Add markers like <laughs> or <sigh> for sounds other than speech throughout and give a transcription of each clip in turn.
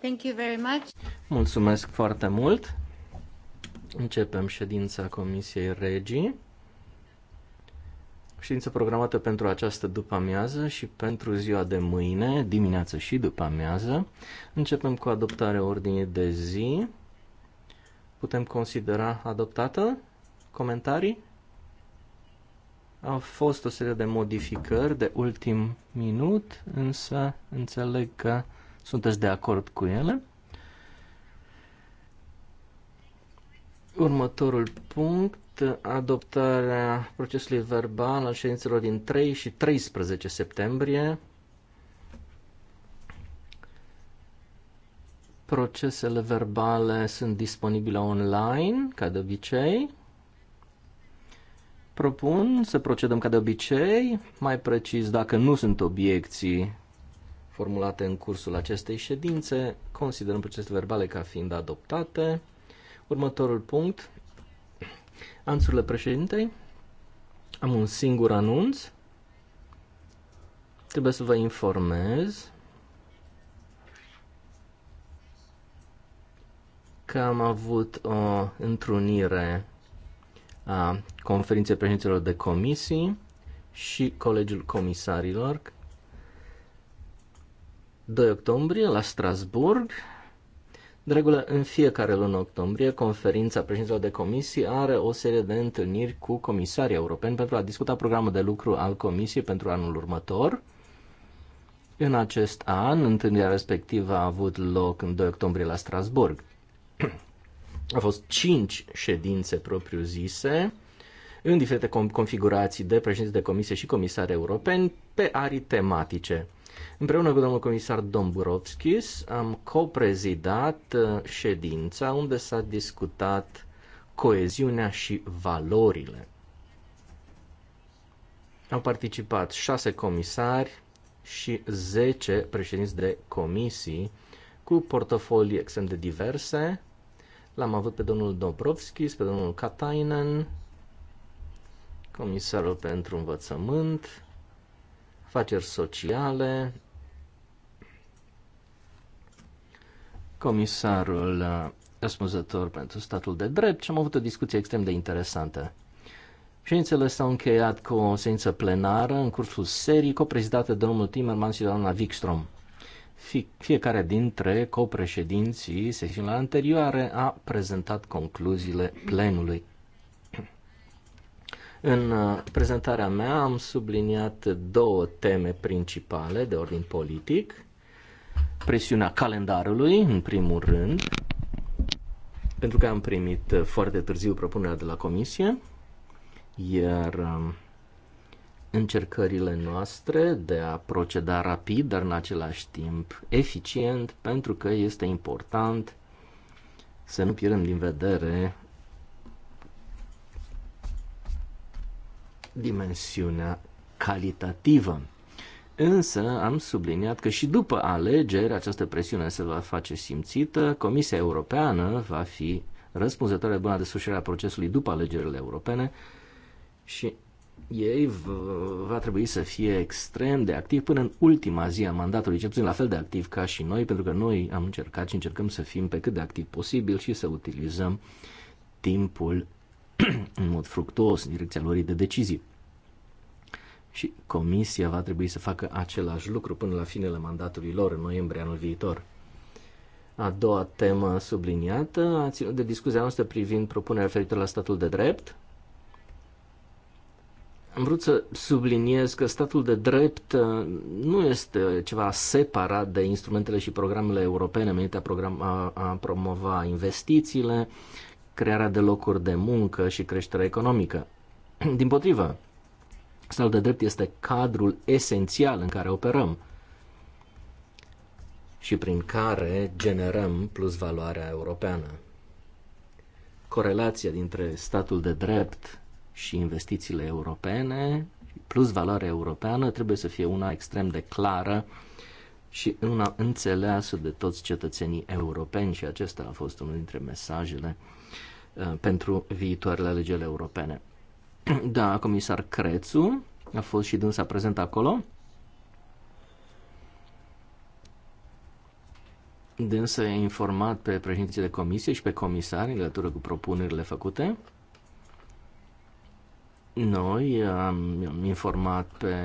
Thank you very much. Mulțumesc foarte mult. Începem ședința Comisiei Regii. Ședință programată pentru această după-amiază și pentru ziua de mâine, dimineață și după-amiază. Începem cu adoptarea ordinii de zi. Putem considera adoptată? Comentarii? Au fost o serie de modificări de ultim minut, însă înțeleg că sunteți de acord cu ele? Următorul punct, adoptarea procesului verbal al ședințelor din 3 și 13 septembrie. Procesele verbale sunt disponibile online, ca de obicei. Propun să procedăm ca de obicei, mai precis dacă nu sunt obiecții formulate în cursul acestei ședințe. Considerăm procesele verbale ca fiind adoptate. Următorul punct, anțurile președintei. Am un singur anunț. Trebuie să vă informez că am avut o întrunire a conferinței președinților de comisii și colegiul comisarilor 2 octombrie la Strasburg. De regulă, în fiecare lună octombrie, conferința președinților de comisie are o serie de întâlniri cu comisarii europeni pentru a discuta programul de lucru al comisiei pentru anul următor. În acest an, întâlnirea respectivă a avut loc în 2 octombrie la Strasburg. Au <clears throat> fost cinci ședințe propriu-zise în diferite configurații de președinți de comisie și comisari europeni pe arii tematice. Împreună cu domnul comisar Domburovskis am coprezidat uh, ședința unde s-a discutat coeziunea și valorile. Au participat șase comisari și zece președinți de comisii cu portofolii extrem de diverse. L-am avut pe domnul Dobrovskis, pe domnul Katainen, comisarul pentru învățământ, afaceri sociale, comisarul uh, răspunzător pentru statul de drept și am avut o discuție extrem de interesantă. Ședințele s-au încheiat cu o ședință plenară în cursul serii, coprezidată de domnul Timmermans și doamna Wikstrom. Fiecare dintre copreședinții sesiunilor anterioare a prezentat concluziile plenului. În uh, prezentarea mea am subliniat două teme principale de ordin politic. Presiunea calendarului, în primul rând, pentru că am primit uh, foarte târziu propunerea de la comisie, iar um, încercările noastre de a proceda rapid, dar în același timp eficient, pentru că este important să nu pierdem din vedere dimensiunea calitativă. Însă am subliniat că și după alegeri această presiune se va face simțită, Comisia Europeană va fi răspunzătoare de bună desfășurare a procesului după alegerile europene și ei va trebui să fie extrem de activ până în ultima zi a mandatului, cel puțin la fel de activ ca și noi, pentru că noi am încercat și încercăm să fim pe cât de activ posibil și să utilizăm timpul <clears throat> în mod fructuos în direcția lor de decizii. Și comisia va trebui să facă același lucru până la finele mandatului lor, în noiembrie anul viitor. A doua temă subliniată a ținut de discuția noastră privind propunerea referitor la statul de drept. Am vrut să subliniez că statul de drept uh, nu este ceva separat de instrumentele și programele europene menite a, program, a, a promova investițiile, crearea de locuri de muncă și creșterea economică. <clears throat> Din potrivă, statul de drept este cadrul esențial în care operăm și prin care generăm plus valoarea europeană. Corelația dintre statul de drept și investițiile europene plus valoarea europeană trebuie să fie una extrem de clară și una înțeleasă de toți cetățenii europeni și acesta a fost unul dintre mesajele Uh, pentru viitoarele alegeri europene. <clears throat> Da, comisar Crețu a fost și dânsa prezent acolo. Dânsa a informat pe președinții de comisie și pe comisari în legătură cu propunerile făcute. Noi am, am informat pe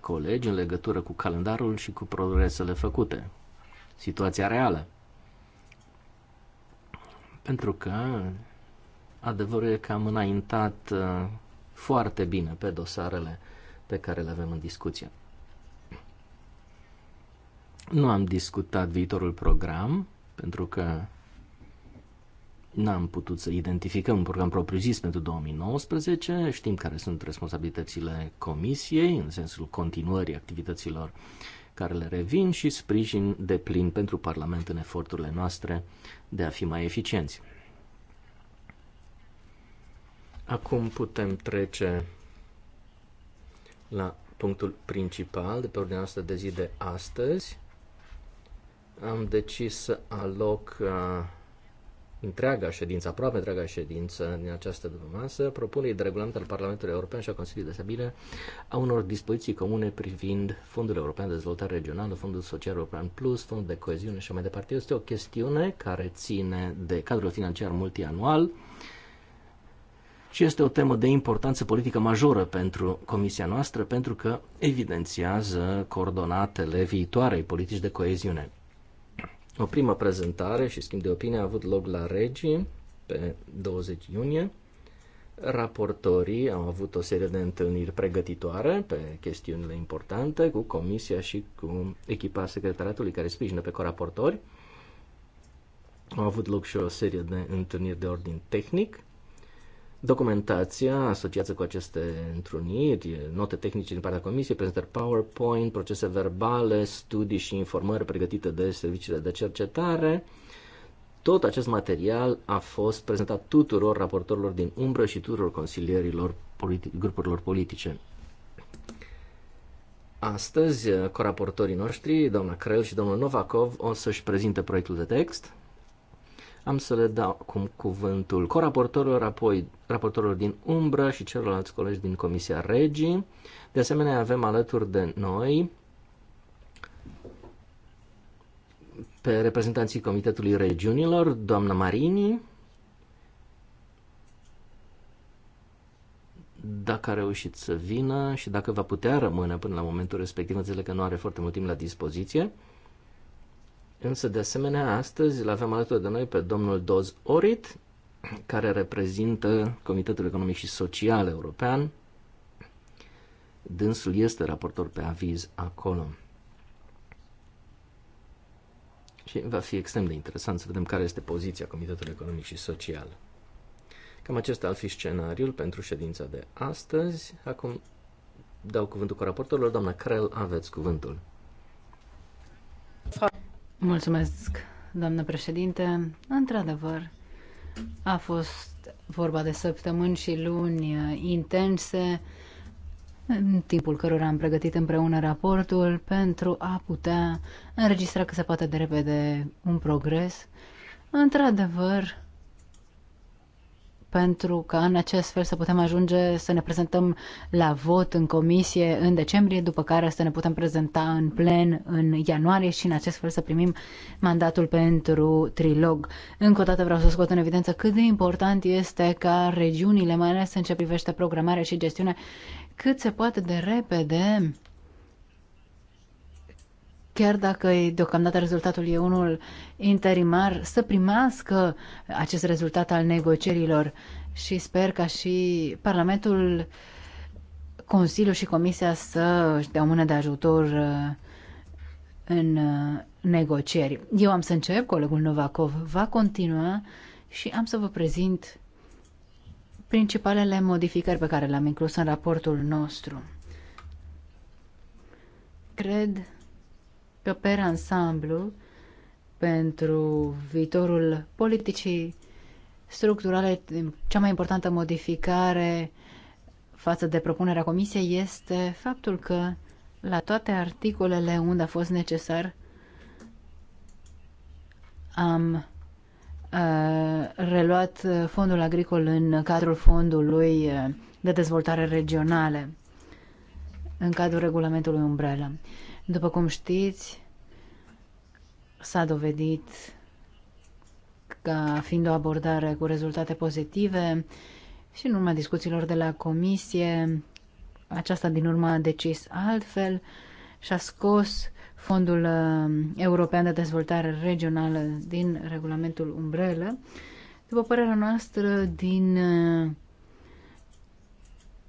colegi în legătură cu calendarul și cu progresele făcute, situația reală. Pentru că Adevărul e că am înaintat uh, foarte bine pe dosarele pe care le avem în discuție. Nu am discutat viitorul program, pentru că n-am putut să identificăm un program propriu-zis pentru 2019. Știm care sunt responsabilitățile comisiei, în sensul continuării activităților care le revin și sprijin de plin pentru Parlament în eforturile noastre de a fi mai eficienți. Acum putem trece la punctul principal de pe ordinea noastră de zi de astăzi. Am decis să aloc uh, întreaga ședință, aproape întreaga ședință din această masă, propunei de regulament al Parlamentului European și a Consiliului de Sabine a unor dispoziții comune privind Fondul European de Dezvoltare Regională, Fondul Social European Plus, Fondul de Coeziune și mai departe. Este o chestiune care ține de cadrul financiar multianual și este o temă de importanță politică majoră pentru comisia noastră pentru că evidențiază coordonatele viitoarei politici de coeziune. O primă prezentare și schimb de opinie a avut loc la Regi, pe 20 iunie. Raportorii au avut o serie de întâlniri pregătitoare pe chestiunile importante cu comisia și cu echipa secretariatului care sprijină pe coraportori. Au avut loc și o serie de întâlniri de ordin tehnic Documentația asociată cu aceste întruniri, note tehnice din partea comisiei, prezentări PowerPoint, procese verbale, studii și informări pregătite de serviciile de cercetare. Tot acest material a fost prezentat tuturor raportorilor din umbră și tuturor consilierilor politi- grupurilor politice. Astăzi, coraportorii noștri, doamna Crel și domnul Novakov, o să-și prezinte proiectul de text am să le dau acum cuvântul coraportorilor, apoi raportorilor din umbră și celorlalți colegi din Comisia Regii. De asemenea, avem alături de noi pe reprezentanții Comitetului Regiunilor, doamna Marini. Dacă a reușit să vină și dacă va putea rămâne până la momentul respectiv, înțeleg că nu are foarte mult timp la dispoziție. Însă, de asemenea, astăzi îl avem alături de noi pe domnul Doz Orit, care reprezintă Comitetul Economic și Social European. Dânsul este raportor pe aviz acolo. Și va fi extrem de interesant să vedem care este poziția Comitetului Economic și Social. Cam acesta ar fi scenariul pentru ședința de astăzi. Acum dau cuvântul cu raportorilor. Doamna Crel, aveți cuvântul. Mulțumesc, doamnă președinte. Într-adevăr, a fost vorba de săptămâni și luni intense, în timpul cărora am pregătit împreună raportul pentru a putea înregistra că se poate de repede un progres. Într-adevăr, pentru că în acest fel să putem ajunge să ne prezentăm la vot în comisie în decembrie, după care să ne putem prezenta în plen în ianuarie și în acest fel să primim mandatul pentru trilog. Încă o dată vreau să scot în evidență cât de important este ca regiunile, mai ales în ce privește programarea și gestiunea, cât se poate de repede chiar dacă deocamdată rezultatul e unul interimar, să primească acest rezultat al negocierilor și sper ca și Parlamentul, Consiliul și Comisia să își dea mână de ajutor uh, în uh, negocieri. Eu am să încep, colegul Novakov va continua și am să vă prezint principalele modificări pe care le-am inclus în raportul nostru. Cred pe pe ansamblu pentru viitorul politicii structurale, cea mai importantă modificare față de propunerea comisiei este faptul că la toate articolele unde a fost necesar am uh, reluat fondul agricol în cadrul fondului uh, de dezvoltare regionale, în cadrul regulamentului umbrelă. După cum știți, s-a dovedit ca fiind o abordare cu rezultate pozitive și în urma discuțiilor de la comisie, aceasta din urmă a decis altfel și a scos Fondul uh, European de Dezvoltare Regională din regulamentul umbrelă, după părerea noastră, din uh,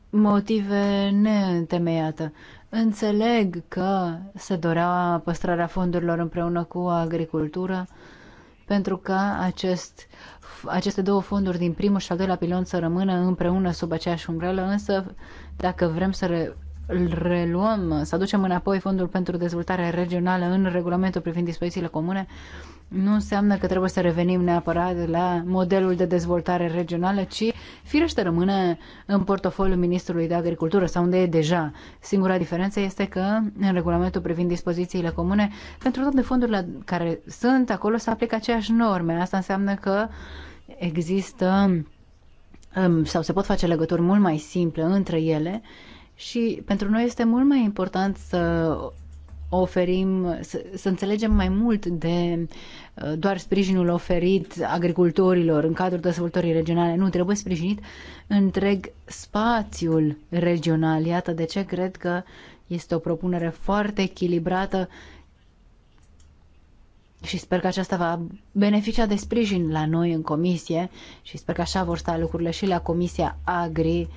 motive neîntemeiate. Înțeleg că se dorea păstrarea fondurilor împreună cu agricultura, pentru ca acest, aceste două fonduri din primul și al doilea pilon să rămână împreună sub aceeași umbrelă, însă dacă vrem să îl reluăm, să aducem înapoi Fondul pentru Dezvoltare Regională în regulamentul privind dispozițiile comune, nu înseamnă că trebuie să revenim neapărat la modelul de dezvoltare regională, ci firește rămâne în portofoliul Ministrului de Agricultură sau unde e deja. Singura diferență este că în regulamentul privind dispozițiile comune, pentru toate fondurile care sunt acolo să aplică aceeași norme. Asta înseamnă că există um, sau se pot face legături mult mai simple între ele și pentru noi este mult mai important să oferim, să, să înțelegem mai mult de uh, doar sprijinul oferit agricultorilor în cadrul dezvoltării regionale. Nu, trebuie sprijinit întreg spațiul regional. Iată de ce cred că este o propunere foarte echilibrată și sper că aceasta va beneficia de sprijin la noi în comisie și sper că așa vor sta lucrurile și la Comisia Agri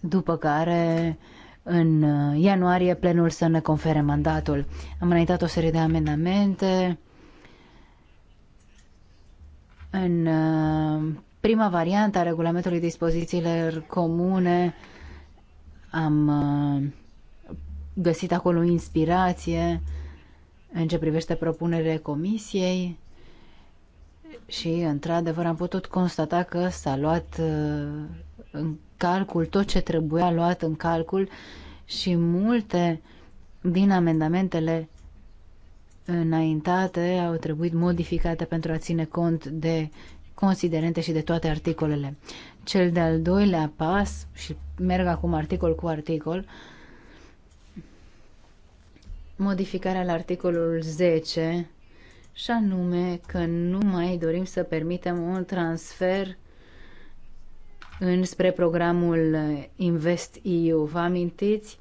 după care în uh, ianuarie plenul să ne confere mandatul. Am înaintat o serie de amendamente. În uh, prima variantă a regulamentului dispozițiilor comune am uh, găsit acolo inspirație în ce privește propunerea comisiei și, într-adevăr, am putut constata că s-a luat în calcul tot ce trebuia luat în calcul și multe din amendamentele înaintate au trebuit modificate pentru a ține cont de considerente și de toate articolele. Cel de-al doilea pas, și merg acum articol cu articol, modificarea la articolul 10 și anume că nu mai dorim să permitem un transfer înspre programul Invest EU. Vă amintiți?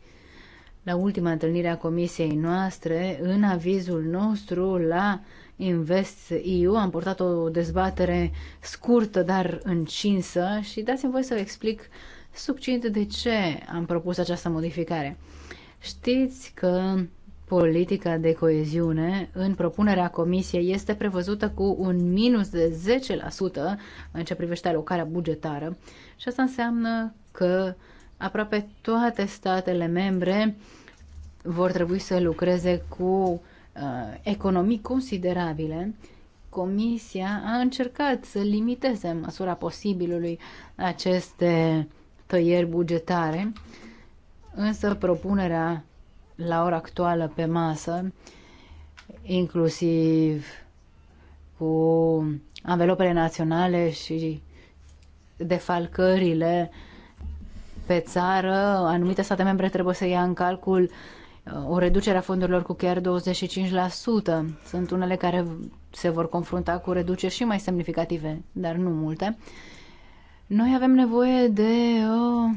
La ultima întâlnire a comisiei noastre, în avizul nostru la Invest EU, am portat o dezbatere scurtă, dar încinsă și dați-mi voi să explic succint de ce am propus această modificare. Știți că politica de coeziune în propunerea comisiei este prevăzută cu un minus de 10% în ce privește alocarea bugetară și asta înseamnă că aproape toate statele membre vor trebui să lucreze cu uh, economii considerabile. Comisia a încercat să limiteze în măsura posibilului aceste tăieri bugetare, însă propunerea la ora actuală pe masă, inclusiv cu anvelopele naționale și defalcările pe țară, anumite state membre trebuie să ia în calcul uh, o reducere a fondurilor cu chiar 25%. Sunt unele care se vor confrunta cu reduceri și mai semnificative, dar nu multe. Noi avem nevoie de o uh,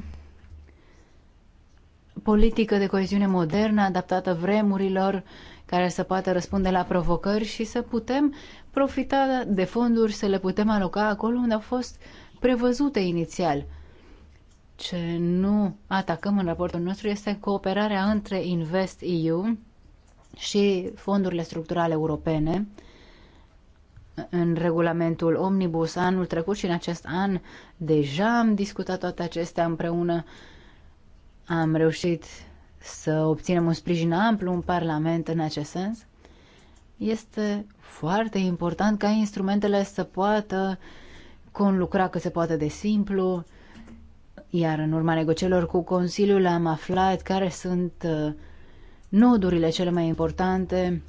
politică de coeziune modernă, adaptată vremurilor, care să poată răspunde la provocări și să putem profita de fonduri, să le putem aloca acolo unde au fost prevăzute inițial. Ce nu atacăm în raportul nostru este cooperarea între Invest EU și fondurile structurale europene. În regulamentul Omnibus anul trecut și în acest an deja am discutat toate acestea împreună am reușit să obținem un sprijin amplu în Parlament în acest sens. Este foarte important ca instrumentele să poată conlucra cât se poate de simplu, iar în urma negocierilor cu Consiliul am aflat care sunt uh, nodurile cele mai importante.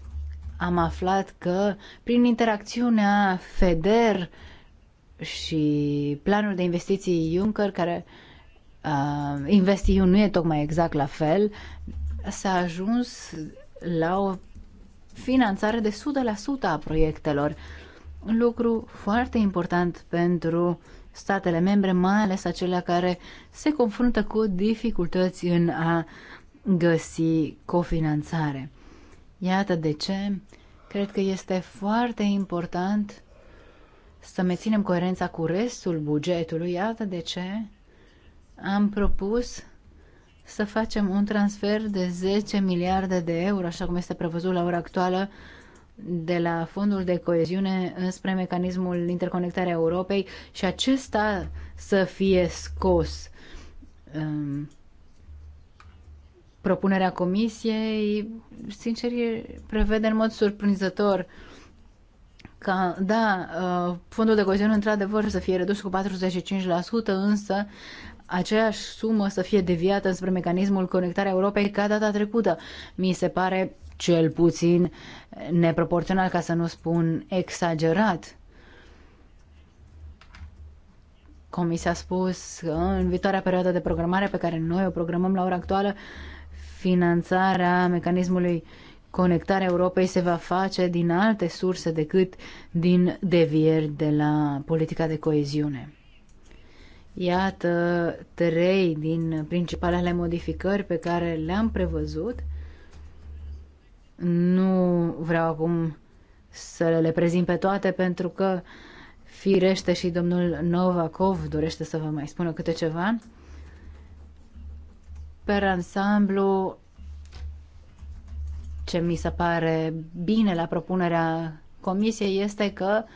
Am aflat că prin interacțiunea FEDER și planul de investiții Juncker, care uh, uh, InvestEU nu e tocmai exact la fel, s-a ajuns la o finanțare de 100% a proiectelor. Un lucru foarte important pentru statele membre, mai ales acelea care se confruntă cu dificultăți în a găsi cofinanțare. Iată de ce cred că este foarte important să menținem coerența cu restul bugetului. Iată de ce am propus să facem un transfer de 10 miliarde de euro, așa cum este prevăzut la ora actuală, de la fondul de coeziune înspre mecanismul interconectarea Europei și acesta să fie scos. Ehm, propunerea comisiei, sincer, prevede în mod surprinzător ca, da, ehm, fondul de coeziune într-adevăr să fie redus cu 45%, însă aceeași sumă să fie deviată spre mecanismul conectarea Europei ca data trecută. Mi se pare cel puțin neproporțional, ca să nu spun exagerat. Comisia a spus că în viitoarea perioadă de programare pe care noi o programăm la ora actuală, finanțarea mecanismului conectarea Europei se va face din alte surse decât din devieri de la politica de coeziune. Iată trei din principalele modificări pe care le-am prevăzut. Nu vreau acum să le prezint pe toate pentru că firește și domnul Novakov dorește să vă mai spună câte ceva. Pe ansamblu, ce mi se pare bine la propunerea comisiei este că uh,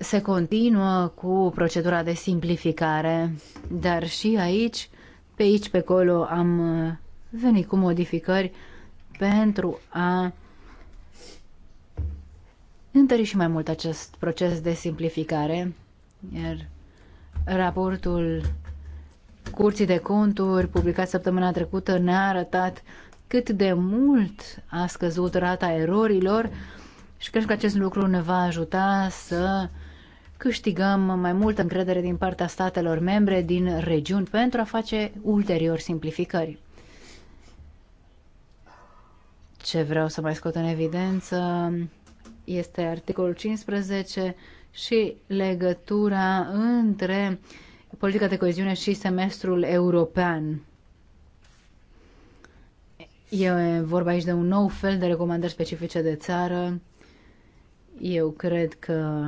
se continuă cu procedura de simplificare, dar și aici, pe aici, pe acolo, am uh, venit cu modificări pentru a întări și mai mult acest proces de simplificare, iar raportul Curții de Conturi, publicat săptămâna trecută, ne-a arătat cât de mult a scăzut rata erorilor și cred că acest lucru ne va ajuta să uh, câștigăm mai multă încredere din partea statelor membre din regiuni pentru a face ulterior simplificări. Ce vreau să mai scot în evidență este articolul 15 și legătura între politica de coeziune și semestrul european. E vorba aici de un nou fel de recomandări specifice de țară. Eu cred că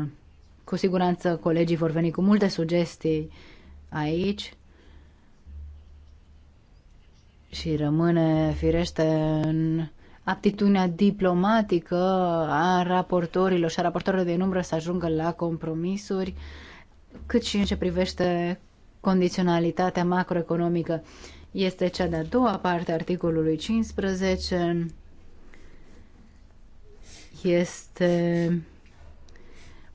cu siguranță colegii vor veni cu multe sugestii aici și rămâne firește în aptitudinea diplomatică a raportorilor și a raportorilor de număr să ajungă la compromisuri, cât și în ce privește condiționalitatea macroeconomică. Este cea de-a doua parte a articolului 15. Este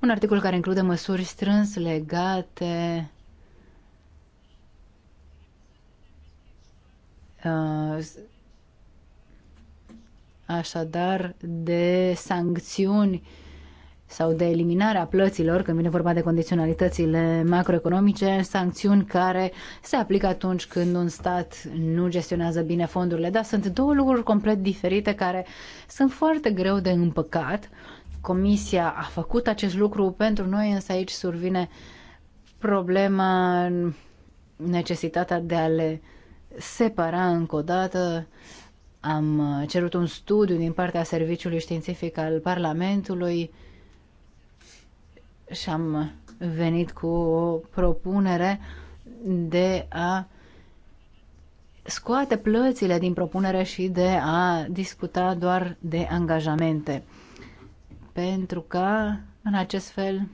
un articol care include măsuri strâns legate uh, așadar de sancțiuni sau de eliminarea plăților, când vine vorba de condiționalitățile macroeconomice, sancțiuni care se aplică atunci când un stat nu gestionează bine fondurile. Dar sunt două lucruri complet diferite care sunt foarte greu de împăcat. Uh, Comisia a făcut acest lucru pentru noi, însă aici survine problema, necesitatea de a le separa încă o dată. Am cerut un studiu din partea Serviciului Științific al Parlamentului și am venit cu o propunere de a scoate plățile din propunere și de a discuta doar de angajamente pentru că în acest fel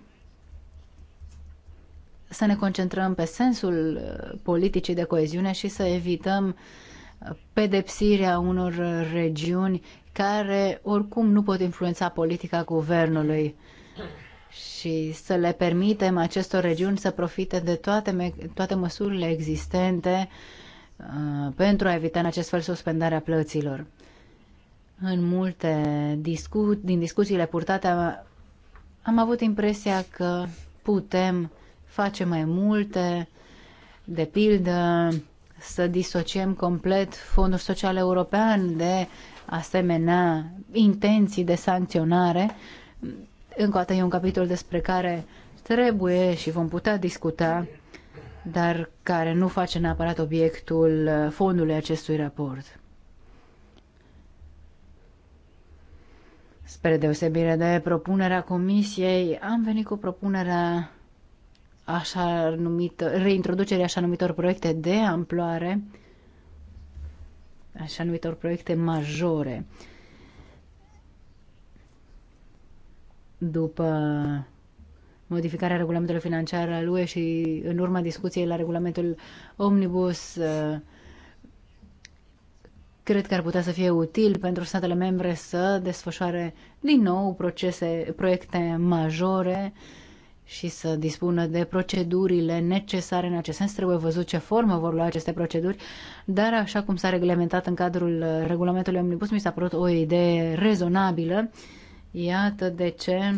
să ne concentrăm pe sensul uh, politicii de coeziune și să evităm uh, pedepsirea unor uh, regiuni care oricum nu pot influența politica guvernului și să le permitem acestor regiuni să profite de toate, toate măsurile existente uh, pentru a evita în acest fel suspendarea plăților. În multe discu- din discuțiile purtate am avut impresia că putem face mai multe, de pildă să disociem complet Fondul Social European de asemenea intenții de sancționare. Încă o dată e un capitol despre care trebuie și vom putea discuta, dar care nu face neapărat obiectul fondului acestui raport. Spre deosebire de propunerea comisiei, am venit cu propunerea așa numită, reintroducerea așa numitor proiecte de amploare, așa numitor proiecte majore. După modificarea regulamentului financiar al UE și în urma discuției la regulamentul Omnibus, uh, Cred că ar putea să fie util pentru statele membre să desfășoare din nou procese, proiecte majore și să dispună de procedurile necesare în acest sens. Trebuie văzut ce formă vor lua aceste proceduri, dar așa cum s-a reglementat în cadrul regulamentului Omnibus, mi s-a părut o idee rezonabilă. Iată de ce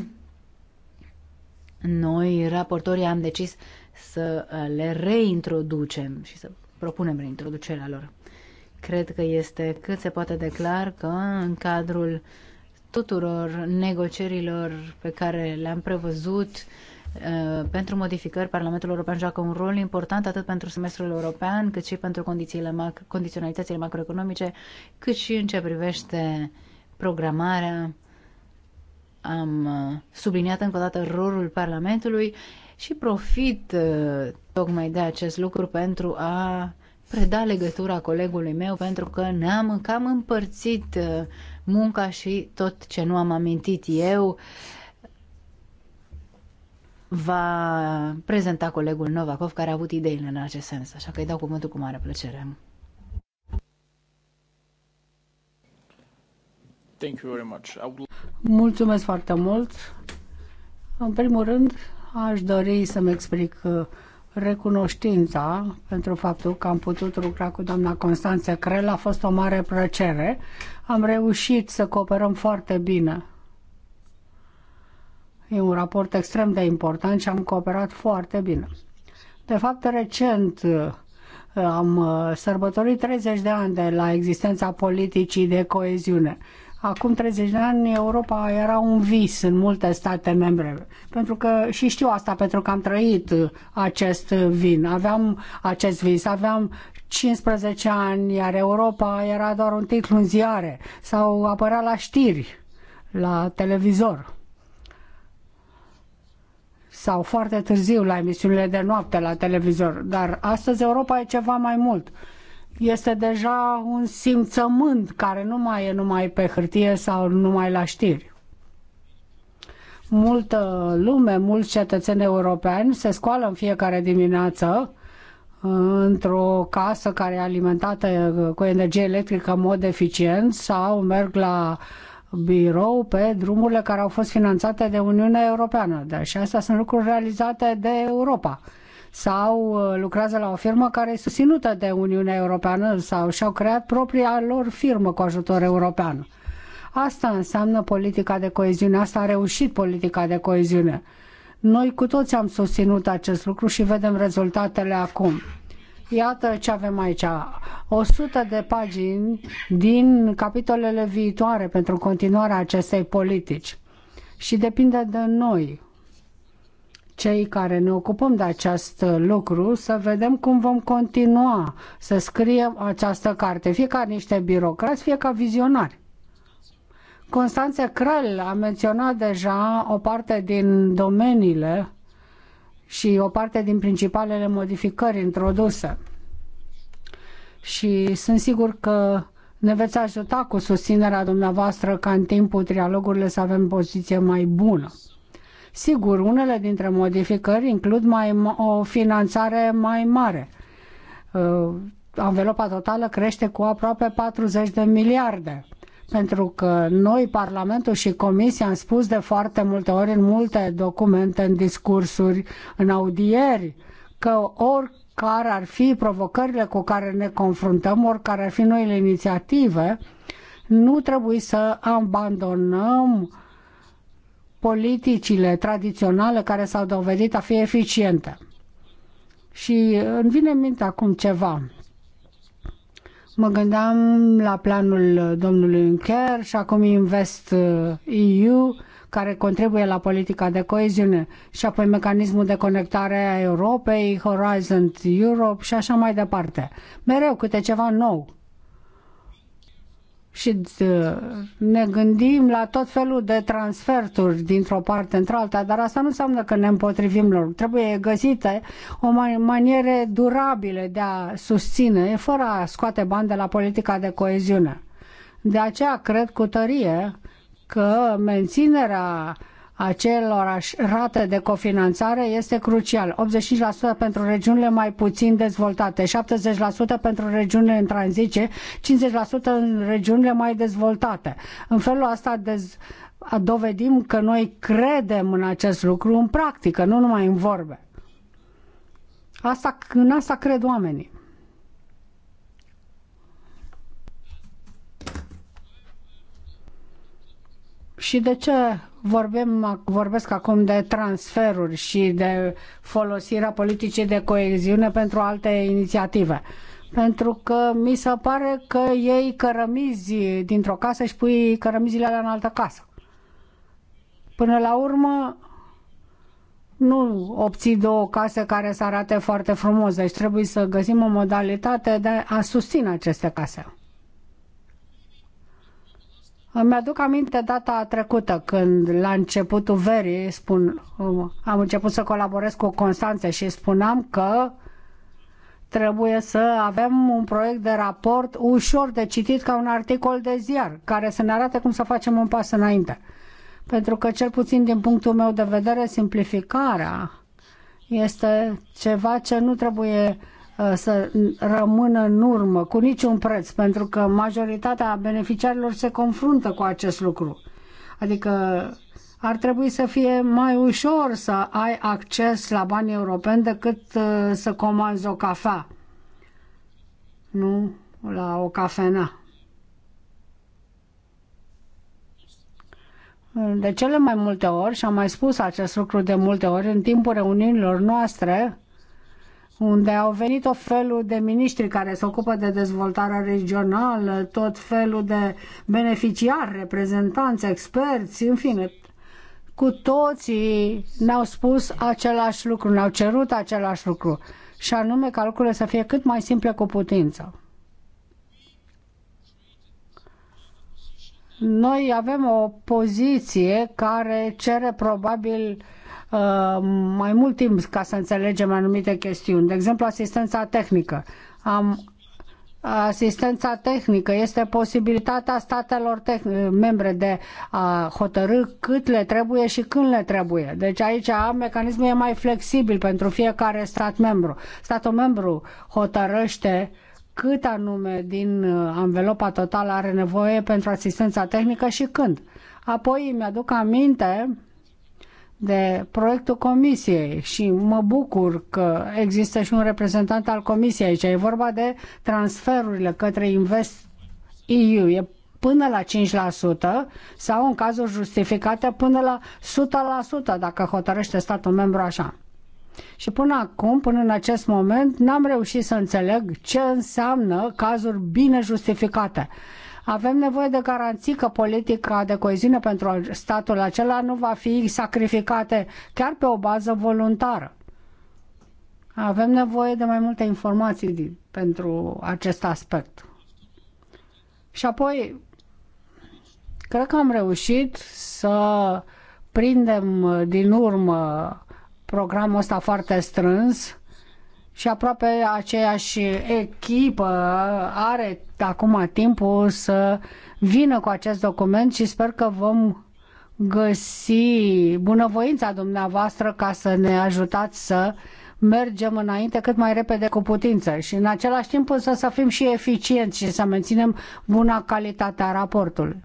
noi, raportorii, am decis să le reintroducem și să propunem reintroducerea lor. Cred că este cât se poate clar că în cadrul tuturor negocierilor pe care le-am prevăzut uh, pentru modificări, Parlamentul European joacă un rol important atât pentru semestrul european, cât și pentru condițiile mac- condiționalitățile macroeconomice, cât și în ce privește programarea. Am uh, subliniat încă o dată rolul Parlamentului și profit uh, tocmai de acest lucru pentru a preda legătura colegului meu pentru că ne-am cam împărțit uh, munca și tot ce nu am amintit eu va prezenta colegul Novakov care a avut ideile în acest sens, așa că îi dau cuvântul cu mare plăcere. Thank you very much. Mulțumesc foarte mult. În primul rând, aș dori să-mi explic uh, recunoștința pentru faptul că am putut lucra cu doamna Constanță Crel. A fost o mare plăcere. Am reușit să cooperăm foarte bine. E un raport extrem de important și am cooperat foarte bine. De fapt, recent uh, am uh, sărbătorit 30 de ani de la existența politicii de coeziune Acum 30 de ani Europa era un vis în multe state membre. Pentru că, și știu asta pentru că am trăit acest vin. Aveam acest vis, aveam 15 ani, iar Europa era doar un titlu în ziare sau apărea la știri, la televizor sau foarte târziu la emisiunile de noapte la televizor. Dar astăzi Europa e ceva mai mult este deja un simțământ care nu mai e numai pe hârtie sau numai la știri. Multă lume, mulți cetățeni europeni se scoală în fiecare dimineață într-o casă care e alimentată cu energie electrică în mod eficient sau merg la birou pe drumurile care au fost finanțate de Uniunea Europeană. Deci astea sunt lucruri realizate de Europa sau uh, lucrează la o firmă care e susținută de Uniunea Europeană sau și-au creat propria lor firmă cu ajutor european. Asta înseamnă politica de coeziune, asta a reușit politica de coeziune. Noi cu toți am susținut acest lucru și vedem rezultatele acum. Iată ce avem aici. 100 de pagini din capitolele viitoare pentru continuarea acestei politici. Și depinde de noi cei care ne ocupăm de acest lucru să vedem cum vom continua să scriem această carte, fie ca niște birocrați, fie ca vizionari. Constanța Crăl a menționat deja o parte din domeniile și o parte din principalele modificări introduse. Și sunt sigur că ne veți ajuta cu susținerea dumneavoastră ca în timpul trialogurilor să avem poziție mai bună. Sigur, unele dintre modificări includ mai, o finanțare mai mare. Uh, anvelopa totală crește cu aproape 40 de miliarde pentru că noi, Parlamentul și Comisia, am spus de foarte multe ori în multe documente, în discursuri, în audieri, că oricare ar fi provocările cu care ne confruntăm, oricare ar fi noile inițiative, nu trebuie să abandonăm politicile tradiționale care s-au dovedit a fi eficiente. Și îmi vine în minte acum ceva. Mă gândeam la planul domnului Juncker și acum Invest EU, care contribuie la politica de coeziune și apoi mecanismul de conectare a Europei, Horizon Europe și așa mai departe. Mereu câte ceva nou și uh, ne gândim la tot felul de transferturi dintr-o parte într-alta, dar asta nu înseamnă că ne împotrivim lor. Trebuie găsite o maniere durabilă de a susține, fără a scoate bani de la politica de coeziune. De aceea cred cu tărie că menținerea acelorași rate de cofinanțare este crucial. 85% pentru regiunile mai puțin dezvoltate, 70% pentru regiunile în tranziție, 50% în regiunile mai dezvoltate. În felul ăsta dez... dovedim că noi credem în acest lucru în practică, nu numai în vorbe. Asta, în asta cred oamenii. Și de ce vorbim, vorbesc acum de transferuri și de folosirea politicii de coeziune pentru alte inițiative? Pentru că mi se pare că ei cărămizi dintr-o casă și pui cărămizile alea în altă casă. Până la urmă, nu obții două case care să arate foarte frumos, deci trebuie să găsim o modalitate de a susține aceste case. Îmi aduc aminte data trecută când la începutul verii spun, am început să colaborez cu Constanțe și spuneam că trebuie să avem un proiect de raport ușor de citit ca un articol de ziar care să ne arate cum să facem un pas înainte. Pentru că cel puțin din punctul meu de vedere simplificarea este ceva ce nu trebuie Uh, să rămână în urmă cu niciun preț, pentru că majoritatea beneficiarilor se confruntă cu acest lucru. Adică ar trebui să fie mai ușor să ai acces la bani europeni decât uh, să comanzi o cafea. Nu la o cafenea. De cele mai multe ori, și am mai spus acest lucru de multe ori, în timpul reuniunilor noastre, unde au venit o felul de miniștri care se ocupă de dezvoltarea regională, tot felul de beneficiari, reprezentanți, experți, în fine, cu toții ne-au spus același lucru, ne-au cerut același lucru, și anume ca lucrurile să fie cât mai simple cu putință. Noi avem o poziție care cere probabil uh, Uh, mai mult timp ca să înțelegem anumite chestiuni. De exemplu, asistența tehnică. Am Asistența tehnică este posibilitatea statelor membre de a hotărâ cât le trebuie și când le trebuie. Deci aici mecanismul e mai flexibil pentru fiecare stat membru. Statul membru hotărăște cât anume din uh, anvelopa totală are nevoie pentru asistența tehnică și când. Apoi mi-aduc aminte de proiectul comisiei și mă bucur că există și un reprezentant al comisiei aici. E vorba de transferurile către Invest EU. E până la 5% sau în cazuri justificate până la 100% dacă hotărăște statul membru așa. Și până acum, până în acest moment, n-am reușit să înțeleg ce înseamnă cazuri bine justificate. Avem nevoie de garanții că politica de coeziune pentru statul acela nu va fi sacrificată chiar pe o bază voluntară. Avem nevoie de mai multe informații pentru acest aspect. Și apoi, cred că am reușit să prindem din urmă programul ăsta foarte strâns și aproape aceeași echipă are acum timpul să vină cu acest document și sper că vom găsi bunăvoința dumneavoastră ca să ne ajutați să mergem înainte cât mai repede cu putință și în același timp însă să fim și eficienți și să menținem buna calitatea raportului.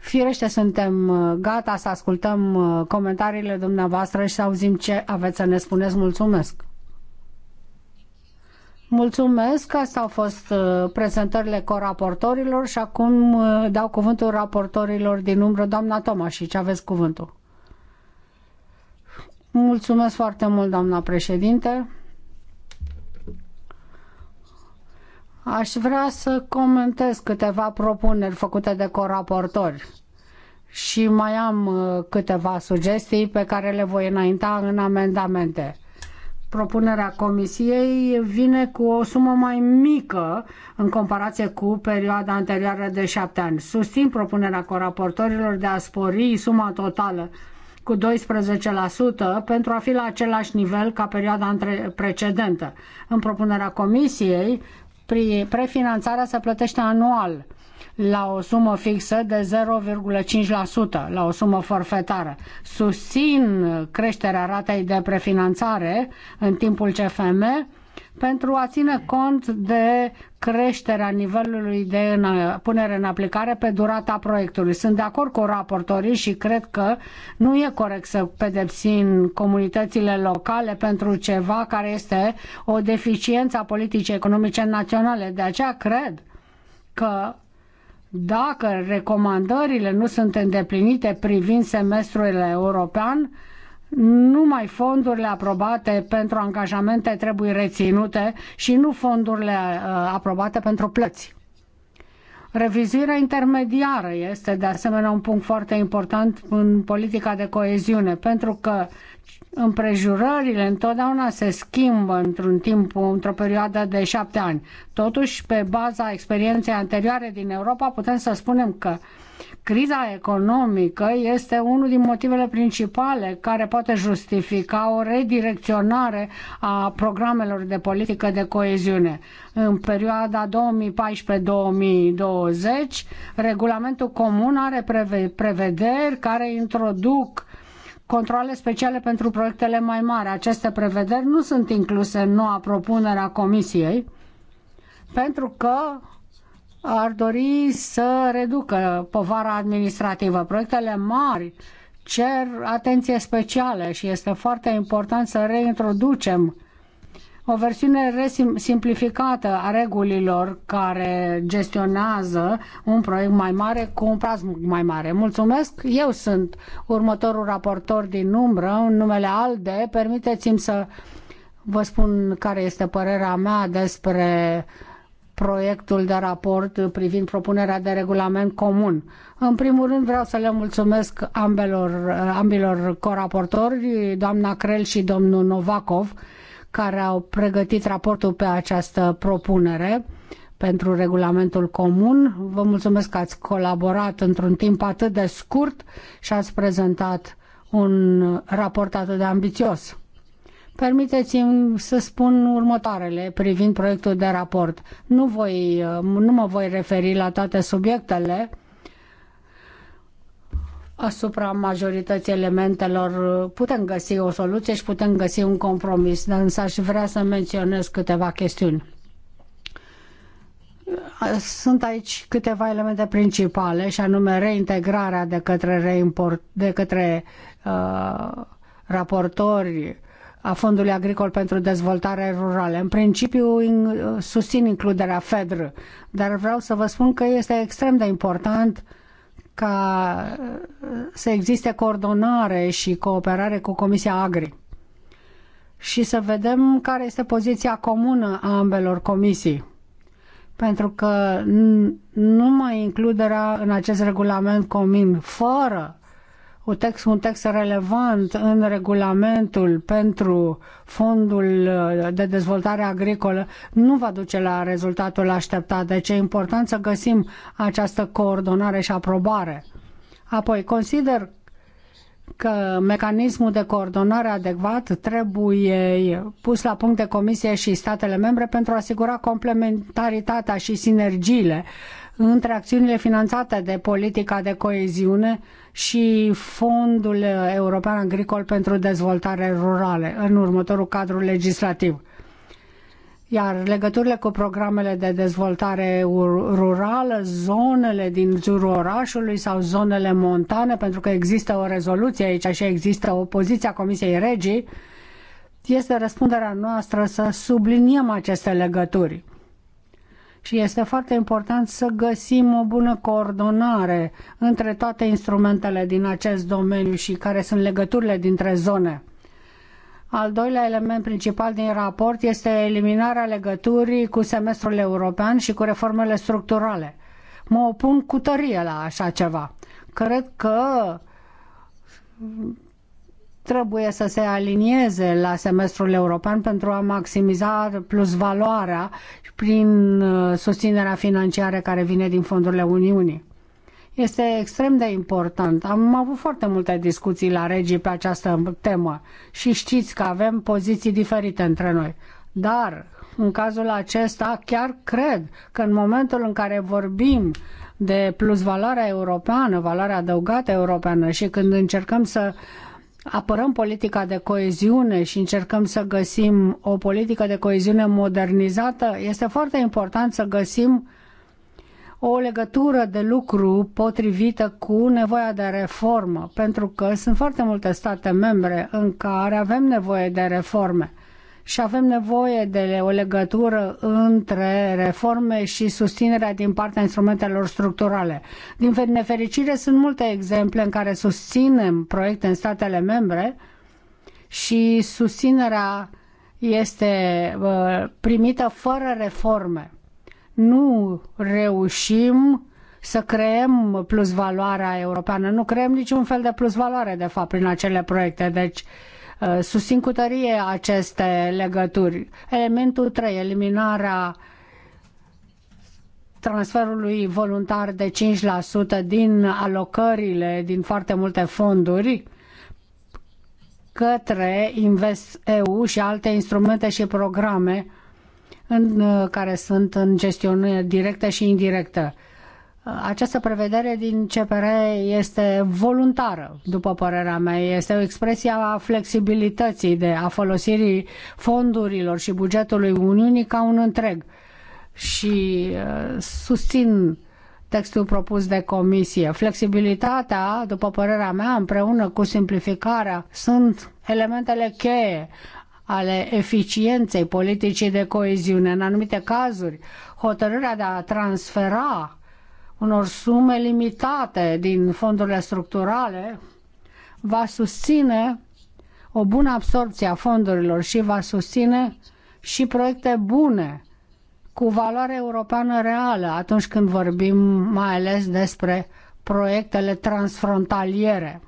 Firește, suntem uh, gata să ascultăm uh, comentariile dumneavoastră și să auzim ce aveți să ne spuneți. Mulțumesc! Mulțumesc, asta au fost uh, prezentările coraportorilor și acum dau cuvântul raportorilor din umbră, doamna Toma și ce aveți cuvântul. Mulțumesc foarte mult, doamna președinte. Aș vrea să comentez câteva propuneri făcute de coraportori și mai am uh, câteva sugestii pe care le voi înainta în amendamente. Propunerea comisiei vine cu o sumă mai mică în comparație cu perioada anterioară de șapte ani. Susțin propunerea coraportorilor de a spori suma totală cu 12% pentru a fi la același nivel ca perioada precedentă. În propunerea comisiei, prefinanțarea se plătește anual la o sumă fixă de 0,5%, la o sumă forfetară. Susțin creșterea ratei de prefinanțare în timpul CFM pentru a ține cont de creșterea nivelului de punere în aplicare pe durata proiectului. Sunt de acord cu raportorii și cred că nu e corect să pedepsim comunitățile locale pentru ceva care este o deficiență a politicii economice naționale. De aceea cred că dacă recomandările nu sunt îndeplinite privind semestrul european, numai fondurile aprobate pentru angajamente trebuie reținute și nu fondurile uh, aprobate pentru plăți. Revizuirea intermediară este de asemenea un punct foarte important în politica de coeziune, pentru că împrejurările întotdeauna se schimbă într-un timp, într-o perioadă de șapte ani. Totuși, pe baza experienței anterioare din Europa, putem să spunem că Criza economică este unul din motivele principale care poate justifica o redirecționare a programelor de politică de coeziune. În perioada 2014-2020, regulamentul comun are prevederi care introduc controle speciale pentru proiectele mai mari. Aceste prevederi nu sunt incluse în noua propunere a Comisiei pentru că ar dori să reducă povara administrativă. Proiectele mari cer atenție specială și este foarte important să reintroducem o versiune simplificată a regulilor care gestionează un proiect mai mare cu un praz mai mare. Mulțumesc! Eu sunt următorul raportor din umbră, în numele ALDE. Permiteți-mi să vă spun care este părerea mea despre proiectul de raport privind propunerea de regulament comun. În primul rând vreau să le mulțumesc ambelor, ambilor coraportori, doamna Crel și domnul Novakov, care au pregătit raportul pe această propunere pentru regulamentul comun. Vă mulțumesc că ați colaborat într-un timp atât de scurt și ați prezentat un raport atât de ambițios. Permiteți-mi să spun următoarele privind proiectul de raport. Nu, voi, uh, nu mă voi referi la toate subiectele asupra majorității elementelor putem găsi o soluție și putem găsi un compromis, dar însă aș vrea să menționez câteva chestiuni. Sunt aici câteva elemente principale și anume reintegrarea de către, reimport, de către uh, raportori a Fondului Agricol pentru Dezvoltare Rurală. În principiu susțin includerea FEDR, dar vreau să vă spun că este extrem de important ca uh, să existe coordonare și cooperare cu Comisia Agri și să vedem care este poziția comună a ambelor comisii. Pentru că numai includerea în acest regulament comun fără un text, un text relevant în regulamentul pentru fondul uh, de dezvoltare agricolă nu va duce la rezultatul așteptat. Deci e important să găsim această coordonare și aprobare. Apoi, consider că mecanismul de coordonare adecvat trebuie pus la punct de Comisie și statele membre pentru a asigura complementaritatea și sinergiile între acțiunile finanțate de politica de coeziune și Fondul European Agricol pentru Dezvoltare rurală în următorul cadru legislativ. Iar legăturile cu programele de dezvoltare rurală, zonele din jurul orașului sau zonele montane, pentru că există o rezoluție aici și există o poziție a Comisiei Regii, este răspunderea noastră să subliniem aceste legături și este foarte important să găsim o bună coordonare între toate instrumentele din acest domeniu și care sunt legăturile dintre zone. Al doilea element principal din raport este eliminarea legăturii cu semestrul european și cu reformele structurale. Mă opun cu tărie la așa ceva. Cred că trebuie să se alinieze la semestrul european pentru a maximiza plus valoarea prin uh, susținerea financiară care vine din fondurile Uniunii. Este extrem de important. Am avut foarte multe discuții la regii pe această temă și știți că avem poziții diferite între noi. Dar, în cazul acesta, chiar cred că în momentul în care vorbim de plus valoarea europeană, valoarea adăugată europeană și când încercăm să uh, apărăm politica de coeziune și încercăm să găsim o politică de coeziune modernizată, este foarte important să găsim o legătură de lucru potrivită cu nevoia de reformă, pentru că sunt foarte multe state membre în care avem nevoie de reforme și avem nevoie de o legătură între reforme și susținerea din partea instrumentelor structurale. Din nefericire, sunt multe exemple în care susținem proiecte în statele membre și susținerea este uh, primită fără reforme. Nu reușim să creăm plusvaloarea europeană, nu creăm niciun fel de plusvaloare, de fapt, prin acele proiecte. Deci, Uh, susțin cu tărie aceste legături. Elementul 3, eliminarea transferului voluntar de 5% din alocările din foarte multe fonduri către InvestEU și alte instrumente și programe în, uh, care sunt în gestiune directă și indirectă. Această prevedere din CPR este voluntară, după părerea mea. Este o expresie a flexibilității, de a folosirii fondurilor și bugetului Uniunii ca un întreg. Și uh, susțin textul propus de comisie. Flexibilitatea, după părerea mea, împreună cu simplificarea, sunt elementele cheie ale eficienței politicii de coeziune. În anumite cazuri, hotărârea de a transfera unor sume limitate din fondurile structurale va susține o bună absorpție a fondurilor și va susține și proiecte bune cu valoare europeană reală atunci când vorbim mai ales despre proiectele transfrontaliere.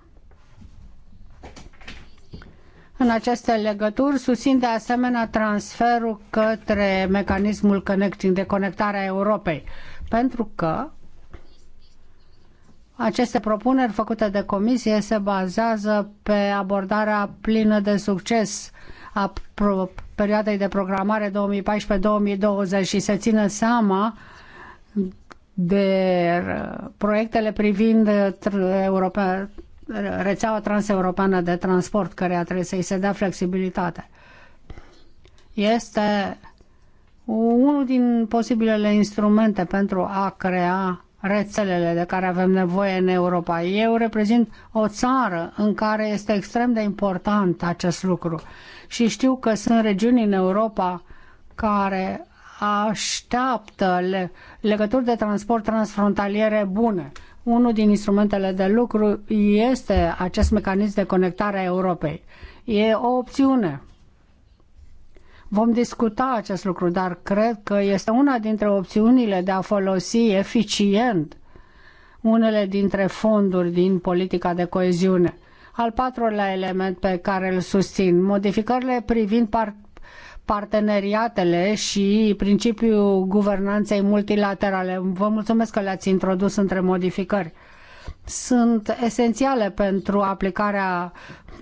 În aceste legături susțin de asemenea transferul către mecanismul de conectare a Europei, pentru că aceste propuneri făcute de comisie se bazează pe abordarea plină de succes a perioadei de programare 2014-2020 și se țină seama de proiectele privind rețeaua transeuropeană de transport, care trebuie să-i se dea flexibilitate. Este unul din posibilele instrumente pentru a crea rețelele de care avem nevoie în Europa. Eu reprezint o țară în care este extrem de important acest lucru și știu că sunt regiuni în Europa care așteaptă legături de transport transfrontaliere bune. Unul din instrumentele de lucru este acest mecanism de conectare a Europei. E o opțiune Vom discuta acest lucru, dar cred că este una dintre opțiunile de a folosi eficient unele dintre fonduri din politica de coeziune. Al patrulea element pe care îl susțin, modificările privind par- parteneriatele și principiul guvernanței multilaterale. Vă mulțumesc că le-ați introdus între modificări sunt esențiale pentru aplicarea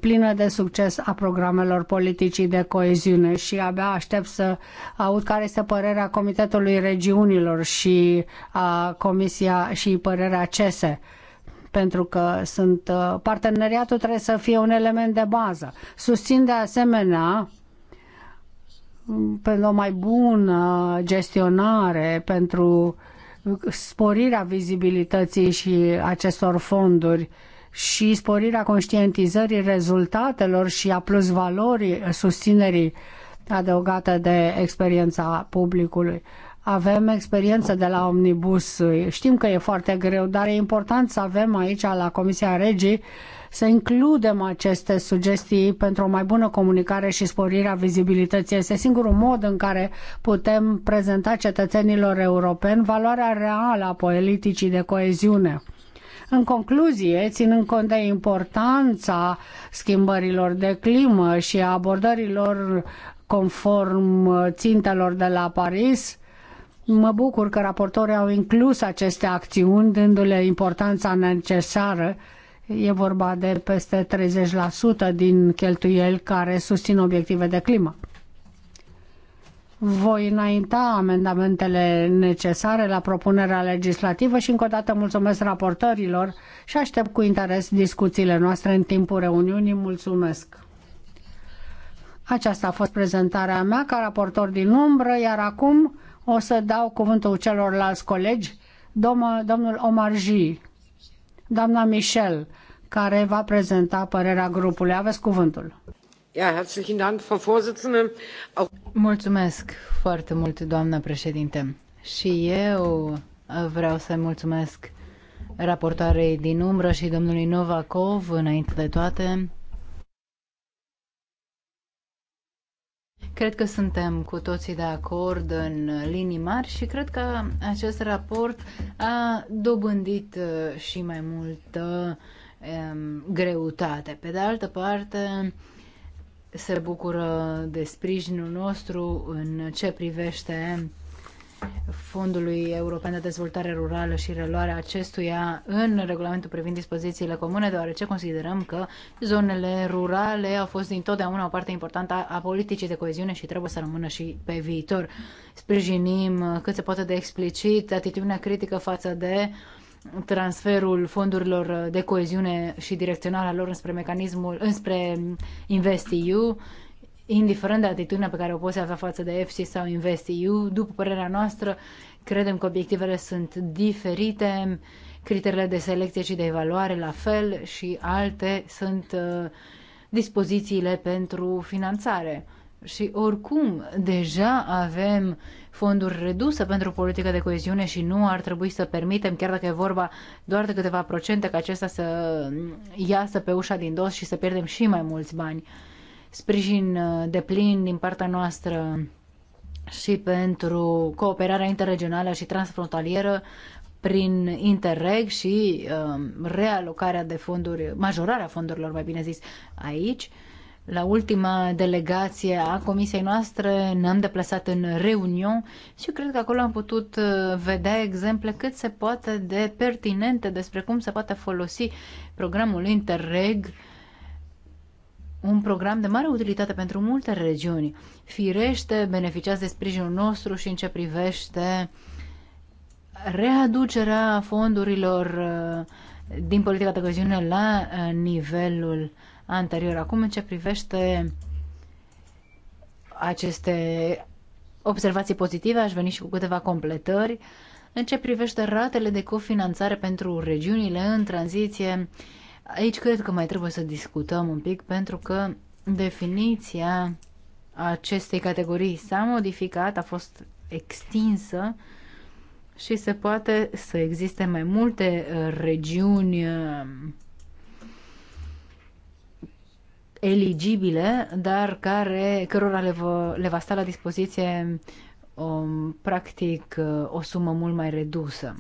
plină de succes a programelor politicii de coeziune și abia aștept să aud care este părerea Comitetului Regiunilor și a Comisia și părerea CESE pentru că sunt uh, parteneriatul trebuie să fie un element de bază. Susțin de asemenea mm, pentru o mai bună gestionare, pentru sporirea vizibilității și acestor fonduri și sporirea conștientizării rezultatelor și a plus valorii susținerii adăugată de experiența publicului. Avem experiență de la Omnibus, știm că e foarte greu, dar e important să avem aici la Comisia Regii să includem aceste sugestii pentru o mai bună comunicare și sporirea vizibilității. Este singurul mod în care putem prezenta cetățenilor europeni valoarea reală a politicii de coeziune. În concluzie, ținând cont de importanța schimbărilor de climă și a abordărilor conform țintelor de la Paris, mă bucur că raportorii au inclus aceste acțiuni, dându-le importanța necesară E vorba de peste 30% din cheltuieli care susțin obiective de climă. Voi înainta amendamentele necesare la propunerea legislativă și încă o dată mulțumesc raportărilor și aștept cu interes discuțiile noastre în timpul reuniunii. Mulțumesc! Aceasta a fost prezentarea mea ca raportor din umbră, iar acum o să dau cuvântul celorlalți colegi, domnul Omar G doamna Michel, care va prezenta părerea grupului. Aveți cuvântul. Mulțumesc foarte mult, doamnă președinte. Și eu vreau să mulțumesc raportoarei din umbră și domnului Novakov, înainte de toate, Cred că suntem cu toții de acord în linii mari și cred că acest raport a dobândit uh, și mai multă um, greutate. Pe de altă parte, se bucură de sprijinul nostru în ce privește Fondului European de Dezvoltare Rurală și reluarea acestuia în regulamentul privind dispozițiile comune, deoarece considerăm că zonele rurale au fost dintotdeauna o parte importantă a politicii de coeziune și trebuie să rămână și pe viitor. Sprijinim cât se poate de explicit atitudinea critică față de transferul fondurilor de coeziune și direcționarea lor înspre mecanismul, înspre InvestEU indiferent de atitudinea pe care o poți avea față de FC sau InvestEU, după părerea noastră, credem că obiectivele sunt diferite, criteriile de selecție și de evaluare la fel și alte sunt uh, dispozițiile pentru finanțare. Și oricum, deja avem fonduri reduse pentru politică de coeziune și nu ar trebui să permitem, chiar dacă e vorba doar de câteva procente, ca acesta să mm, iasă pe ușa din dos și să pierdem și mai mulți bani sprijin uh, de plin din partea noastră și pentru cooperarea interregională și transfrontalieră prin Interreg și uh, realocarea de fonduri, majorarea fondurilor, mai bine zis, aici. La ultima delegație a comisiei noastre ne-am deplasat în Reunion și cred că acolo am putut uh, vedea exemple cât se poate de pertinente despre cum se poate folosi programul Interreg uh, un program de mare utilitate pentru multe regiuni. Firește, beneficiați de sprijinul nostru și în ce privește readucerea fondurilor uh, din politica de coeziune la uh, nivelul anterior. Acum, în ce privește aceste observații pozitive, aș veni și cu câteva completări. În ce privește ratele de cofinanțare pentru regiunile în tranziție, Aici cred că mai trebuie să discutăm un pic pentru că definiția acestei categorii s-a modificat, a fost extinsă și se poate să existe mai multe uh, regiuni uh, eligibile, dar care, cărora le va, le va sta la dispoziție o, um, practic uh, o sumă mult mai redusă.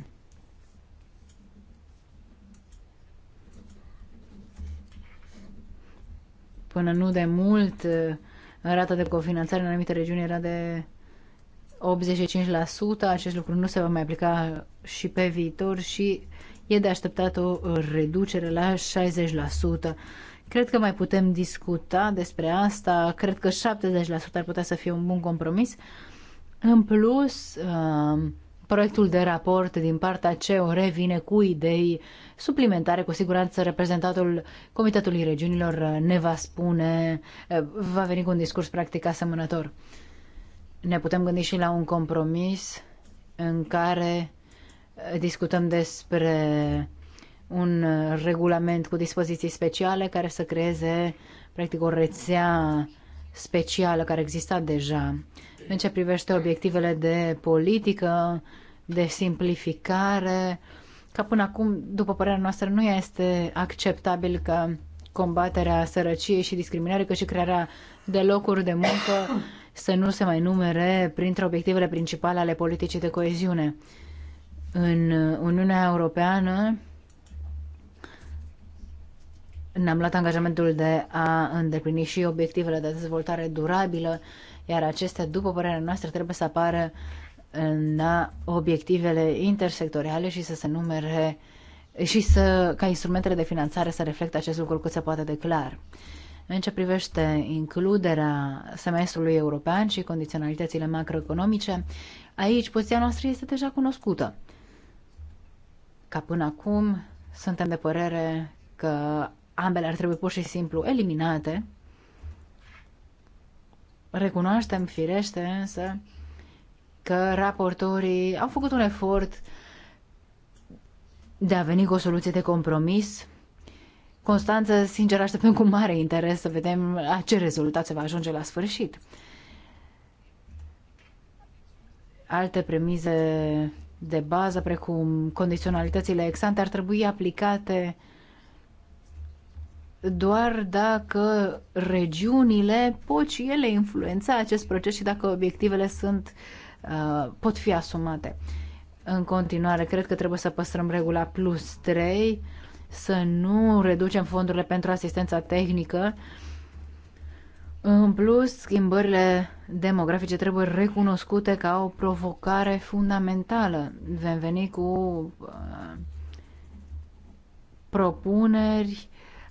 până nu de mult, uh, rata de cofinanțare în anumite regiuni era de 85%, acest lucru nu se va mai aplica și pe viitor și e de așteptat o reducere la 60%. Cred că mai putem discuta despre asta, cred că 70% ar putea să fie un bun compromis. În plus, uh, Proiectul de raport din partea CEO revine cu idei suplimentare. Cu siguranță reprezentantul Comitetului Regiunilor uh, ne va spune, uh, va veni cu un discurs practic asemănător. Ne putem gândi și la un compromis în care uh, discutăm despre un regulament cu dispoziții speciale care să creeze practic o rețea specială care exista deja în ce privește obiectivele de politică, de simplificare, ca până acum, după părerea noastră, nu este acceptabil că combaterea sărăciei și discriminării, că și crearea de locuri de muncă să nu se mai numere printre obiectivele principale ale politicii de coeziune. În Uniunea Europeană ne-am luat angajamentul de a îndeplini și obiectivele de dezvoltare durabilă iar acestea, după părerea noastră, trebuie să apară în da, obiectivele intersectoriale și să se numere și să, ca instrumentele de finanțare să reflecte acest lucru cât se poate de clar. În ce privește includerea semestrului european și condiționalitățile macroeconomice, aici poziția noastră este deja cunoscută. Ca până acum, suntem de părere că ambele ar trebui pur și simplu eliminate Recunoaștem firește însă că raportorii au făcut un efort de a veni cu o soluție de compromis. Constanță, sincer, așteptăm cu mare interes să vedem la ce rezultat se va ajunge la sfârșit. Alte premize de bază, precum condiționalitățile exante, ar trebui aplicate uh, doar dacă regiunile pot și ele influența acest proces și dacă obiectivele sunt, uh, pot fi asumate. În continuare, cred că trebuie să păstrăm regula plus 3, să nu reducem fondurile pentru asistența tehnică. În plus, schimbările demografice trebuie recunoscute ca o provocare fundamentală. Vom veni cu uh, propuneri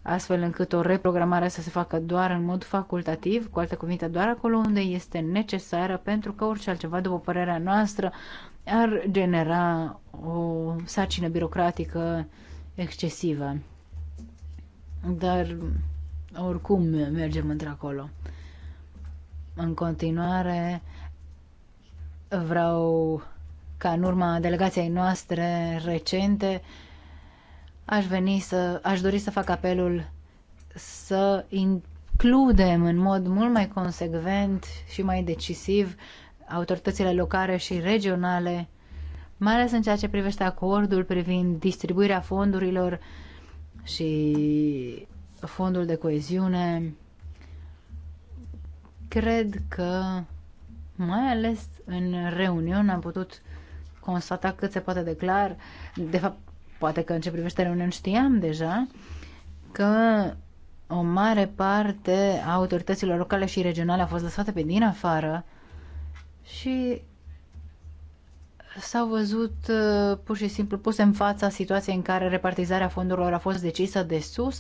astfel încât o reprogramare să se facă doar în mod facultativ, cu alte cuvinte, doar acolo unde este necesară, pentru că orice altceva, după părerea noastră, ar genera o sarcină birocratică excesivă. Dar oricum mergem într-acolo. În continuare, vreau ca în urma delegației noastre recente aș, veni să, aș dori să fac apelul să includem în mod mult mai consecvent și mai decisiv autoritățile locale și regionale, mai ales în ceea ce privește acordul privind distribuirea fondurilor și fondul de coeziune. Cred că, mai ales în reuniune, am putut constata cât se poate de clar, de fapt poate că în ce privește reuniuni știam deja că o mare parte a autorităților locale și regionale a fost lăsată pe din afară și s-au văzut uh, pur și simplu puse în fața situației în care repartizarea fondurilor a fost decisă de sus.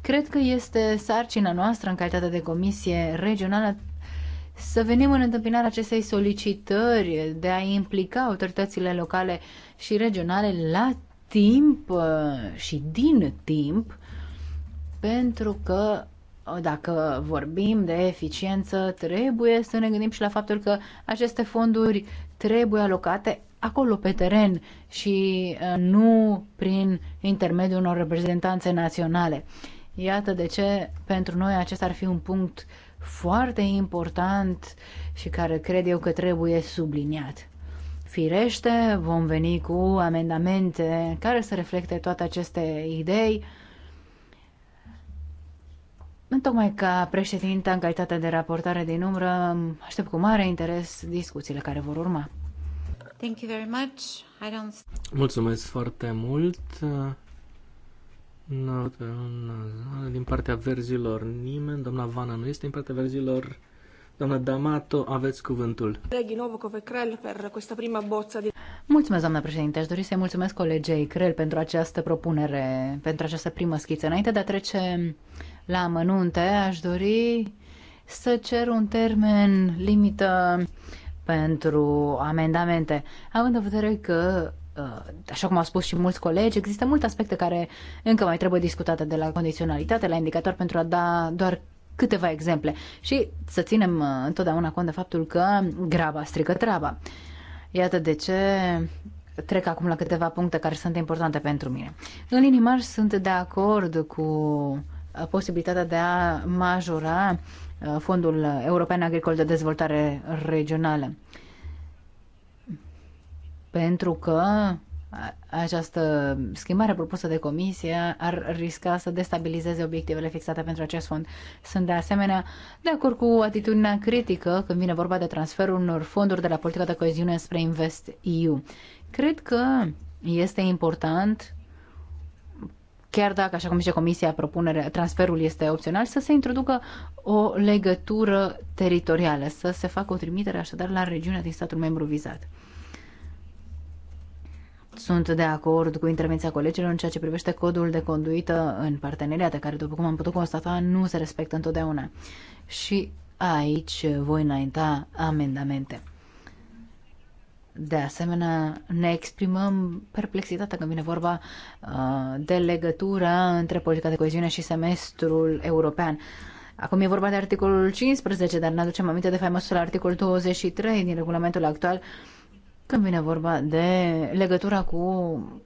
Cred că este sarcina noastră în calitate de comisie regională să venim în întâmpinarea acestei solicitări de a implica autoritățile locale și regionale la timp uh, și din timp, pentru că uh, dacă vorbim de eficiență, trebuie să ne gândim și la faptul că aceste fonduri trebuie alocate acolo pe teren și uh, nu prin intermediul unor reprezentanțe naționale. Iată de ce pentru noi acesta ar fi un punct foarte important și care cred eu că trebuie subliniat. Firește, vom veni cu amendamente care să reflecte toate aceste idei. Tocmai ca președinte, în calitate de raportare din umbră, aștept cu mare interes discuțiile care vor urma. Thank you very much. I don't... Mulțumesc foarte mult. Din partea verzilor nimeni, doamna Vana nu este din partea verzilor Doamna D'Amato, aveți cuvântul. Mulțumesc, doamna președinte. Aș dori să-i mulțumesc colegei Crel pentru această propunere, pentru această primă schiță. Înainte de a trece la amănunte, aș dori să cer un termen limită pentru amendamente, având în vedere că uh, așa cum au spus și mulți colegi, există multe aspecte care încă mai trebuie discutate de la condiționalitate, la indicator pentru a da doar câteva exemple și să ținem uh, întotdeauna cont de faptul că graba strică treaba. Iată de ce trec acum la câteva puncte care sunt importante pentru mine. În linii mari sunt de acord cu uh, posibilitatea de a majora uh, Fondul European Agricol de Dezvoltare Regională. Pentru că această schimbare propusă de comisie ar risca să destabilizeze obiectivele fixate pentru acest fond. Sunt de asemenea de acord cu atitudinea critică când vine vorba de transferul unor fonduri de la politica de coeziune spre Invest EU. Cred că este important chiar dacă, așa cum zice Comisia, propunere, transferul este opțional, să se introducă o legătură teritorială, să se facă o trimitere așadar la regiunea din statul membru vizat sunt de acord cu intervenția colegilor în ceea ce privește codul de conduită în parteneriate, care, după cum am putut constata, nu se respectă întotdeauna. Și aici voi înainta amendamente. De asemenea, ne exprimăm perplexitatea când vine vorba uh, de legătura între politica de coeziune și semestrul european. Acum e vorba de articolul 15, dar ne aducem aminte de faimosul articol 23 din regulamentul actual, uh, când vine vorba de legătura cu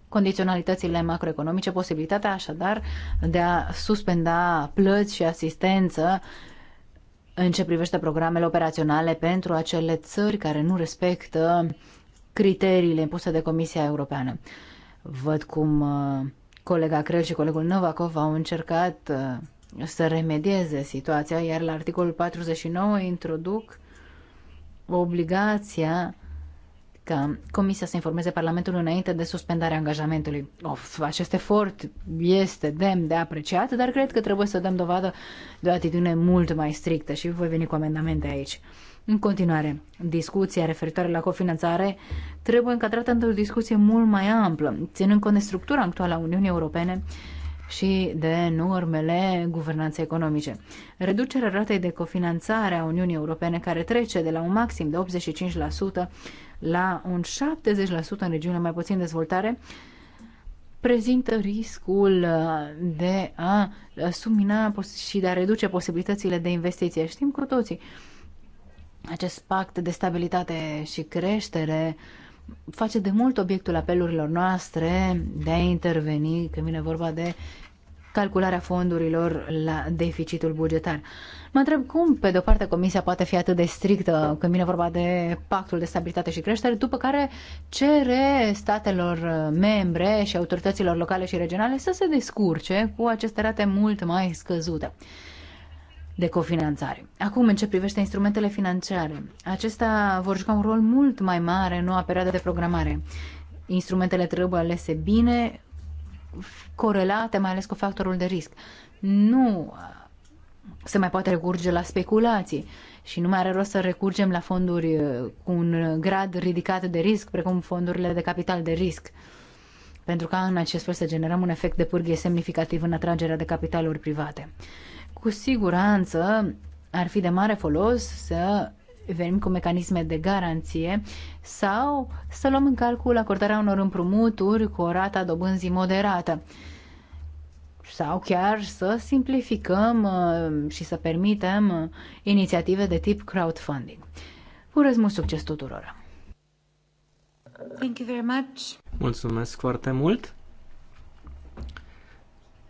condiționalitățile macroeconomice, posibilitatea așadar de a suspenda plăți și asistență în ce privește programele operaționale pentru acele țări care nu respectă criteriile impuse de Comisia Europeană. Văd cum uh, colega Crel și colegul Novakov au încercat uh, să remedieze situația, iar la articolul 49 introduc obligația ca Comisia să informeze Parlamentul înainte de suspendarea angajamentului. Of, acest efort este demn de apreciat, dar cred că trebuie să dăm dovadă de o atitudine mult mai strictă și voi veni cu amendamente aici. În continuare, discuția referitoare la cofinanțare trebuie încadrată într-o discuție mult mai amplă, ținând cont de structura actuală a Uniunii Europene și de normele guvernanței economice. Reducerea ratei de cofinanțare a Uniunii Europene, care trece de la un maxim de 85% la un 70% în regiune mai puțin dezvoltare, prezintă riscul uh, de a uh, submina și de a reduce posibilitățile de investiție. Știm cu toții, acest pact de stabilitate și creștere face de mult obiectul apelurilor noastre de a interveni când vine vorba de calcularea fondurilor la deficitul bugetar. Mă întreb cum, pe de-o parte, Comisia poate fi atât de strictă când vine vorba de pactul de stabilitate și creștere, după care cere statelor membre și autorităților locale și regionale să se descurce cu aceste rate mult mai scăzute de cofinanțare. Acum, în ce privește instrumentele financiare, acestea vor juca un rol mult mai mare în noua perioadă de programare. Instrumentele trebuie alese bine, corelate mai ales cu factorul de risc. Nu se mai poate recurge la speculații și nu mai are rost să recurgem la fonduri uh, cu un uh, grad ridicat de risc, precum fondurile de capital de risc, pentru ca în acest fel să generăm un efect de pârghie semnificativ în atragerea de capitaluri private. Cu siguranță ar fi de mare folos să venim cu mecanisme de garanție sau să luăm în calcul acordarea unor împrumuturi cu o rată dobânzii moderată sau chiar să simplificăm uh, și să permitem uh, inițiative de tip crowdfunding. Urez mult succes tuturor! Thank you very much. Mulțumesc foarte mult!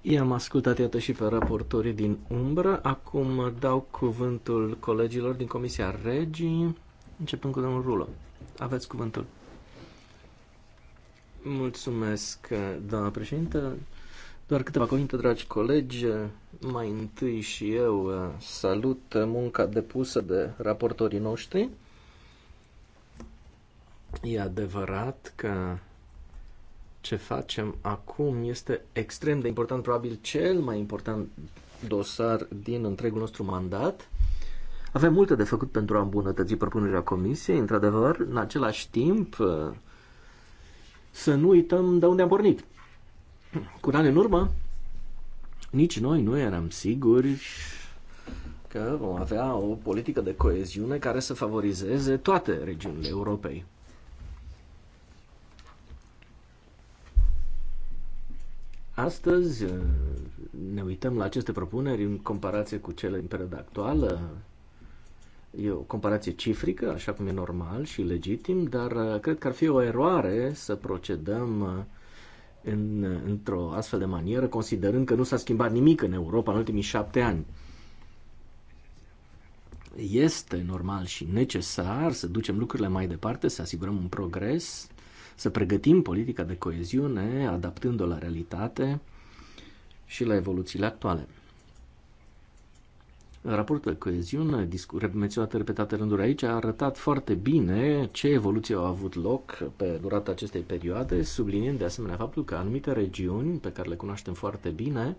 I-am ascultat, iată, și pe raportorii din umbră. Acum dau cuvântul colegilor din Comisia Regii, începând cu domnul Rulo. Aveți cuvântul. Mulțumesc, doamna președintă, doar câteva cuvinte, dragi colegi. Mai întâi și eu uh, salut munca depusă de raportorii noștri. E adevărat că ce facem acum este extrem de important, probabil cel mai important dosar din întregul nostru mandat. Avem multe de făcut pentru a îmbunătăți propunerea comisiei, într-adevăr, în același timp, uh, să nu uităm de unde am pornit. Cu an în urmă, nici noi nu eram siguri că vom avea o politică de coeziune care să favorizeze toate regiunile Europei. Astăzi uh, ne uităm la aceste propuneri în comparație cu cele în perioada actuală. E o comparație cifrică, așa cum e normal și legitim, dar uh, cred că ar fi o eroare să procedăm uh, în, într-o astfel de manieră, considerând că nu s-a schimbat nimic în Europa în ultimii șapte ani. Este normal și necesar să ducem lucrurile mai departe, să asigurăm un progres, să pregătim politica de coeziune, adaptând-o la realitate și la evoluțiile actuale. Raportul de coeziune, menționată repetate rânduri aici, a arătat foarte bine ce evoluție au avut loc pe durata acestei perioade, subliniind de asemenea faptul că anumite regiuni, pe care le cunoaștem foarte bine,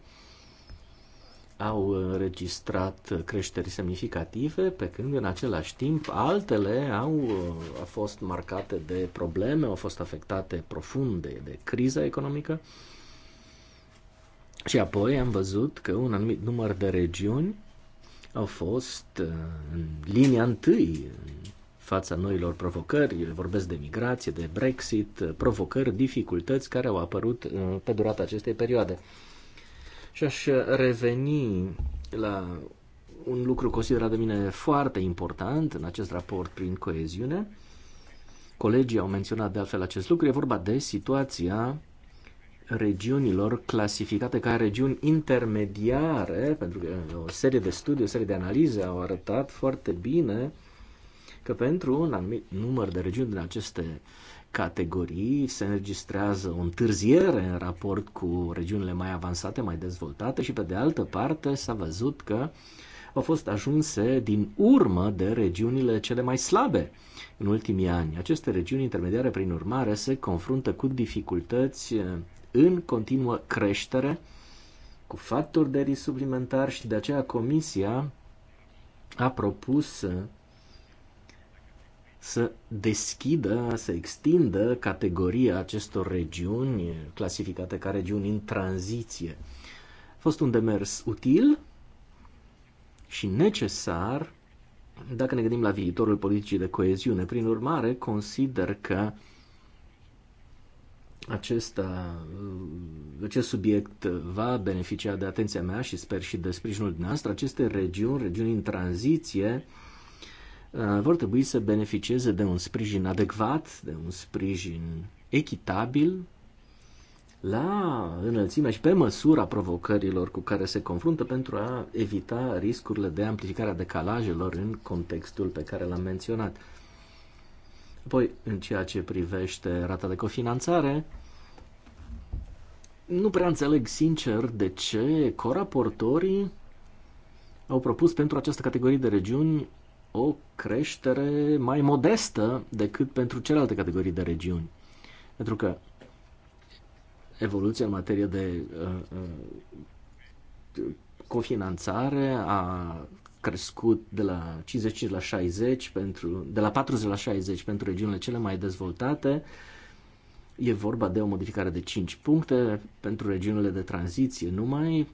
au înregistrat creșteri semnificative, pe când în același timp altele au au fost marcate de probleme, au fost afectate profunde de criza economică. Și apoi am văzut că un anumit număr de regiuni au fost uh, în linia întâi în fața noilor provocări, eu vorbesc de migrație, de Brexit, uh, provocări, dificultăți care au apărut uh, pe durata acestei perioade. Și aș reveni la un lucru considerat de mine foarte important în acest raport prin coeziune. Colegii au menționat de altfel acest lucru, e vorba de situația regiunilor clasificate ca regiuni intermediare, pentru că o serie de studii, o serie de analize au arătat foarte bine că pentru un anumit număr de regiuni din aceste categorii se înregistrează o întârziere în raport cu regiunile mai avansate, mai dezvoltate și pe de altă parte s-a văzut că au fost ajunse din urmă de regiunile cele mai slabe în ultimii ani. Aceste regiuni intermediare, prin urmare, se confruntă cu dificultăți în continuă creștere cu factori de risc suplimentar și de aceea Comisia a propus să deschidă, să extindă categoria acestor regiuni clasificate ca regiuni în tranziție. A fost un demers util și necesar dacă ne gândim la viitorul politicii de coeziune. Prin urmare, consider că acesta, acest subiect va beneficia de atenția mea și sper și de sprijinul dumneavoastră. Aceste regiuni, regiuni în tranziție, uh, vor trebui să beneficieze de un sprijin adecvat, de un sprijin echitabil, la înălțimea și pe măsura provocărilor cu care se confruntă pentru a evita riscurile de amplificare a decalajelor în contextul pe care l-am menționat. Apoi, în ceea ce privește rata de cofinanțare, nu prea înțeleg sincer de ce coraportorii au propus pentru această categorie de regiuni o creștere mai modestă decât pentru celelalte categorii de regiuni. Pentru că evoluția în materie de uh, uh, cofinanțare a crescut de la 50 la 60, pentru, de la 40 la 60 pentru regiunile cele mai dezvoltate. E vorba de o modificare de 5 puncte pentru regiunile de tranziție numai,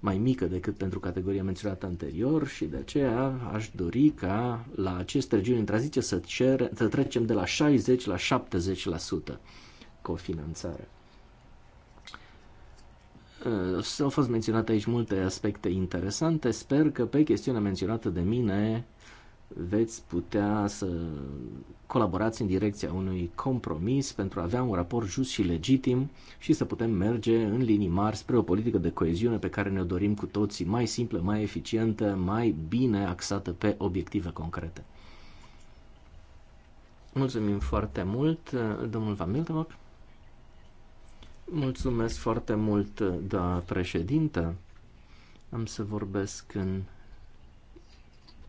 mai mică decât pentru categoria menționată anterior și de aceea aș dori ca la aceste regiuni în tranziție să, cer, să trecem de la 60 la 70% cofinanțare. Au fost menționate aici multe aspecte interesante. Sper că pe chestiunea menționată de mine veți putea să colaborați în direcția unui compromis pentru a avea un raport just și legitim și să putem merge în linii mari spre o politică de coeziune pe care ne-o dorim cu toții, mai simplă, mai eficientă, mai bine axată pe obiective concrete. Mulțumim foarte mult, domnul Van Miltenburg. Mulțumesc foarte mult, da, președinte. Am să vorbesc în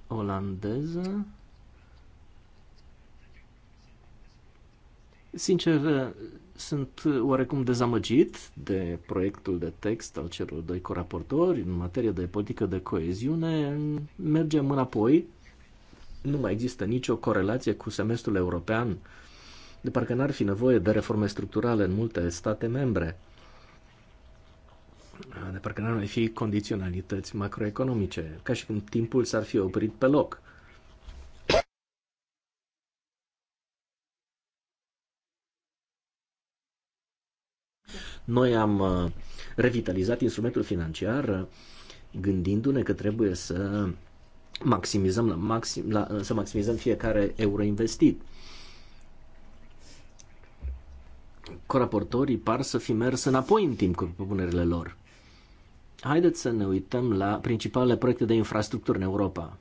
olandeză. Sincer, sunt oarecum dezamăgit de proiectul de text al celor doi coraportori în materie de politică de coeziune. Mergem înapoi. Nu mai există nicio corelație cu semestrul european de parcă n-ar fi nevoie de reforme structurale în multe state membre, de parcă n-ar mai fi condiționalități macroeconomice, ca și cum timpul s-ar fi oprit pe loc. Noi am uh, revitalizat instrumentul financiar uh, gândindu-ne că trebuie să maximizăm, la maxim, la, să maximizăm fiecare euro investit. coraportorii par să fi mers înapoi în timp cu propunerile lor. Haideți să ne uităm la principalele proiecte de infrastructură în Europa.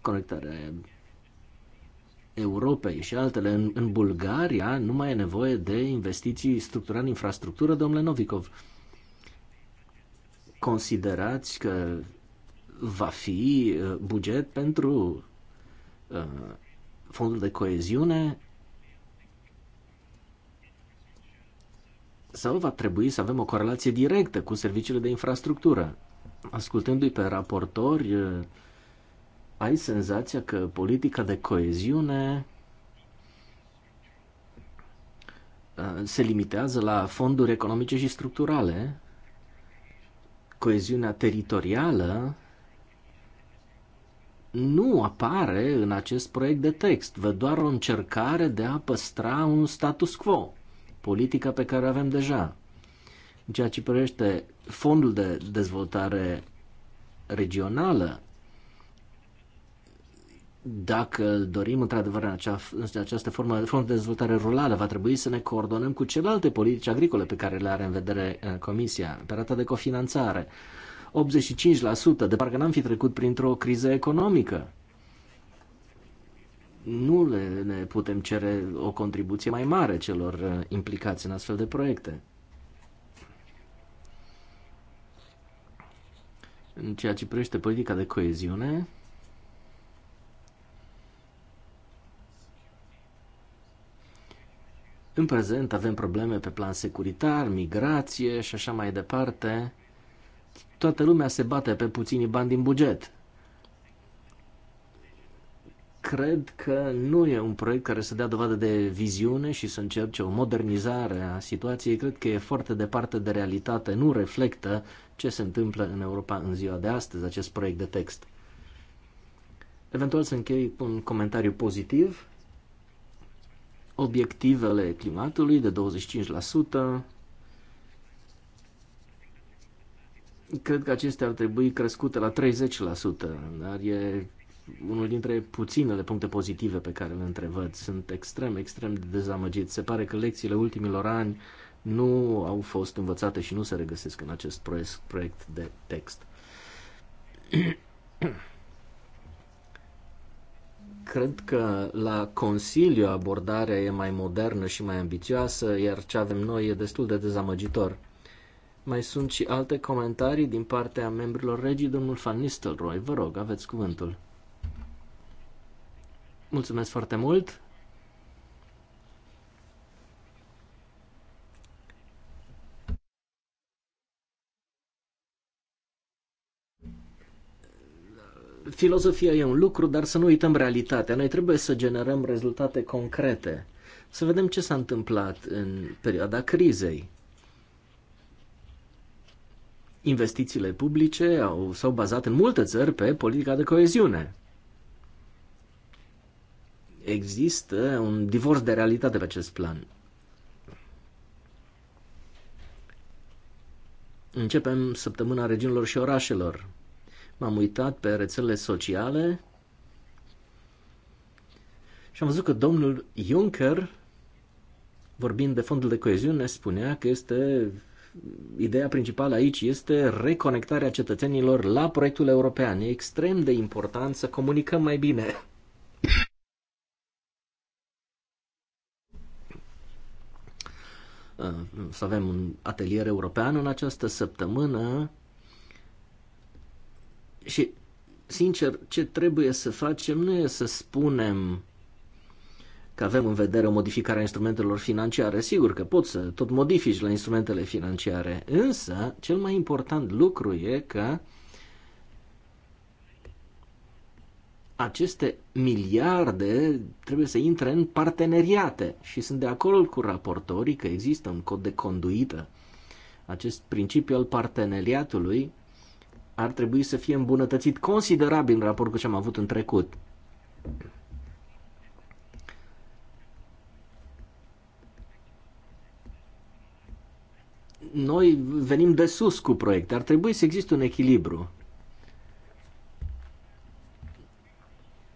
Conectare Europei și altele. În, în Bulgaria nu mai e nevoie de investiții structurale în infrastructură, domnule Novikov. Considerați că va fi uh, buget pentru uh, fondul de coeziune sau va trebui să avem o corelație directă cu serviciile de infrastructură. Ascultându-i pe raportori, eh, ai senzația că politica de coeziune eh, se limitează la fonduri economice și structurale, coeziunea teritorială nu apare în acest proiect de text, văd doar o încercare de a păstra un status quo politica pe care o avem deja. În ceea ce privește fondul de dezvoltare regională, dacă îl dorim într-adevăr în, acea, în această formă de fond de dezvoltare rurală, va trebui să ne coordonăm cu celelalte politici agricole pe care le are în vedere uh, Comisia, pe rata de cofinanțare. 85%, de parcă n-am fi trecut printr-o criză economică nu le, le putem cere o contribuție mai mare celor uh, implicați în astfel de proiecte. În ceea ce privește politica de coeziune, În prezent avem probleme pe plan securitar, migrație și așa mai departe. Toată lumea se bate pe puțini bani din buget cred că nu e un proiect care să dea dovadă de viziune și să încerce o modernizare a situației. Cred că e foarte departe de realitate, nu reflectă ce se întâmplă în Europa în ziua de astăzi, acest proiect de text. Eventual să închei cu un comentariu pozitiv. Obiectivele climatului de 25%. Cred că acestea ar trebui crescute la 30%, dar e unul dintre puținele puncte pozitive pe care le întrevăd. Sunt extrem, extrem de dezamăgit. Se pare că lecțiile ultimilor ani nu au fost învățate și nu se regăsesc în acest proiect de text. <clears throat> Cred că la Consiliu abordarea e mai modernă și mai ambițioasă, iar ce avem noi e destul de dezamăgitor. Mai sunt și alte comentarii din partea membrilor regii, domnul Van Nistelrooy. Vă rog, aveți cuvântul. Mulțumesc foarte mult! Filozofia e un lucru, dar să nu uităm realitatea. Noi trebuie să generăm rezultate concrete. Să vedem ce s-a întâmplat în perioada crizei. Investițiile publice au, s-au bazat în multe țări pe politica de coeziune există un divorț de realitate pe acest plan. Începem săptămâna regiunilor și orașelor. M-am uitat pe rețelele sociale și am văzut că domnul Juncker, vorbind de fondul de coeziune, spunea că este ideea principală aici este reconectarea cetățenilor la proiectul european. E extrem de important să comunicăm mai bine Uh, să avem un atelier european în această săptămână și, sincer, ce trebuie să facem nu e să spunem că avem în vedere o modificare a instrumentelor financiare. Sigur că poți să tot modifici la instrumentele financiare, însă cel mai important lucru e că aceste miliarde trebuie să intre în parteneriate și sunt de acord cu raportorii că există un cod de conduită. Acest principiu al parteneriatului ar trebui să fie îmbunătățit considerabil în raport cu ce am avut în trecut. Noi venim de sus cu proiecte, ar trebui să existe un echilibru.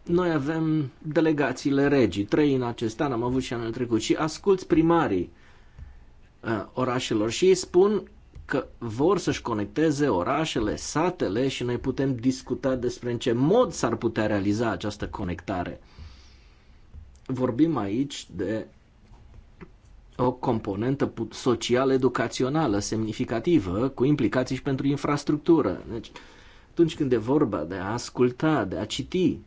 Noi avem delegațiile regii, trei în acest an, am avut și anul trecut, și asculți primarii uh, orașelor și ei spun că vor să-și conecteze orașele, satele și noi putem discuta despre în ce mod s-ar putea realiza această conectare. Vorbim aici de o componentă social-educațională semnificativă, cu implicații și pentru infrastructură. Deci, atunci când e vorba de a asculta, de a citi,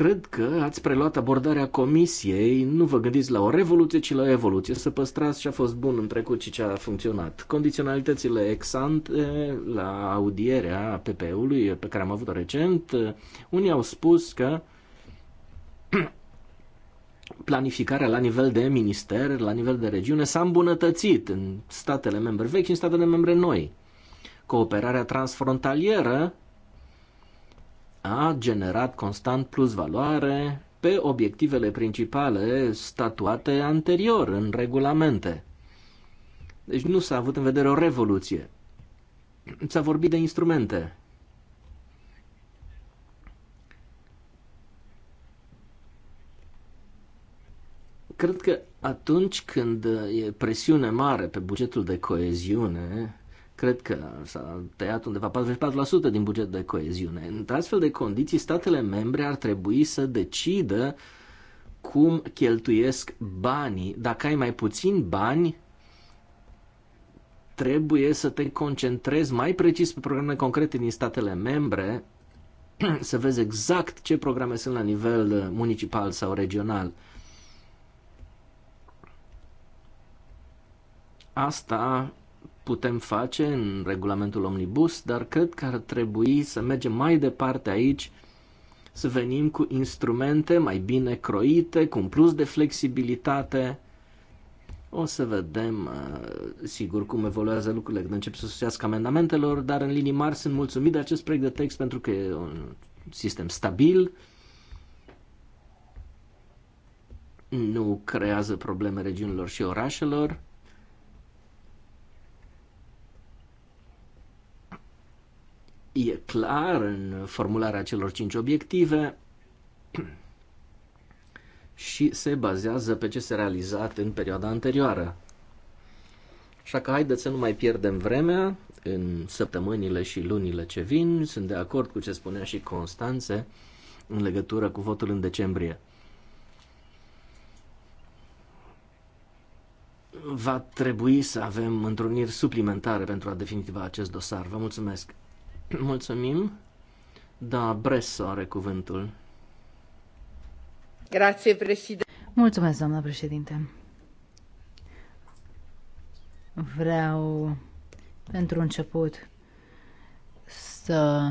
Cred că ați preluat abordarea comisiei, nu vă gândiți la o revoluție, ci la o evoluție, să păstrați ce a fost bun în trecut și ce a funcționat. Condiționalitățile exante la audierea PP-ului pe care am avut-o recent, unii au spus că <clears throat> planificarea la nivel de minister, la nivel de regiune s-a îmbunătățit în statele membre vechi și în statele membre noi. Cooperarea transfrontalieră a generat constant plus valoare pe obiectivele principale statuate anterior în regulamente. Deci nu s-a avut în vedere o revoluție. S-a vorbit de instrumente. Cred că atunci când e presiune mare pe bugetul de coeziune, cred că s-a tăiat undeva 44% din bugetul de coeziune. În astfel de condiții, statele membre ar trebui să decidă cum cheltuiesc banii. Dacă ai mai puțin bani, trebuie să te concentrezi mai precis pe programe concrete din statele membre, <clears throat> să vezi exact ce programe sunt la nivel uh, municipal sau regional. Asta putem face în regulamentul omnibus, dar cred că ar trebui să mergem mai departe aici, să venim cu instrumente mai bine croite, cu un plus de flexibilitate. O să vedem, uh, sigur, cum evoluează lucrurile când încep să susțească amendamentelor, dar în linii mari sunt mulțumit de acest proiect de text pentru că e un sistem stabil, nu creează probleme regiunilor și orașelor e clar în formularea celor cinci obiective și se bazează pe ce s-a realizat în perioada anterioară. Așa că haideți să nu mai pierdem vremea în săptămânile și lunile ce vin. Sunt de acord cu ce spunea și Constanțe în legătură cu votul în decembrie. Va trebui să avem întruniri suplimentare pentru a definitiva acest dosar. Vă mulțumesc! <clears throat> Mulțumim. Da, Bresso are cuvântul. Grazie, președinte. Mulțumesc, doamna președinte. Vreau, pentru început, să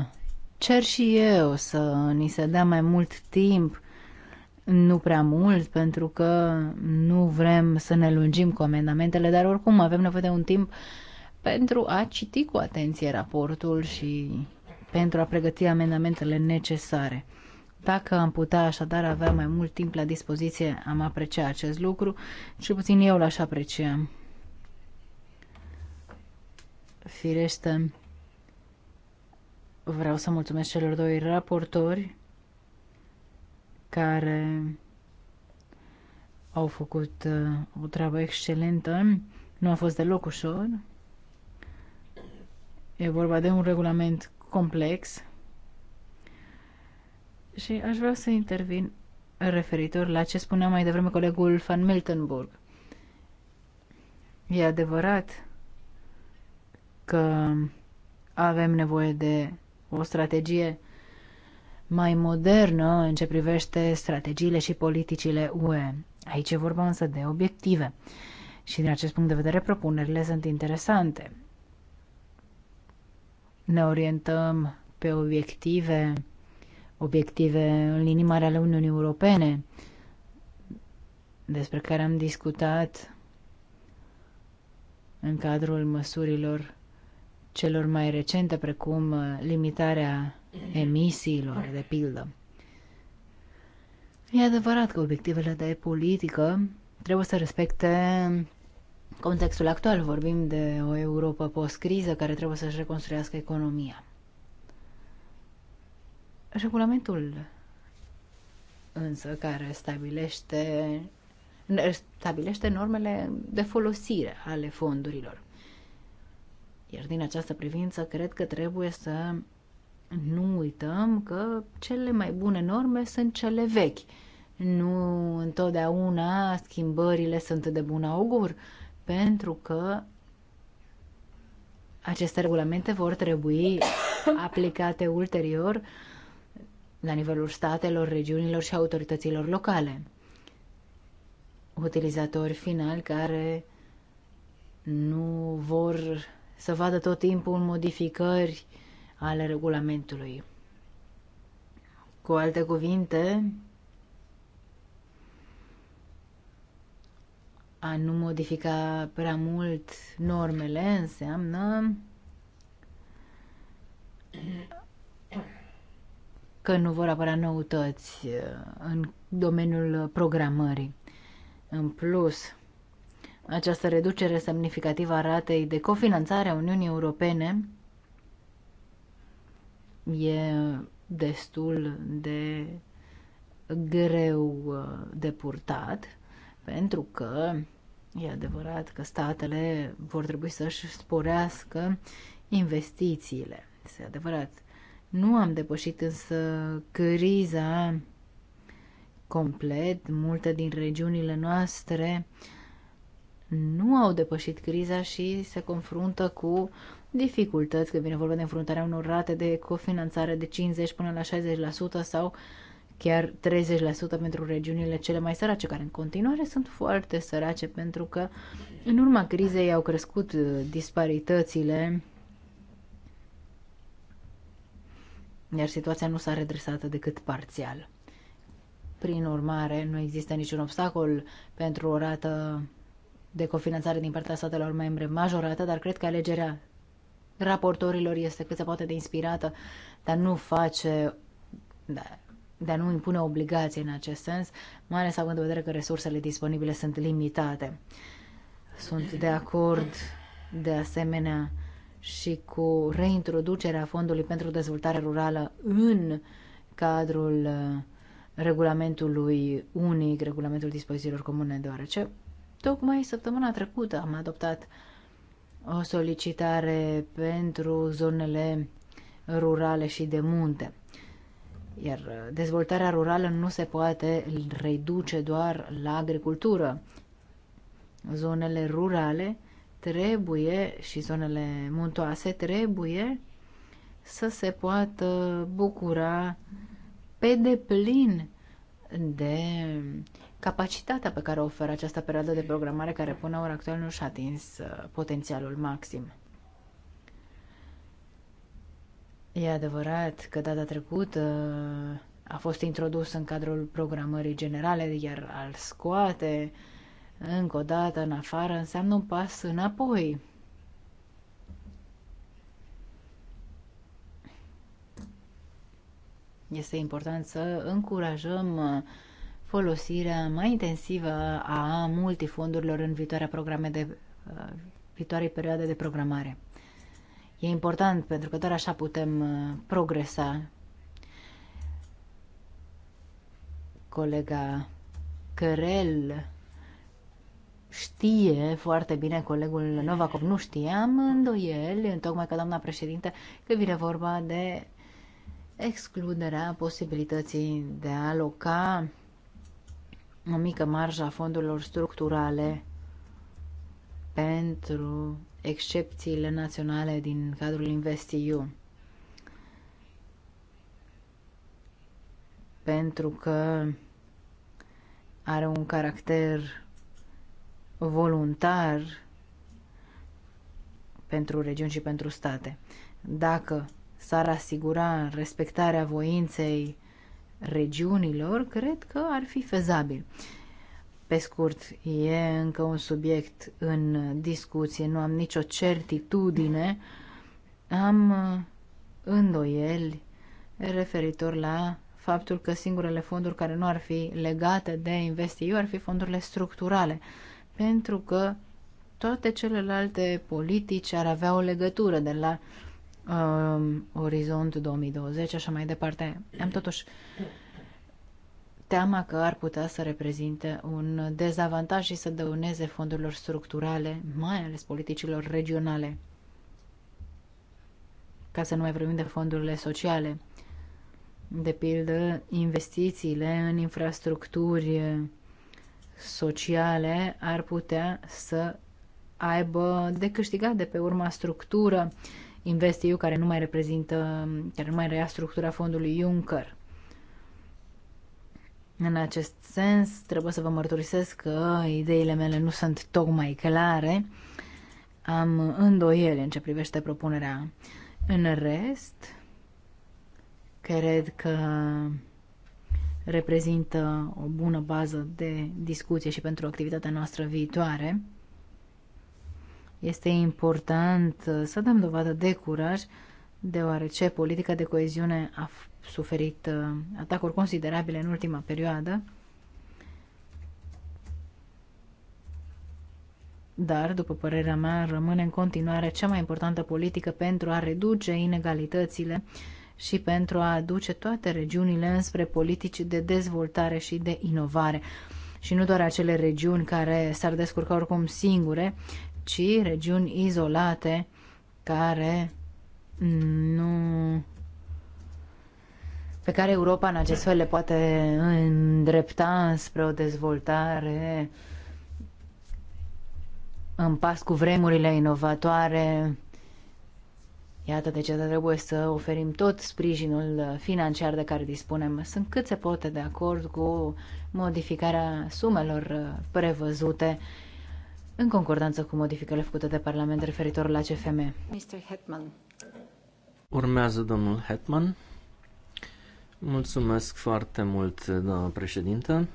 cer și eu să ni se dea mai mult timp, nu prea mult, pentru că nu vrem să ne lungim cu amendamentele, dar oricum avem nevoie de un timp uh, pentru a citi cu atenție raportul și pentru a pregăti amendamentele necesare. Dacă am putea așadar avea mai mult timp la dispoziție, am aprecia acest lucru, cel puțin eu l-aș aprecia. Firește, vreau să mulțumesc celor doi raportori care au făcut uh, o treabă excelentă. Nu a fost deloc ușor, E vorba de un regulament complex și aș vrea să intervin referitor la ce spunea mai devreme colegul van Miltenburg. E adevărat că avem nevoie de o strategie mai modernă în ce privește strategiile și politicile UE. Aici e vorba însă de obiective. Și din acest punct de vedere, propunerile sunt interesante ne orientăm pe obiective, obiective în linii mari ale Uniunii Europene, despre care am discutat în cadrul măsurilor celor mai recente, precum uh, limitarea emisiilor, de pildă. E adevărat că obiectivele de politică trebuie să respecte contextul actual. Vorbim de o Europa post-criză care trebuie să-și reconstruiască economia. Regulamentul însă care stabilește, stabilește normele de folosire ale fondurilor. Iar din această privință cred că trebuie să nu uităm că cele mai bune norme sunt cele vechi. Nu întotdeauna schimbările sunt de bun augur pentru că aceste regulamente vor trebui aplicate ulterior la nivelul statelor, regiunilor și autorităților locale. Utilizatori finali care nu vor să vadă tot timpul modificări ale regulamentului. Cu alte cuvinte, a nu modifica prea mult normele înseamnă că nu vor apărea noutăți uh, în domeniul programării. În plus, această reducere semnificativă a ratei de cofinanțare a Uniunii Europene e destul de greu uh, de purtat pentru că e adevărat că statele vor trebui să-și sporească investițiile. Este adevărat. Nu am depășit însă criza complet. Multe din regiunile noastre nu au depășit criza și se confruntă cu dificultăți, când vine vorba de înfruntarea unor rate de cofinanțare de 50 până la 60% sau chiar 30% pentru regiunile cele mai sărace, care în continuare sunt foarte sărace pentru că în urma crizei au crescut uh, disparitățile iar situația nu s-a redresat decât parțial. Prin urmare, nu există niciun obstacol pentru o rată de cofinanțare din partea statelor membre majorată, dar cred că alegerea raportorilor este cât se poate de inspirată, dar nu face da, de a nu impune obligații în acest sens, mai ales având în vedere că resursele disponibile sunt limitate. Sunt de acord, de asemenea, și cu reintroducerea Fondului pentru Dezvoltare Rurală în cadrul uh, regulamentului unic, regulamentul dispozițiilor comune, deoarece tocmai săptămâna trecută am adoptat o solicitare pentru zonele rurale și de munte. Iar uh, dezvoltarea rurală nu se poate reduce doar la agricultură. Zonele rurale trebuie și zonele muntoase trebuie să se poată bucura pe deplin de capacitatea pe care o oferă această perioadă de programare care până ora actuală nu și-a atins uh, potențialul maxim. E adevărat că data trecută uh, a fost introdus în cadrul programării generale, iar al scoate încă o dată în afară înseamnă un pas înapoi. Este important să încurajăm uh, folosirea mai intensivă a multifondurilor în viitoarea programe de uh, viitoarei perioade de programare. E important pentru că doar așa putem uh, progresa. Colega Cărel știe foarte bine, colegul Novakov nu știam îndoiel, tocmai că doamna președinte, că vine vorba de excluderea posibilității de a aloca o mică marjă a fondurilor structurale pentru excepțiile naționale din cadrul InvestEU. Pentru că are un caracter voluntar pentru regiuni și pentru state. Dacă s-ar asigura respectarea voinței regiunilor, cred că ar fi fezabil. Pe scurt, e încă un subiect în discuție, nu am nicio certitudine, am uh, îndoieli referitor la faptul că singurele fonduri care nu ar fi legate de investiții ar fi fondurile structurale, pentru că toate celelalte politici ar avea o legătură de la uh, Orizont 2020 așa mai departe. Am totuși teama că ar putea să reprezinte un dezavantaj și să dăuneze fondurilor structurale, mai ales politicilor regionale. Ca să nu mai vorbim de fondurile sociale, de pildă investițiile în infrastructuri sociale ar putea să aibă de câștigat de pe urma structură investiu care nu mai reprezintă, care nu mai reia structura fondului Juncker. În acest sens, trebuie să vă mărturisesc că ideile mele nu sunt tocmai clare. Am îndoieli în ce privește propunerea. În rest, cred că reprezintă o bună bază de discuție și pentru activitatea noastră viitoare. Este important să dăm dovadă de curaj, deoarece politica de coeziune a suferit uh, atacuri considerabile în ultima perioadă. Dar, după părerea mea, rămâne în continuare cea mai importantă politică pentru a reduce inegalitățile și pentru a aduce toate regiunile înspre politici de dezvoltare și de inovare. Și nu doar acele regiuni care s-ar descurca oricum singure, ci regiuni izolate care nu pe care Europa în acest fel le poate îndrepta spre o dezvoltare în pas cu vremurile inovatoare. Iată de ce trebuie să oferim tot sprijinul financiar de care dispunem. Sunt cât se poate de acord cu modificarea sumelor prevăzute în concordanță cu modificările făcute de Parlament referitor la CFM. Mr. Hetman. Urmează domnul Hetman. Mulțumesc foarte mult, doamnă președintă.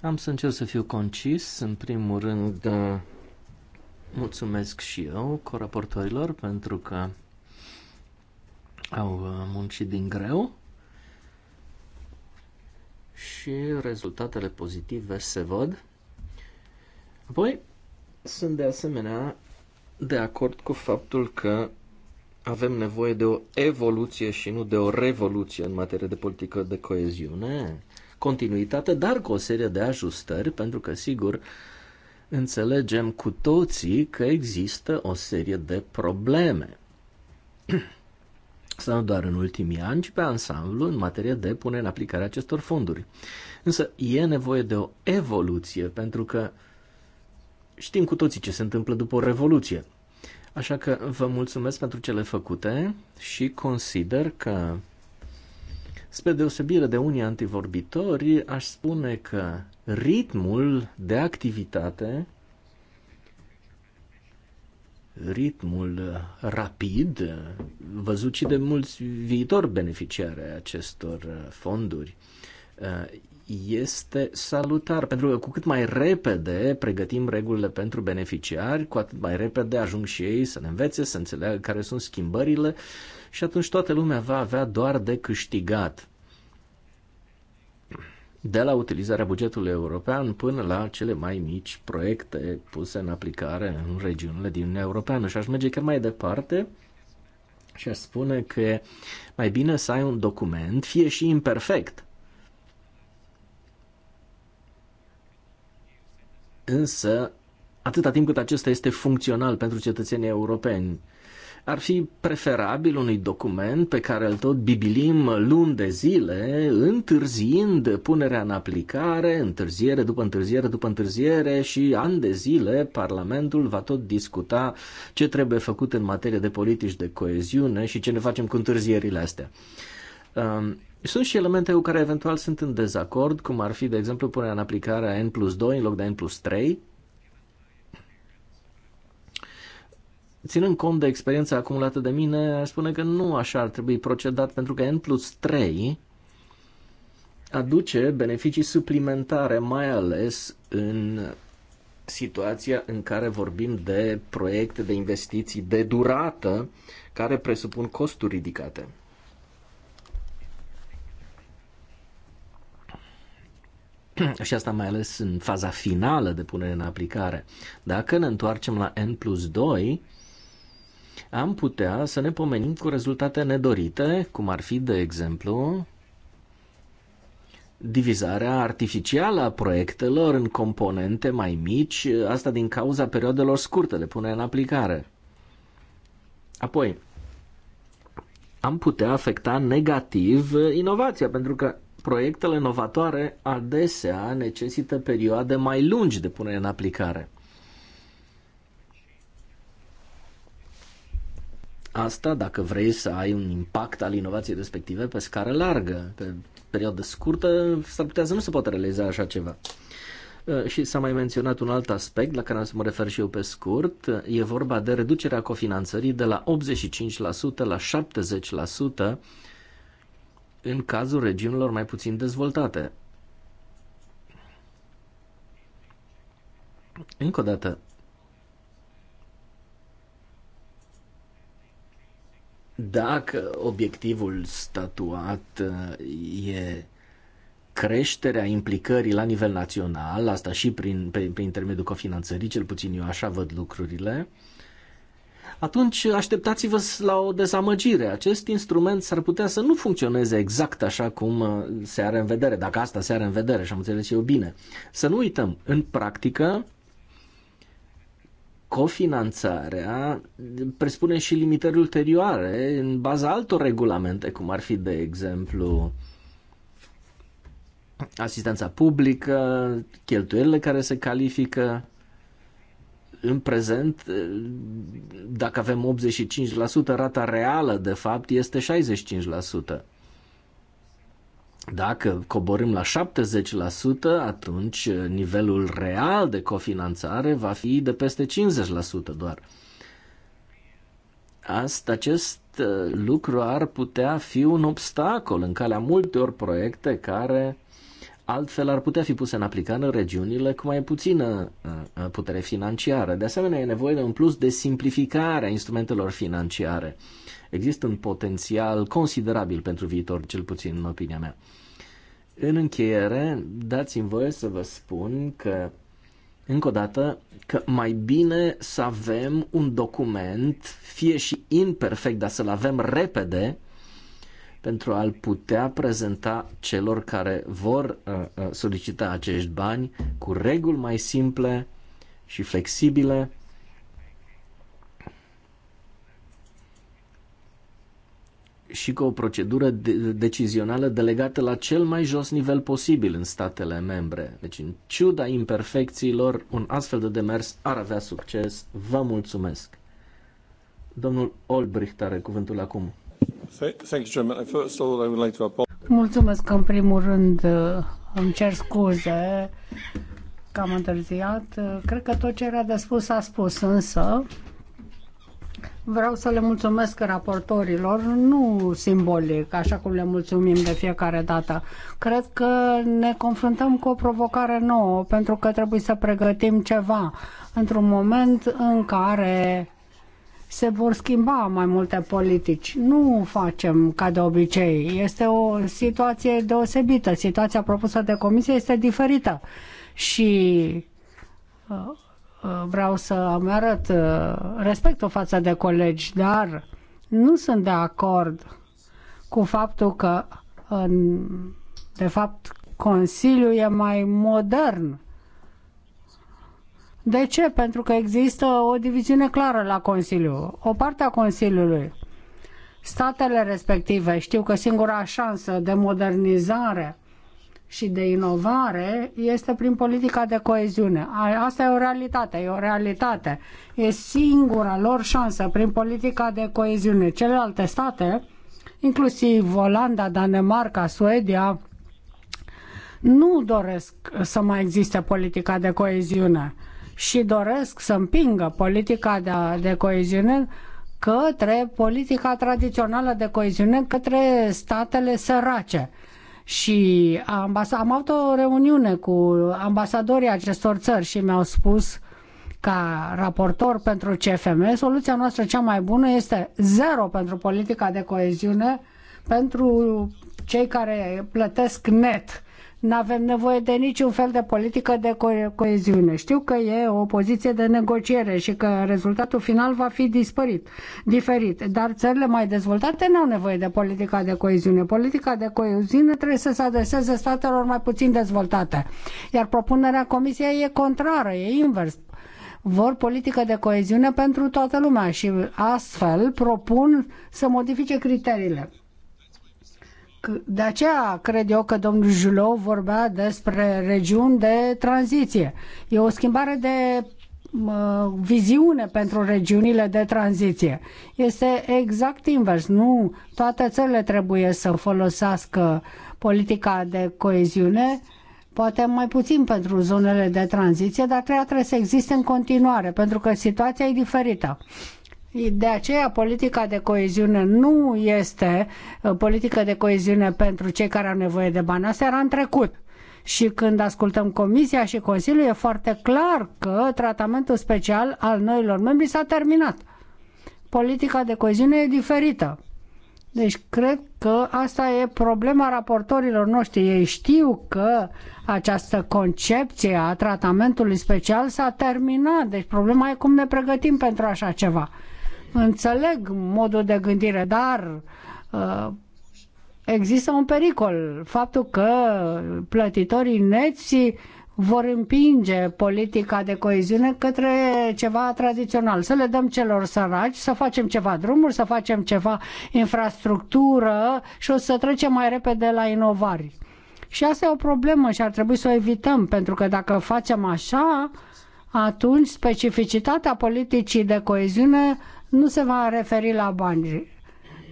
Am să încerc să fiu concis. În primul rând, uh, mulțumesc și eu coraportorilor pentru că au uh, muncit din greu și rezultatele pozitive se văd. Apoi, sunt de asemenea de acord cu faptul că avem nevoie de o evoluție și nu de o revoluție în materie de politică de coeziune, continuitate, dar cu o serie de ajustări, pentru că, sigur, înțelegem cu toții că există o serie de probleme. să <clears throat> nu doar în ultimii ani, ci pe ansamblu în materie de pune în aplicare acestor fonduri. Însă e nevoie de o evoluție, pentru că știm cu toții ce se întâmplă după o revoluție. Așa că vă mulțumesc pentru cele făcute și consider că, spre deosebire de unii antivorbitori, aș spune că ritmul de activitate, ritmul rapid, văzut și de mulți viitori beneficiari acestor fonduri, este salutar, pentru că cu cât mai repede pregătim regulile pentru beneficiari, cu atât mai repede ajung și ei să ne învețe, să înțeleagă care sunt schimbările și atunci toată lumea va avea doar de câștigat de la utilizarea bugetului european până la cele mai mici proiecte puse în aplicare în regiunile din Uniunea Europeană și aș merge chiar mai departe și aș spune că mai bine să ai un document, fie și imperfect, însă atâta timp cât acesta este funcțional pentru cetățenii europeni. Ar fi preferabil unui document pe care îl tot bibilim luni de zile, întârziind punerea în aplicare, întârziere după întârziere după întârziere și ani de zile Parlamentul va tot discuta ce trebuie făcut în materie de politici de coeziune și ce ne facem cu întârzierile astea. Um, sunt și elemente cu care eventual sunt în dezacord, cum ar fi, de exemplu, punerea în aplicare a N plus 2 în loc de N plus 3. Ținând cont de experiența acumulată de mine, aș spune că nu așa ar trebui procedat, pentru că N plus 3 aduce beneficii suplimentare, mai ales în situația în care vorbim de proiecte de investiții de durată care presupun costuri ridicate. <clears throat> și asta mai ales în faza finală de punere în aplicare, dacă ne întoarcem la N plus 2, am putea să ne pomenim cu rezultate nedorite, cum ar fi, de exemplu, divizarea artificială a proiectelor în componente mai mici, asta din cauza perioadelor scurte de punere în aplicare. Apoi, am putea afecta negativ inovația, pentru că proiectele inovatoare adesea necesită perioade mai lungi de punere în aplicare. Asta dacă vrei să ai un impact al inovației respective pe scară largă. Pe perioadă scurtă s-ar putea să nu se poată realiza așa ceva. Uh, și s-a mai menționat un alt aspect la care am să mă refer și eu pe scurt. E vorba de reducerea cofinanțării de la 85% la 70% în cazul regiunilor mai puțin dezvoltate. Încă o dată, dacă obiectivul statuat uh, e creșterea implicării la nivel național, asta și prin, prin, prin intermediul cofinanțării, cel puțin eu așa văd lucrurile, uh, atunci așteptați-vă la o dezamăgire. Acest instrument s-ar putea să nu funcționeze exact așa cum uh, se are în vedere, dacă asta se are în vedere și am înțeles eu bine. Să nu uităm, în practică, cofinanțarea presupune și limitări ulterioare în baza altor regulamente, cum ar fi, de exemplu, asistența publică, cheltuielile care se califică în prezent, dacă avem 85%, rata reală, de fapt, este 65%. Dacă coborâm la 70%, atunci nivelul real de cofinanțare va fi de peste 50% doar. Asta, acest uh, lucru ar putea fi un obstacol în calea multor proiecte care altfel ar putea fi puse în aplicare în regiunile cu mai puțină uh, uh, putere financiară. De asemenea, e nevoie de un plus de simplificare a instrumentelor financiare. Există un potențial considerabil pentru viitor, cel puțin în opinia mea. În încheiere, dați-mi voie să vă spun că, încă o dată, că mai bine să avem un document, fie și imperfect, dar să-l avem repede, pentru a-l putea prezenta celor care vor uh, uh, solicita acești bani cu reguli mai simple și flexibile. și cu o procedură decizională delegată la cel mai jos nivel posibil în statele membre. Deci, în ciuda imperfecțiilor, un astfel de demers ar avea succes. Vă mulțumesc! Domnul Olbricht are cuvântul acum. Mulțumesc în primul rând, uh, îmi cer scuze că am întârziat. Cred că tot ce era de spus a spus, însă vreau să le mulțumesc raportorilor, nu simbolic, așa cum le mulțumim de fiecare dată. Cred că ne confruntăm cu o provocare nouă, pentru că trebuie să pregătim ceva într-un moment în care se vor schimba mai multe politici. Nu facem ca de obicei. Este o situație deosebită. Situația propusă de comisie este diferită. Și uh, uh, vreau să îmi arăt uh, respectul față de colegi, dar nu sunt de acord cu faptul că de fapt Consiliul e mai modern de ce? Pentru că există o diviziune clară la Consiliu. O parte a Consiliului, statele respective știu că singura șansă de modernizare și de inovare este prin politica de coeziune. Asta e o realitate, e o realitate. E singura lor șansă prin politica de coeziune. Celelalte state, inclusiv Olanda, Danemarca, Suedia, nu doresc să mai existe politica de coeziune și doresc să împingă politica de, de coeziune către politica tradițională de coeziune, către statele sărace. Și ambas- am avut o reuniune cu ambasadorii acestor țări și mi-au spus ca raportor pentru CFM, soluția noastră cea mai bună este zero pentru politica de coeziune pentru cei care plătesc net nu avem nevoie de niciun fel de politică de co- coeziune. Știu că e o poziție de negociere și că rezultatul final va fi dispărit, diferit, dar țările mai dezvoltate nu au nevoie de politica de coeziune. Politica de coeziune trebuie să se adreseze statelor mai puțin dezvoltate, iar propunerea Comisiei e contrară, e invers vor politică de coeziune pentru toată lumea și astfel propun să modifice criteriile. De aceea cred eu că domnul Julot vorbea despre regiuni de tranziție. E o schimbare de viziune pentru regiunile de tranziție. Este exact invers. Nu toate țările trebuie să folosească politica de coeziune, poate mai puțin pentru zonele de tranziție, dar treia trebuie să existe în continuare, pentru că situația e diferită. De aceea politica de coeziune nu este uh, politică de coeziune pentru cei care au nevoie de bani. Asta era în trecut. Și când ascultăm Comisia și Consiliul, e foarte clar că tratamentul special al noilor membri s-a terminat. Politica de coeziune e diferită. Deci cred că asta e problema raportorilor noștri. Ei știu că această concepție a tratamentului special s-a terminat. Deci problema e cum ne pregătim pentru așa ceva. Înțeleg modul de gândire, dar uh, există un pericol. Faptul că plătitorii neți vor împinge politica de coeziune către ceva tradițional. Să le dăm celor săraci, să facem ceva drumuri, să facem ceva infrastructură și o să trecem mai repede la inovari. Și asta e o problemă și ar trebui să o evităm, pentru că dacă facem așa, atunci specificitatea politicii de coeziune nu se va referi la bani.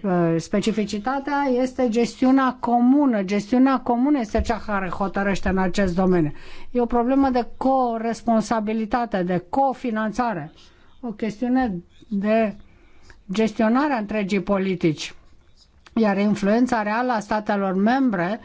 Uh, specificitatea este gestiunea comună. Gestiunea comună este cea care hotărăște în acest domeniu. E o problemă de co-responsabilitate, de cofinanțare, o chestiune de gestionare a întregii politici. Iar influența reală a statelor membre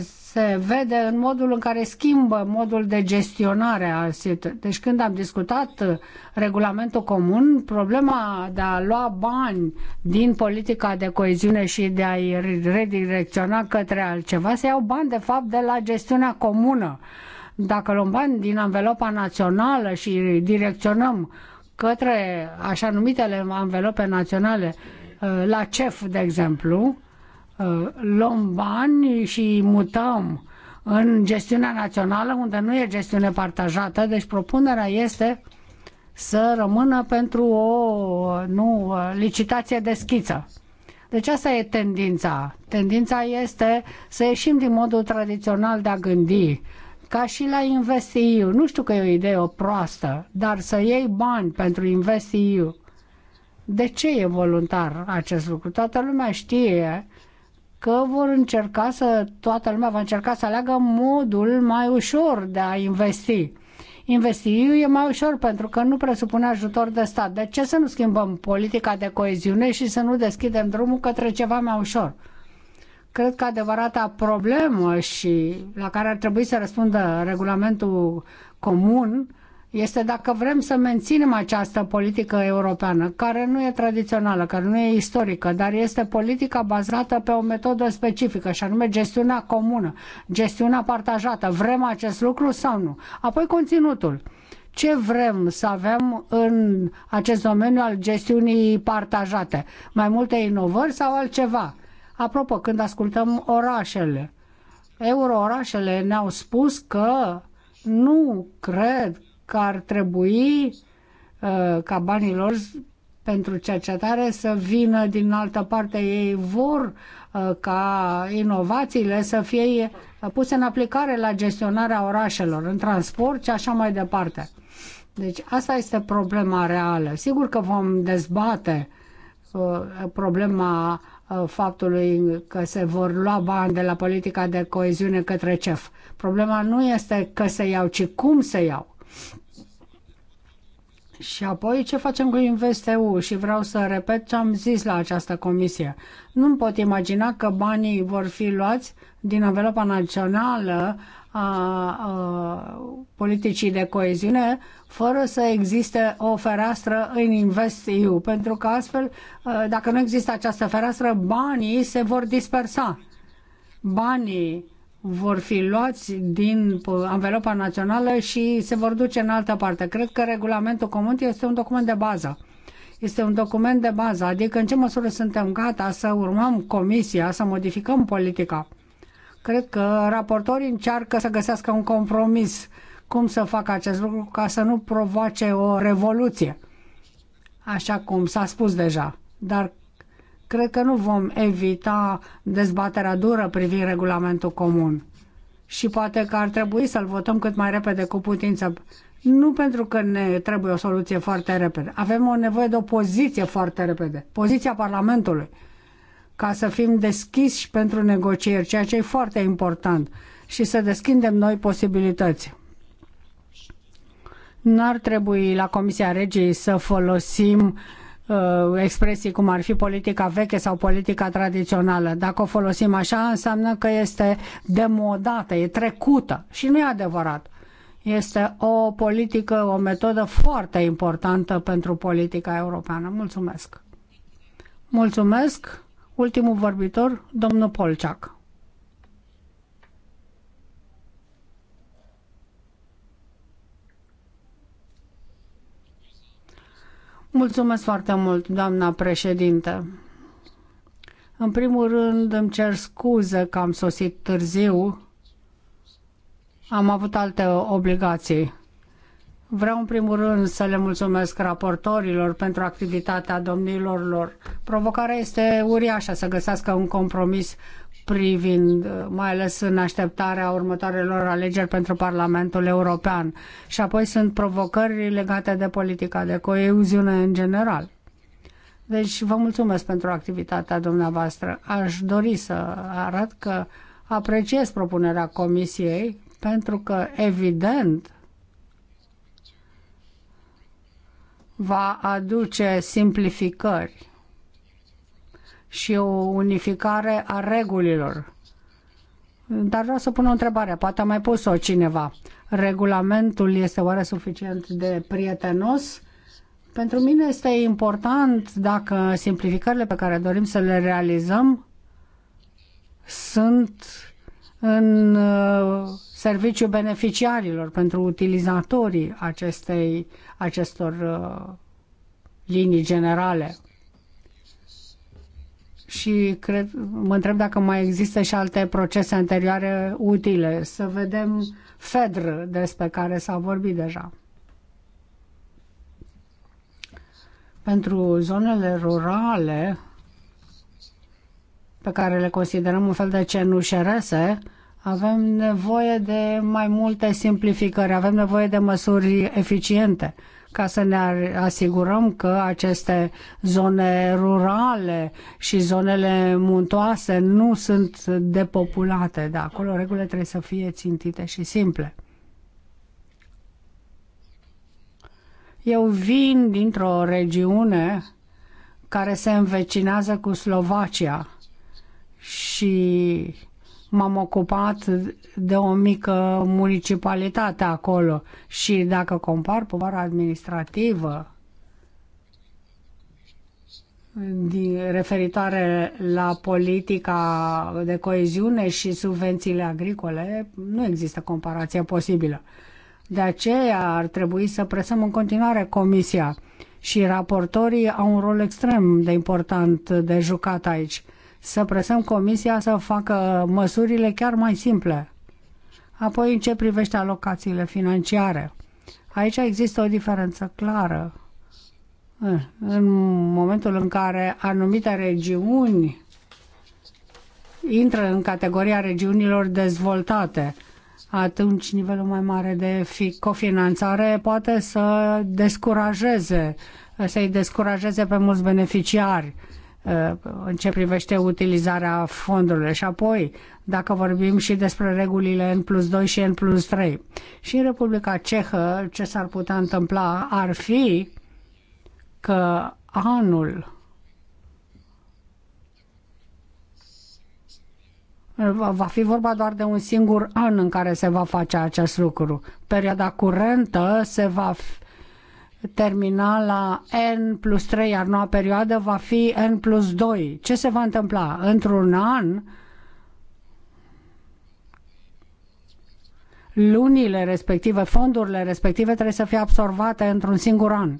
se vede în modul în care schimbă modul de gestionare a situației. Deci când am discutat uh, regulamentul comun, problema de a lua bani din politica de coeziune și de a-i redirecționa către altceva, se iau bani de fapt de la gestiunea comună. Dacă luăm bani din anvelopa națională și direcționăm către așa numitele anvelope naționale, uh, la CEF, de exemplu, Uh, luăm bani și mutăm în gestiunea națională, unde nu e gestiune partajată, deci propunerea este să rămână pentru o nu, uh, licitație deschisă. Deci asta e tendința. Tendința este să ieșim din modul tradițional de a gândi, ca și la InvestEU. Nu știu că e o idee o proastă, dar să iei bani pentru InvestEU. De ce e voluntar acest lucru? Toată lumea știe că vor încerca să, toată lumea va încerca să aleagă modul mai ușor de a investi. Investiu e mai ușor pentru că nu presupune ajutor de stat. De ce să nu schimbăm politica de coeziune și să nu deschidem drumul către ceva mai ușor? Cred că adevărata problemă și la care ar trebui să răspundă regulamentul comun este dacă vrem să menținem această politică europeană, care nu e tradițională, care nu e istorică, dar este politica bazată pe o metodă specifică, și anume gestiunea comună, gestiunea partajată. Vrem acest lucru sau nu? Apoi conținutul ce vrem să avem în acest domeniu al gestiunii partajate? Mai multe inovări sau altceva? Apropo, când ascultăm orașele, euroorașele ne-au spus că nu cred că ar trebui uh, ca banii lor pentru cercetare să vină din altă parte. Ei vor uh, ca inovațiile să fie uh, puse în aplicare la gestionarea orașelor, în transport și așa mai departe. Deci asta este problema reală. Sigur că vom dezbate problema faptului că se vor lua bani de la politica de coeziune către CEF. Problema nu este că se iau, ci cum se iau. Și apoi ce facem cu InvestEU? Și vreau să repet ce am zis la această comisie. Nu pot imagina că banii vor fi luați din învelopa națională a, a politicii de coeziune fără să existe o fereastră în InvestEU. Pentru că astfel, dacă nu există această fereastră, banii se vor dispersa. Banii vor fi luați din anvelopa națională și se vor duce în altă parte. Cred că regulamentul comun este un document de bază. Este un document de bază, adică în ce măsură suntem gata să urmăm comisia, să modificăm politica. Cred că raportorii încearcă să găsească un compromis cum să facă acest lucru ca să nu provoace o revoluție, așa cum s-a spus deja. Dar cred că nu vom evita dezbaterea dură privind regulamentul comun. Și poate că ar trebui să-l votăm cât mai repede cu putință. Nu pentru că ne trebuie o soluție foarte repede. Avem o nevoie de o poziție foarte repede. Poziția Parlamentului. Ca să fim deschiși pentru negocieri, ceea ce e foarte important. Și să deschidem noi posibilități. Nu ar trebui la Comisia Regii să folosim uh, Uh, expresii cum ar fi politica veche sau politica tradițională. Dacă o folosim așa, înseamnă că este demodată, e trecută și nu e adevărat. Este o politică, o metodă foarte importantă pentru politica europeană. Mulțumesc! Mulțumesc! Ultimul vorbitor, domnul Polciac. Mulțumesc foarte mult, doamna președinte. În primul rând îmi cer scuze că am sosit târziu. Am avut alte obligații. Vreau în primul rând să le mulțumesc raportorilor pentru activitatea domnilor lor. Provocarea este uriașă să găsească un compromis privind, uh, mai ales în așteptarea următoarelor alegeri pentru Parlamentul European. Și apoi sunt provocări legate de politica de coeziune în general. Deci vă mulțumesc pentru activitatea dumneavoastră. Aș dori să arăt că apreciez propunerea Comisiei pentru că, evident, va aduce simplificări și o unificare a regulilor. Dar vreau să pun o întrebare, poate a mai pus-o cineva. Regulamentul este oare suficient de prietenos? Pentru mine este important dacă simplificările pe care dorim să le realizăm sunt în uh, serviciu beneficiarilor, pentru utilizatorii acestei, acestor uh, linii generale și cred, mă întreb dacă mai există și alte procese anterioare utile. Să vedem FEDR despre care s-a vorbit deja. Pentru zonele rurale, pe care le considerăm un fel de cenușerese, avem nevoie de mai multe simplificări, avem nevoie de măsuri eficiente ca să ne asigurăm că aceste zone rurale și zonele muntoase nu sunt depopulate. Da, acolo regulile trebuie să fie țintite și simple. Eu vin dintr-o regiune care se învecinează cu Slovacia și m-am ocupat de o mică municipalitate acolo și dacă compar povara administrativă referitoare la politica de coeziune și subvențiile agricole, nu există comparație posibilă. De aceea ar trebui să presăm în continuare comisia și raportorii au un rol extrem de important de jucat aici să presăm Comisia să facă măsurile chiar mai simple. Apoi, în ce privește alocațiile financiare, aici există o diferență clară. În momentul în care anumite regiuni intră în categoria regiunilor dezvoltate, atunci nivelul mai mare de cofinanțare poate să descurajeze, să-i descurajeze pe mulți beneficiari Uh, în ce privește utilizarea fondurilor și apoi dacă vorbim și despre regulile N plus 2 și N plus 3. Și în Republica Cehă ce s-ar putea întâmpla ar fi că anul va fi vorba doar de un singur an în care se va face acest lucru. Perioada curentă se va la N plus 3, iar noua perioadă va fi N plus 2. Ce se va întâmpla? Într-un an, lunile respective, fondurile respective trebuie să fie absorbate într-un singur an.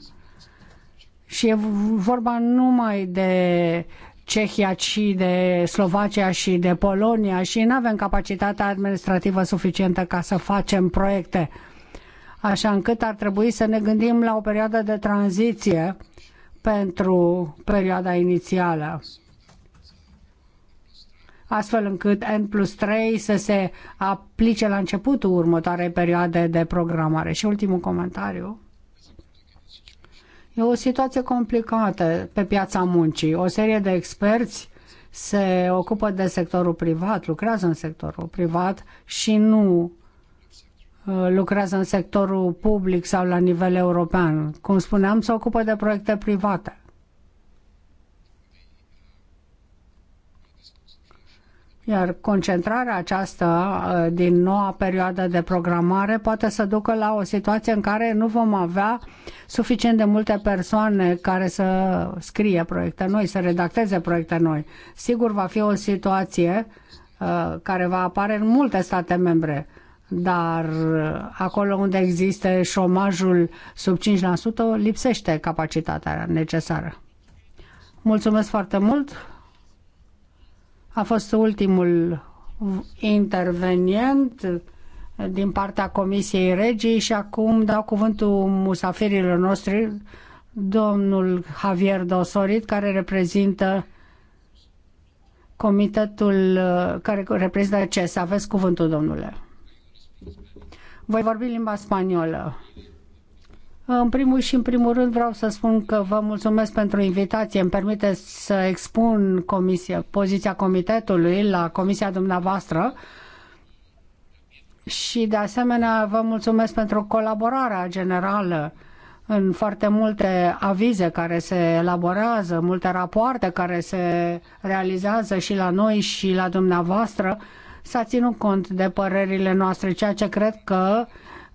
Și e vorba numai de Cehia și de Slovacia și de Polonia și nu avem capacitatea administrativă suficientă ca să facem proiecte așa încât ar trebui să ne gândim la o perioadă de tranziție pentru perioada inițială astfel încât N plus 3 să se aplice la începutul următoarei perioade de programare. Și ultimul comentariu. E o situație complicată pe piața muncii. O serie de experți se ocupă de sectorul privat, lucrează în sectorul privat și nu Uh, lucrează în sectorul public sau la nivel european. Cum spuneam, se ocupă de proiecte private. Iar concentrarea aceasta uh, din noua perioadă de programare poate să ducă la o situație în care nu vom avea suficient de multe persoane care să scrie proiecte noi, să redacteze proiecte noi. Sigur, va fi o situație uh, care va apare în multe state membre dar uh, acolo unde există șomajul sub 5% lipsește capacitatea necesară. Mulțumesc foarte mult! A fost ultimul intervenient din partea Comisiei Regii și acum dau cuvântul musafirilor noștri, domnul Javier Dosorit, care reprezintă comitetul uh, care reprezintă CES. Aveți cuvântul, domnule. Voi vorbi limba spaniolă. În primul și în primul rând vreau să spun că vă mulțumesc pentru invitație. Îmi permite să expun comisia, poziția comitetului la comisia dumneavoastră și de asemenea vă mulțumesc pentru colaborarea generală în foarte multe avize care se elaborează, multe rapoarte care se realizează și la noi și la dumneavoastră s-a ținut cont de părerile noastre, ceea ce cred că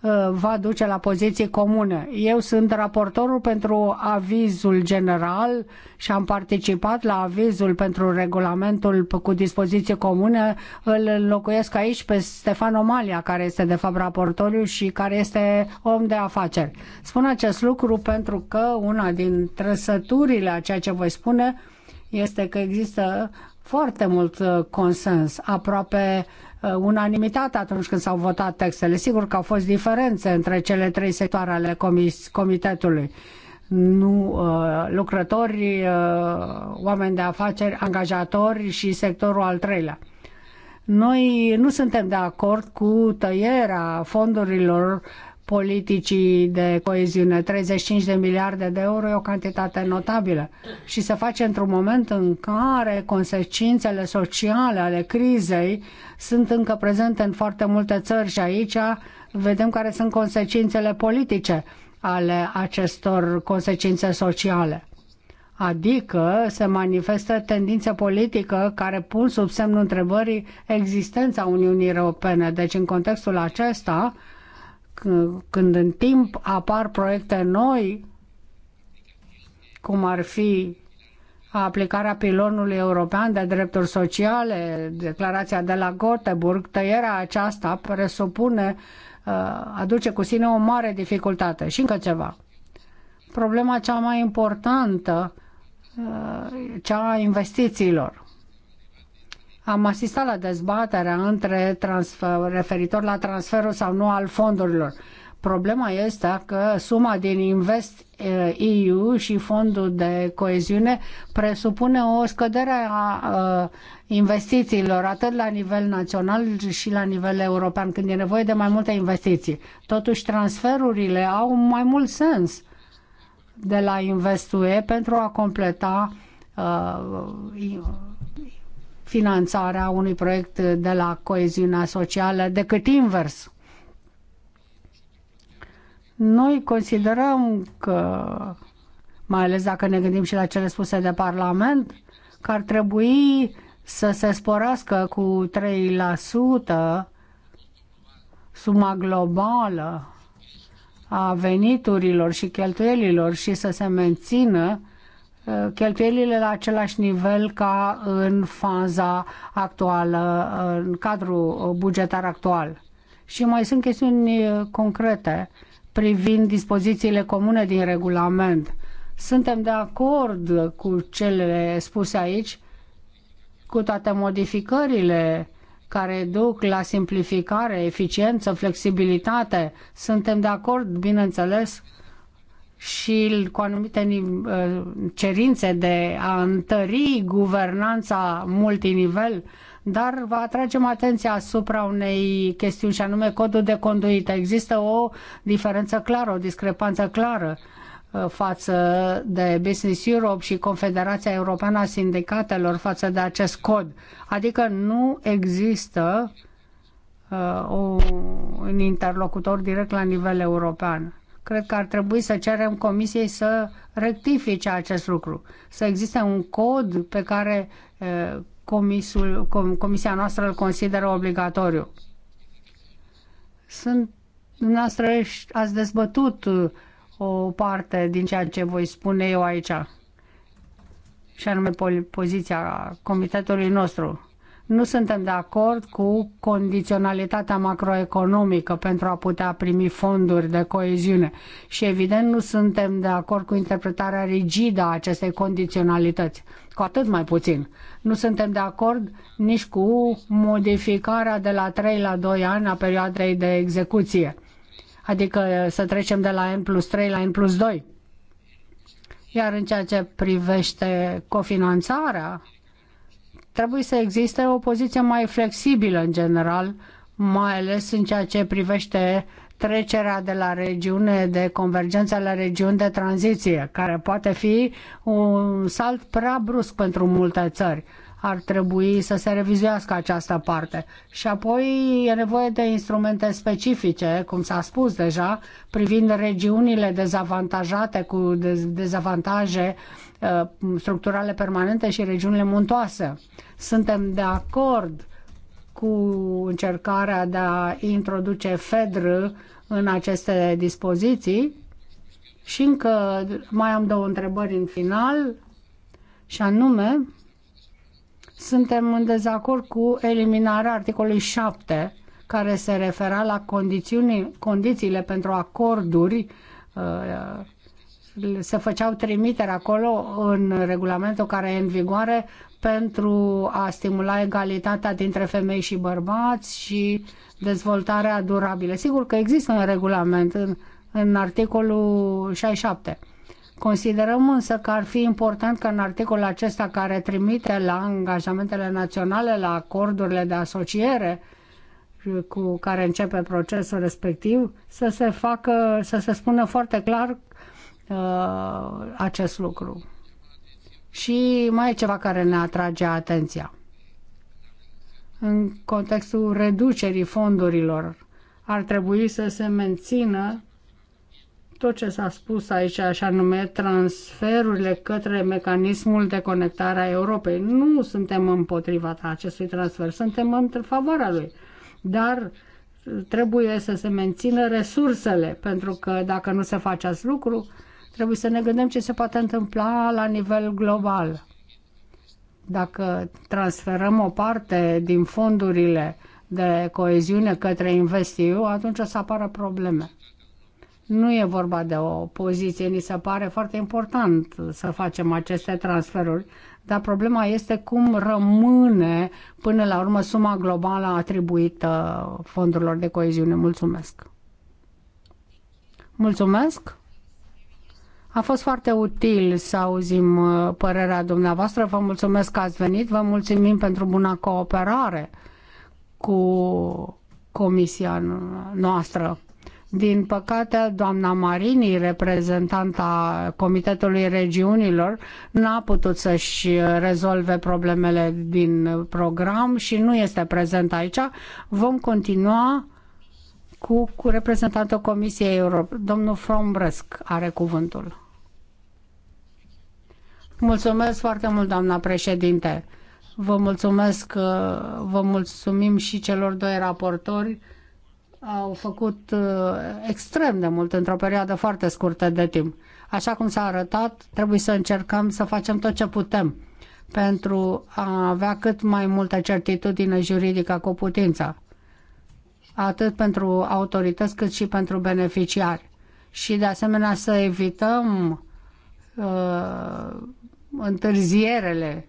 uh, va duce la poziție comună. Eu sunt raportorul pentru avizul general și am participat la avizul pentru regulamentul cu dispoziție comună. Îl înlocuiesc aici pe Stefan Omalia, care este de fapt raportorul și care este om de afaceri. Spun acest lucru pentru că una din trăsăturile a ceea ce voi spune este că există foarte mult uh, consens, aproape uh, unanimitate atunci când s-au votat textele. Sigur că au fost diferențe între cele trei sectoare ale comis, comitetului. Nu, uh, lucrători, oameni de afaceri, angajatori și sectorul al treilea. Noi nu suntem de acord cu tăierea fondurilor uh, politicii de coeziune. 35 de miliarde de euro e o cantitate notabilă și se face într-un moment în care consecințele sociale ale crizei sunt încă prezente în foarte multe țări și aici vedem care sunt consecințele politice ale acestor consecințe sociale. Adică se manifestă tendință politică care pun sub semnul întrebării existența Uniunii Europene. Deci în contextul acesta, când în timp apar proiecte noi, cum ar fi aplicarea pilonului european de drepturi sociale, declarația de la Göteborg, tăierea aceasta presupune, uh, aduce cu sine o mare dificultate. Și încă ceva. Problema cea mai importantă, uh, cea a investițiilor. Am asistat la dezbaterea între transfer, referitor la transferul sau nu al fondurilor. Problema este că suma din Invest EU eh, și fondul de coeziune presupune o scădere a eh, investițiilor atât la nivel național și la nivel european când e nevoie de mai multe investiții. Totuși transferurile au mai mult sens de la UE pentru a completa uh, finanțarea unui proiect de la coeziunea socială decât invers. Noi considerăm că, mai ales dacă ne gândim și la cele spuse de Parlament, că ar trebui să se sporească cu 3% suma globală a veniturilor și cheltuielilor și să se mențină cheltuielile la același nivel ca în faza actuală, în cadrul bugetar actual. Și mai sunt chestiuni uh, concrete privind dispozițiile comune din regulament. Suntem de acord cu cele spuse aici, cu toate modificările care duc la simplificare, eficiență, flexibilitate. Suntem de acord, bineînțeles, și cu anumite uh, cerințe de a întări guvernanța multinivel, dar vă atragem atenția asupra unei chestiuni și anume codul de conduită. Există o diferență clară, o discrepanță clară uh, față de Business Europe și Confederația Europeană a Sindicatelor față de acest cod. Adică nu există uh, un interlocutor direct la nivel european. Cred că ar trebui să cerem comisiei să rectifice acest lucru, să existe un cod pe care comisul, comisia noastră îl consideră obligatoriu. Sunt, dumneavoastră ați dezbătut o parte din ceea ce voi spune eu aici, și anume poziția comitetului nostru. Nu suntem de acord cu condiționalitatea macroeconomică pentru a putea primi fonduri de coeziune și evident nu suntem de acord cu interpretarea rigidă a acestei condiționalități, cu atât mai puțin. Nu suntem de acord nici cu modificarea de la 3 la 2 ani a perioadei de execuție, adică să trecem de la N plus 3 la N plus 2. Iar în ceea ce privește cofinanțarea, Trebuie să existe o poziție mai flexibilă în general, mai ales în ceea ce privește trecerea de la regiune de convergență la regiuni de tranziție, care poate fi un salt prea brusc pentru multe țări. Ar trebui să se revizuiască această parte. Și apoi e nevoie de instrumente specifice, cum s-a spus deja, privind regiunile dezavantajate cu dezavantaje Uh, structurale permanente și regiunile muntoase. Suntem de acord cu încercarea de a introduce FEDR în aceste dispoziții și încă mai am două întrebări în final și anume suntem în dezacord cu eliminarea articolului 7 care se refera la condițiile pentru acorduri uh, se făceau trimiteri acolo în regulamentul care e în vigoare pentru a stimula egalitatea dintre femei și bărbați și dezvoltarea durabilă. Sigur că există un regulament în, în articolul 67. Considerăm însă că ar fi important că în articolul acesta care trimite la angajamentele naționale, la acordurile de asociere cu care începe procesul respectiv, să se facă, să se spună foarte clar uh, acest lucru. Și mai e ceva care ne atrage atenția. În contextul reducerii fondurilor, ar trebui să se mențină tot ce s-a spus aici, așa nume transferurile către mecanismul de conectare a Europei. Nu suntem împotriva acestui transfer, suntem în favoarea lui. Dar trebuie să se mențină resursele, pentru că dacă nu se face acest lucru, Trebuie să ne gândim ce se poate întâmpla la nivel global. Dacă transferăm o parte din fondurile de coeziune către investiu, atunci o să apară probleme. Nu e vorba de o poziție, ni se pare foarte important să facem aceste transferuri, dar problema este cum rămâne până la urmă suma globală atribuită fondurilor de coeziune. Mulțumesc! Mulțumesc! A fost foarte util să auzim uh, părerea dumneavoastră. Vă mulțumesc că ați venit. Vă mulțumim pentru buna cooperare cu comisia noastră. Din păcate, doamna Marini, reprezentanta Comitetului Regiunilor, n-a putut să-și rezolve problemele din program și nu este prezent aici. Vom continua cu, cu reprezentantul Comisiei Europene. Domnul Frombrăsc are cuvântul. Mulțumesc foarte mult, doamna președinte. Vă mulțumesc, uh, vă mulțumim și celor doi raportori. Au făcut uh, extrem de mult într-o perioadă foarte scurtă de timp. Așa cum s-a arătat, trebuie să încercăm să facem tot ce putem pentru a avea cât mai multă certitudine juridică cu putința, atât pentru autorități cât și pentru beneficiari. Și de asemenea să evităm uh, întârzierele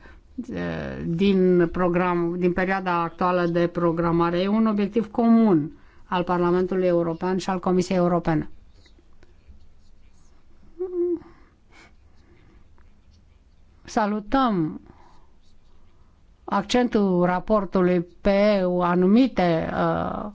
eh, din, program, din perioada actuală de programare. E un obiectiv comun al Parlamentului European și al Comisiei Europene. Salutăm accentul raportului pe anumite uh,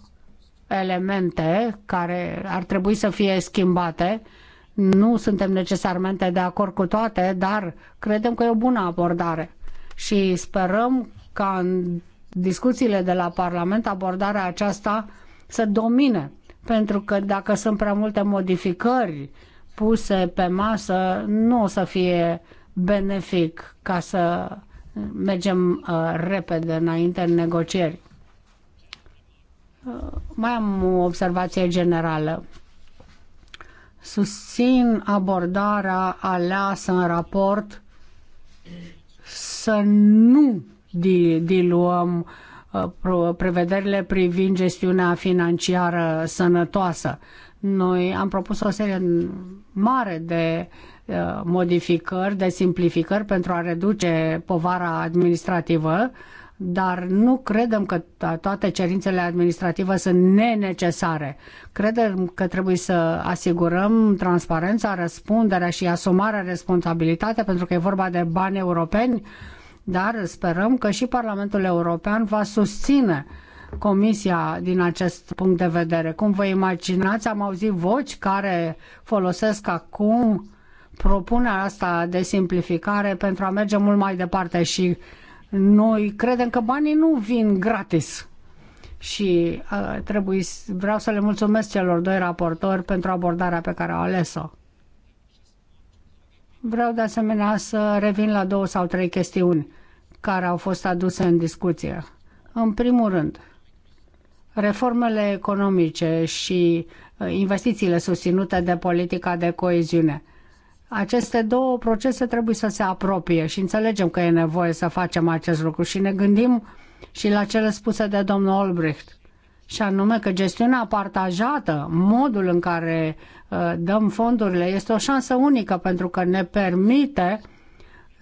elemente care ar trebui să fie schimbate uh, nu suntem necesarmente de acord cu toate, dar credem că e o bună abordare și sperăm ca în discuțiile de la Parlament abordarea aceasta să domine, pentru că dacă sunt prea multe modificări puse pe masă, nu o să fie benefic ca să mergem uh, repede înainte în negocieri. Uh, mai am o observație generală susțin abordarea aleasă în raport să nu diluăm uh, prevederile privind gestiunea financiară sănătoasă. Noi am propus o serie mare de uh, modificări, de simplificări pentru a reduce povara administrativă, dar nu credem că toate cerințele administrative sunt nenecesare. Credem că trebuie să asigurăm transparența, răspunderea și asumarea responsabilitatea, pentru că e vorba de bani europeni, dar sperăm că și Parlamentul European va susține Comisia din acest punct de vedere. Cum vă imaginați, am auzit voci care folosesc acum propunerea asta de simplificare pentru a merge mult mai departe și noi credem că banii nu vin gratis și uh, trebuie, vreau să le mulțumesc celor doi raportori pentru abordarea pe care au ales-o. Vreau de asemenea să revin la două sau trei chestiuni care au fost aduse în discuție. În primul rând, reformele economice și investițiile susținute de politica de coeziune – aceste două procese trebuie să se apropie și înțelegem că e nevoie să facem acest lucru și ne gândim și la cele spuse de domnul Olbricht și anume că gestiunea partajată, modul în care uh, dăm fondurile, este o șansă unică pentru că ne permite uh,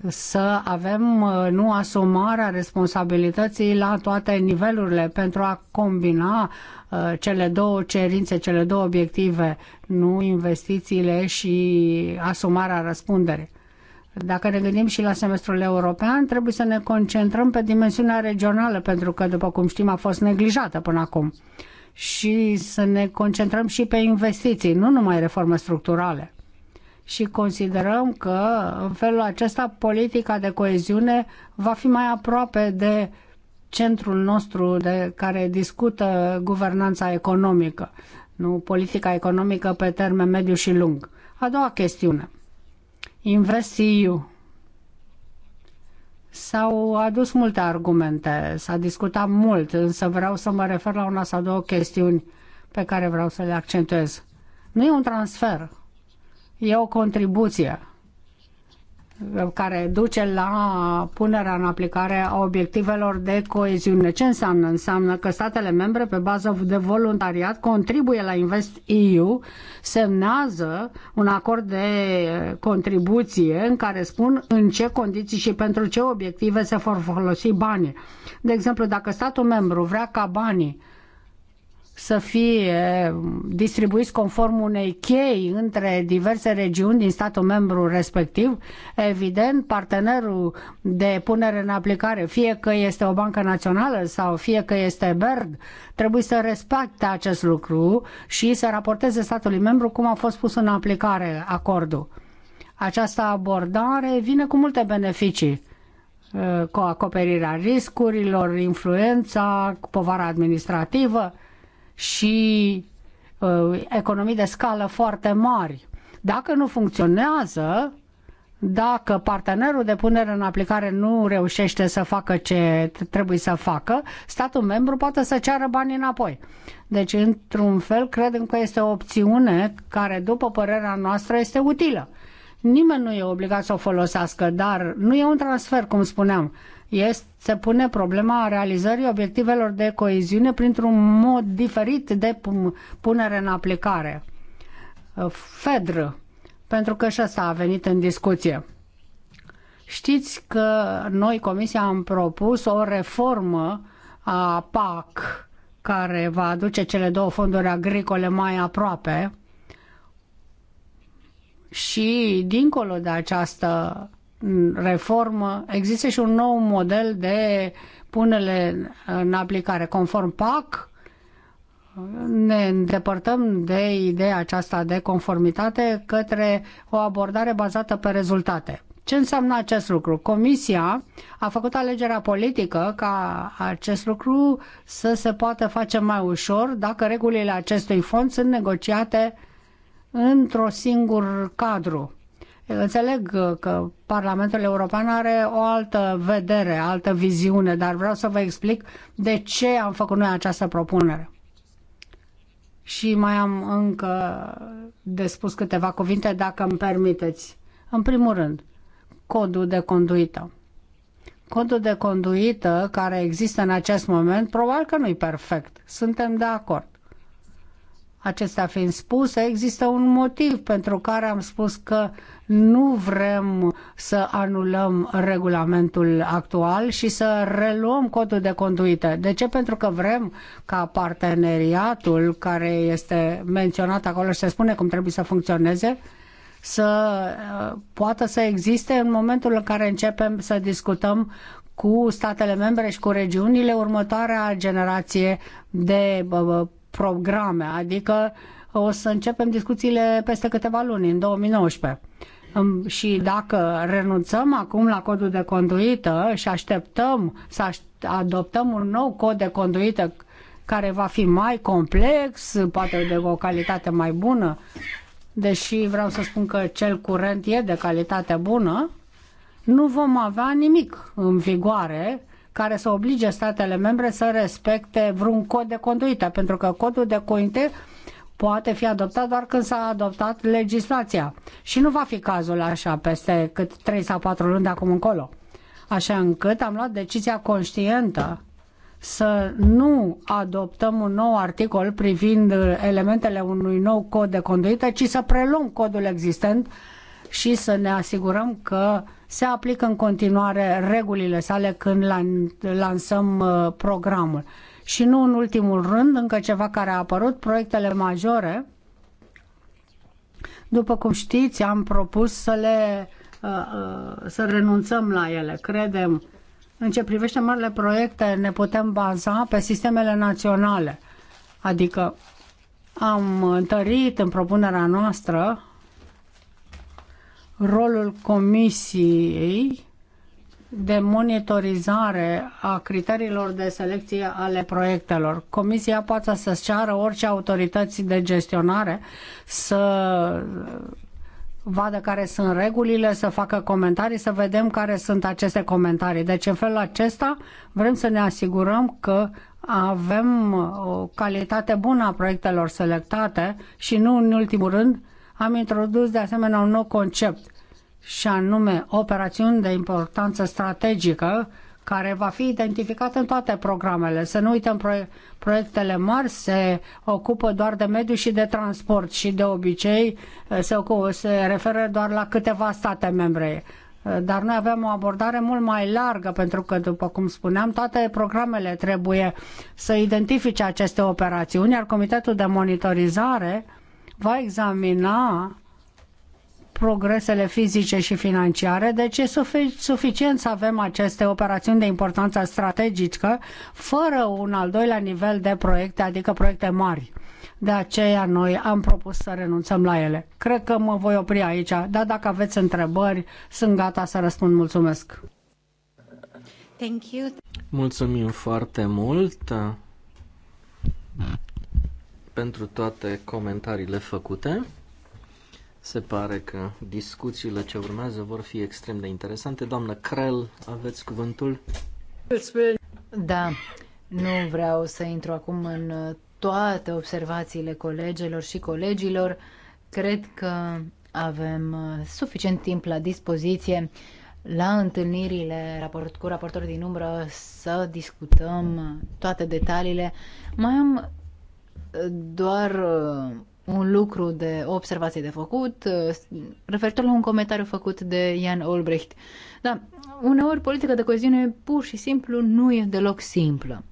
să avem uh, nu asumarea responsabilității la toate nivelurile pentru a combina uh, cele două cerințe, cele două obiective, nu investițiile și asumarea răspunderii. Dacă ne gândim și la semestrul european, trebuie să ne concentrăm pe dimensiunea regională, pentru că, după cum știm, a fost neglijată până acum. Și să ne concentrăm și pe investiții, nu numai reforme structurale și considerăm că în felul acesta politica de coeziune va fi mai aproape de centrul nostru de care discută guvernanța economică, nu politica economică pe termen mediu și lung. A doua chestiune. InvestEU. S-au adus multe argumente, s-a discutat mult, însă vreau să mă refer la una sau două chestiuni pe care vreau să le accentuez. Nu e un transfer, E o contribuție care duce la punerea în aplicare a obiectivelor de coeziune. Ce înseamnă? Înseamnă că statele membre, pe bază de voluntariat, contribuie la Invest EU, semnează un acord de contribuție în care spun în ce condiții și pentru ce obiective se vor folosi banii. De exemplu, dacă statul membru vrea ca banii să fie mm, distribuiți conform unei chei între diverse regiuni din statul membru respectiv, evident, partenerul de punere în aplicare, fie că este o bancă națională sau fie că este BERD, trebuie să respecte acest lucru și să raporteze statului membru cum a fost pus în aplicare acordul. Această abordare vine cu multe beneficii cu acoperirea riscurilor, influența, povara administrativă, și uh, economii de scală foarte mari. Dacă nu funcționează, dacă partenerul de punere în aplicare nu reușește să facă ce trebuie să facă, statul membru poate să ceară banii înapoi. Deci, într-un fel, credem că este o opțiune care, după părerea noastră, este utilă. Nimeni nu e obligat să o folosească, dar nu e un transfer, cum spuneam. Este, se pune problema realizării obiectivelor de coeziune printr-un mod diferit de punere în aplicare. FEDR, pentru că și asta a venit în discuție. Știți că noi, Comisia, am propus o reformă a PAC care va aduce cele două fonduri agricole mai aproape și dincolo de această reformă există și un nou model de punele în aplicare. Conform PAC, ne îndepărtăm de ideea aceasta de conformitate către o abordare bazată pe rezultate. Ce înseamnă acest lucru? Comisia a făcut alegerea politică ca acest lucru să se poată face mai ușor dacă regulile acestui fond sunt negociate uh, într-un singur cadru. înțeleg că Parlamentul European are o altă vedere, altă viziune, dar vreau să vă explic de ce am făcut noi această propunere. Și mai am încă de spus câteva cuvinte, dacă îmi permiteți. În primul rând, codul de conduită. Codul de conduită care există în acest moment, probabil că nu-i perfect. Suntem de acord. Acestea fiind spuse, există un motiv pentru care am spus că nu vrem să anulăm regulamentul actual și să reluăm codul de conduită. De ce? Pentru că vrem ca parteneriatul care este menționat acolo și se spune cum trebuie să funcționeze, să uh, poată să existe în momentul în care începem să discutăm cu statele membre și cu regiunile următoarea generație de uh, programe, adică o să începem discuțiile peste câteva luni, în 2019. Și dacă renunțăm acum la codul de conduită și așteptăm să adoptăm un nou cod de conduită care va fi mai complex, poate de o calitate mai bună, deși vreau să spun că cel curent e de calitate bună, nu vom avea nimic în vigoare care să oblige statele membre să respecte vreun cod de conduită, pentru că codul de conduită poate fi adoptat doar când s-a adoptat legislația. Și nu va fi cazul așa peste cât 3 sau 4 luni de acum încolo. Așa încât am luat decizia conștientă să nu adoptăm un nou articol privind elementele unui nou cod de conduită, ci să preluăm codul existent și să ne asigurăm că se aplică în continuare regulile sale când lansăm uh, programul. Și nu în ultimul rând, încă ceva care a apărut, proiectele majore. După cum știți, am propus să le uh, uh, să renunțăm la ele. Credem, în ce privește marile proiecte, ne putem baza pe sistemele naționale. Adică am întărit în propunerea noastră rolul comisiei de monitorizare a criteriilor de selecție ale proiectelor. Comisia poate să ceară orice autorități de gestionare să vadă care sunt regulile, să facă comentarii, să vedem care sunt aceste comentarii. Deci în felul acesta vrem să ne asigurăm că avem o calitate bună a proiectelor selectate și nu în ultimul rând am introdus de asemenea un nou concept și anume operațiuni de importanță strategică care va fi identificată în toate programele. Să nu uităm, proiectele mari se ocupă doar de mediu și de transport și de obicei eh, se, ocupă, se referă doar la câteva state membre. Eh, dar noi avem o abordare mult mai largă pentru că, după cum spuneam, toate programele trebuie să identifice aceste operațiuni, iar Comitetul de Monitorizare va examina progresele fizice și financiare, deci e suficient să avem aceste operațiuni de importanță strategică fără un al doilea nivel de proiecte, adică proiecte mari. De aceea noi am propus să renunțăm la ele. Cred că mă voi opri aici, dar dacă aveți întrebări, sunt gata să răspund. Mulțumesc! Thank you. Mulțumim foarte mult uh, pentru toate comentariile făcute. Se pare că discuțiile ce urmează vor fi extrem de interesante. Doamnă Krell, aveți cuvântul? Da, nu vreau să intru acum în toate observațiile colegelor și colegilor. Cred că avem uh, suficient timp la dispoziție la întâlnirile raport, cu raportorii din umbră să discutăm toate detaliile. Mai am uh, doar uh, un lucru de observație de făcut, uh, referitor la un comentariu făcut de Ian Olbrecht. Da, uneori politica de coeziune pur și simplu nu e deloc simplă,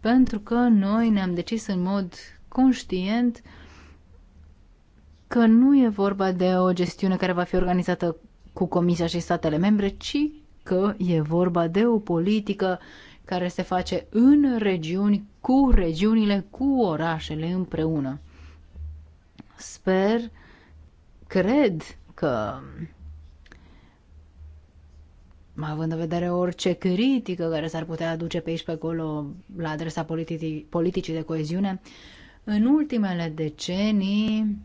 pentru că noi ne-am decis în mod conștient că nu e vorba de o gestiune care va fi organizată cu Comisia și statele membre, ci că e vorba de o politică care se face în regiuni, cu regiunile, cu orașele împreună. Sper, cred că având în vedere orice critică care s-ar putea aduce pe aici pe acolo la adresa politicii, politicii de coeziune, în ultimele decenii,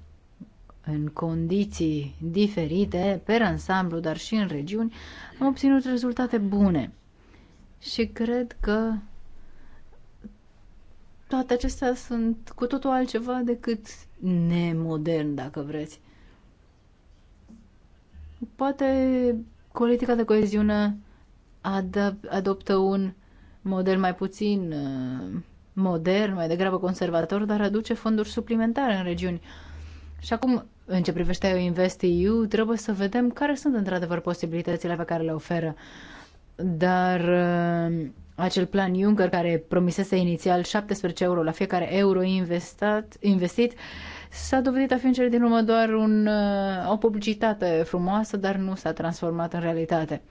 în condiții diferite, pe ansamblu, dar și în regiuni, am obținut rezultate bune. Și cred că toate acestea sunt cu totul altceva decât nemodern, dacă vreți. Poate politica de coeziune adoptă un model mai puțin uh, modern, mai degrabă conservator, dar aduce fonduri suplimentare în regiuni. Și acum, în ce privește InvestEU, trebuie să vedem care sunt într-adevăr posibilitățile pe care le oferă. Dar uh, acel plan Juncker care promisese inițial 17 euro la fiecare euro investat, investit s-a dovedit a fi în cele din urmă doar un, uh, o publicitate frumoasă, dar nu s-a transformat în realitate.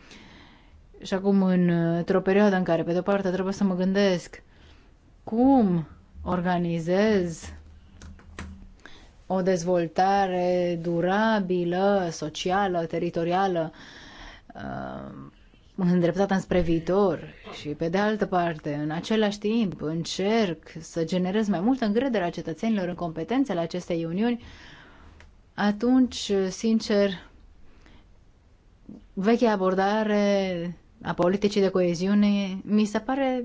Și acum, uh, într-o perioadă în care, pe de-o parte, trebuie să mă gândesc cum organizez o dezvoltare durabilă, socială, teritorială, uh, îndreptată înspre viitor și, pe de altă parte, în același timp, încerc să generez mai multă încredere a cetățenilor în competențele acestei uniuni, atunci, sincer, vechea abordare a politicii de coeziune mi se pare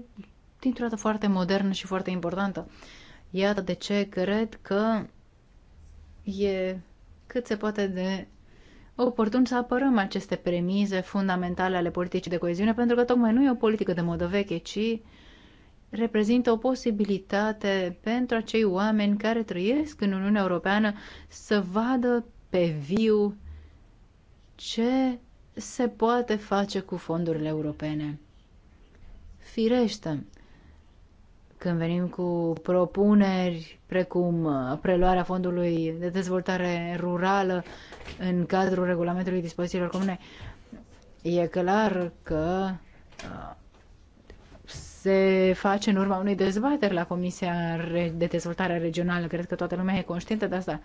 dintr-o dată foarte modernă și foarte importantă. Iată de ce cred că e cât se poate de oportun să apărăm aceste premize fundamentale ale politicii de coeziune, pentru că tocmai nu e o politică de modă veche, ci reprezintă o posibilitate pentru acei oameni care trăiesc în Uniunea Europeană să vadă pe viu ce se poate face cu fondurile europene. Firește, când venim cu propuneri precum uh, preluarea fondului de dezvoltare rurală în cadrul regulamentului dispozițiilor comune, e clar că uh, se face în urma unei dezbateri la Comisia de Dezvoltare Regională. Cred că toată lumea e conștientă de asta.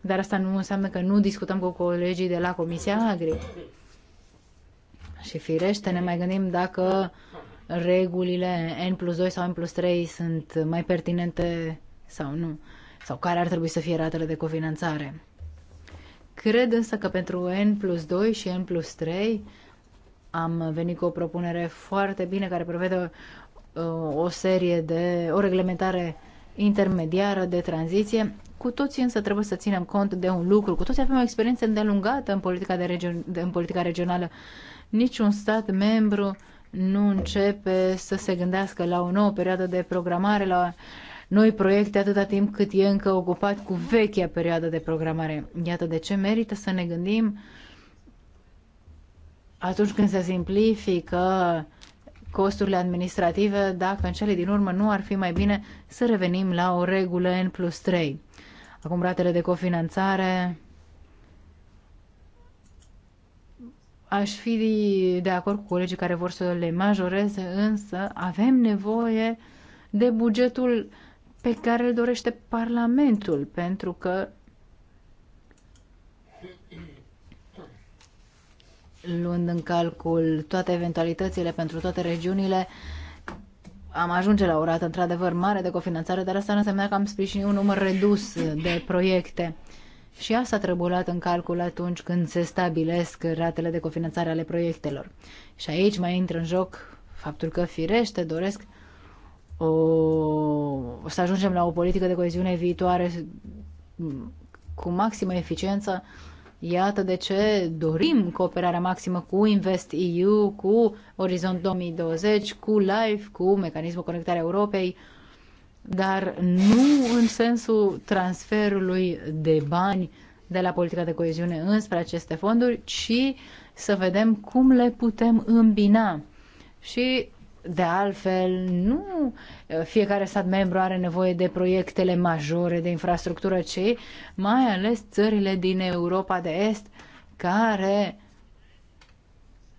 Dar asta nu înseamnă că nu discutăm cu colegii de la Comisia Agri. Și firește, ne mai gândim dacă uh, regulile N plus 2 sau N plus 3 sunt mai pertinente sau nu, sau care ar trebui să fie ratele de cofinanțare. Cred însă că pentru N plus 2 și N plus 3 am venit cu o propunere foarte bine care prevede o, uh, o serie de, o reglementare intermediară de tranziție. Cu toții însă trebuie să ținem cont de un lucru. Cu toții avem o experiență îndelungată în politica, de region, de, în politica regională. Niciun stat membru nu începe să se gândească la o nouă perioadă de programare, la noi proiecte atâta timp cât e încă ocupat cu vechea perioadă de programare. Iată de ce merită să ne gândim atunci când se simplifică costurile administrative, dacă în cele din urmă nu ar fi mai bine să revenim la o regulă N plus 3. Acum ratele de cofinanțare Aș fi de acord cu colegii care vor să le majoreze, însă avem nevoie de bugetul pe care îl dorește Parlamentul, pentru că luând în calcul toate eventualitățile pentru toate regiunile, am ajunge la o rată într-adevăr mare de cofinanțare, dar asta nu însemna că am sprijinit un număr redus de proiecte și asta trebuie luat în calcul atunci când se stabilesc ratele de cofinanțare ale proiectelor. Și aici mai intră în joc faptul că firește doresc o, să ajungem la o politică de coeziune viitoare cu maximă eficiență. Iată de ce dorim cooperarea maximă cu Invest EU, cu Orizont 2020, cu LIFE, cu Mecanismul Conectarea Europei, dar nu în sensul transferului de bani de la politica de coeziune înspre aceste fonduri, ci să vedem cum le putem îmbina. Și de altfel, nu eh, fiecare stat membru are nevoie de proiectele majore de infrastructură, ci mai ales țările din Europa de Est care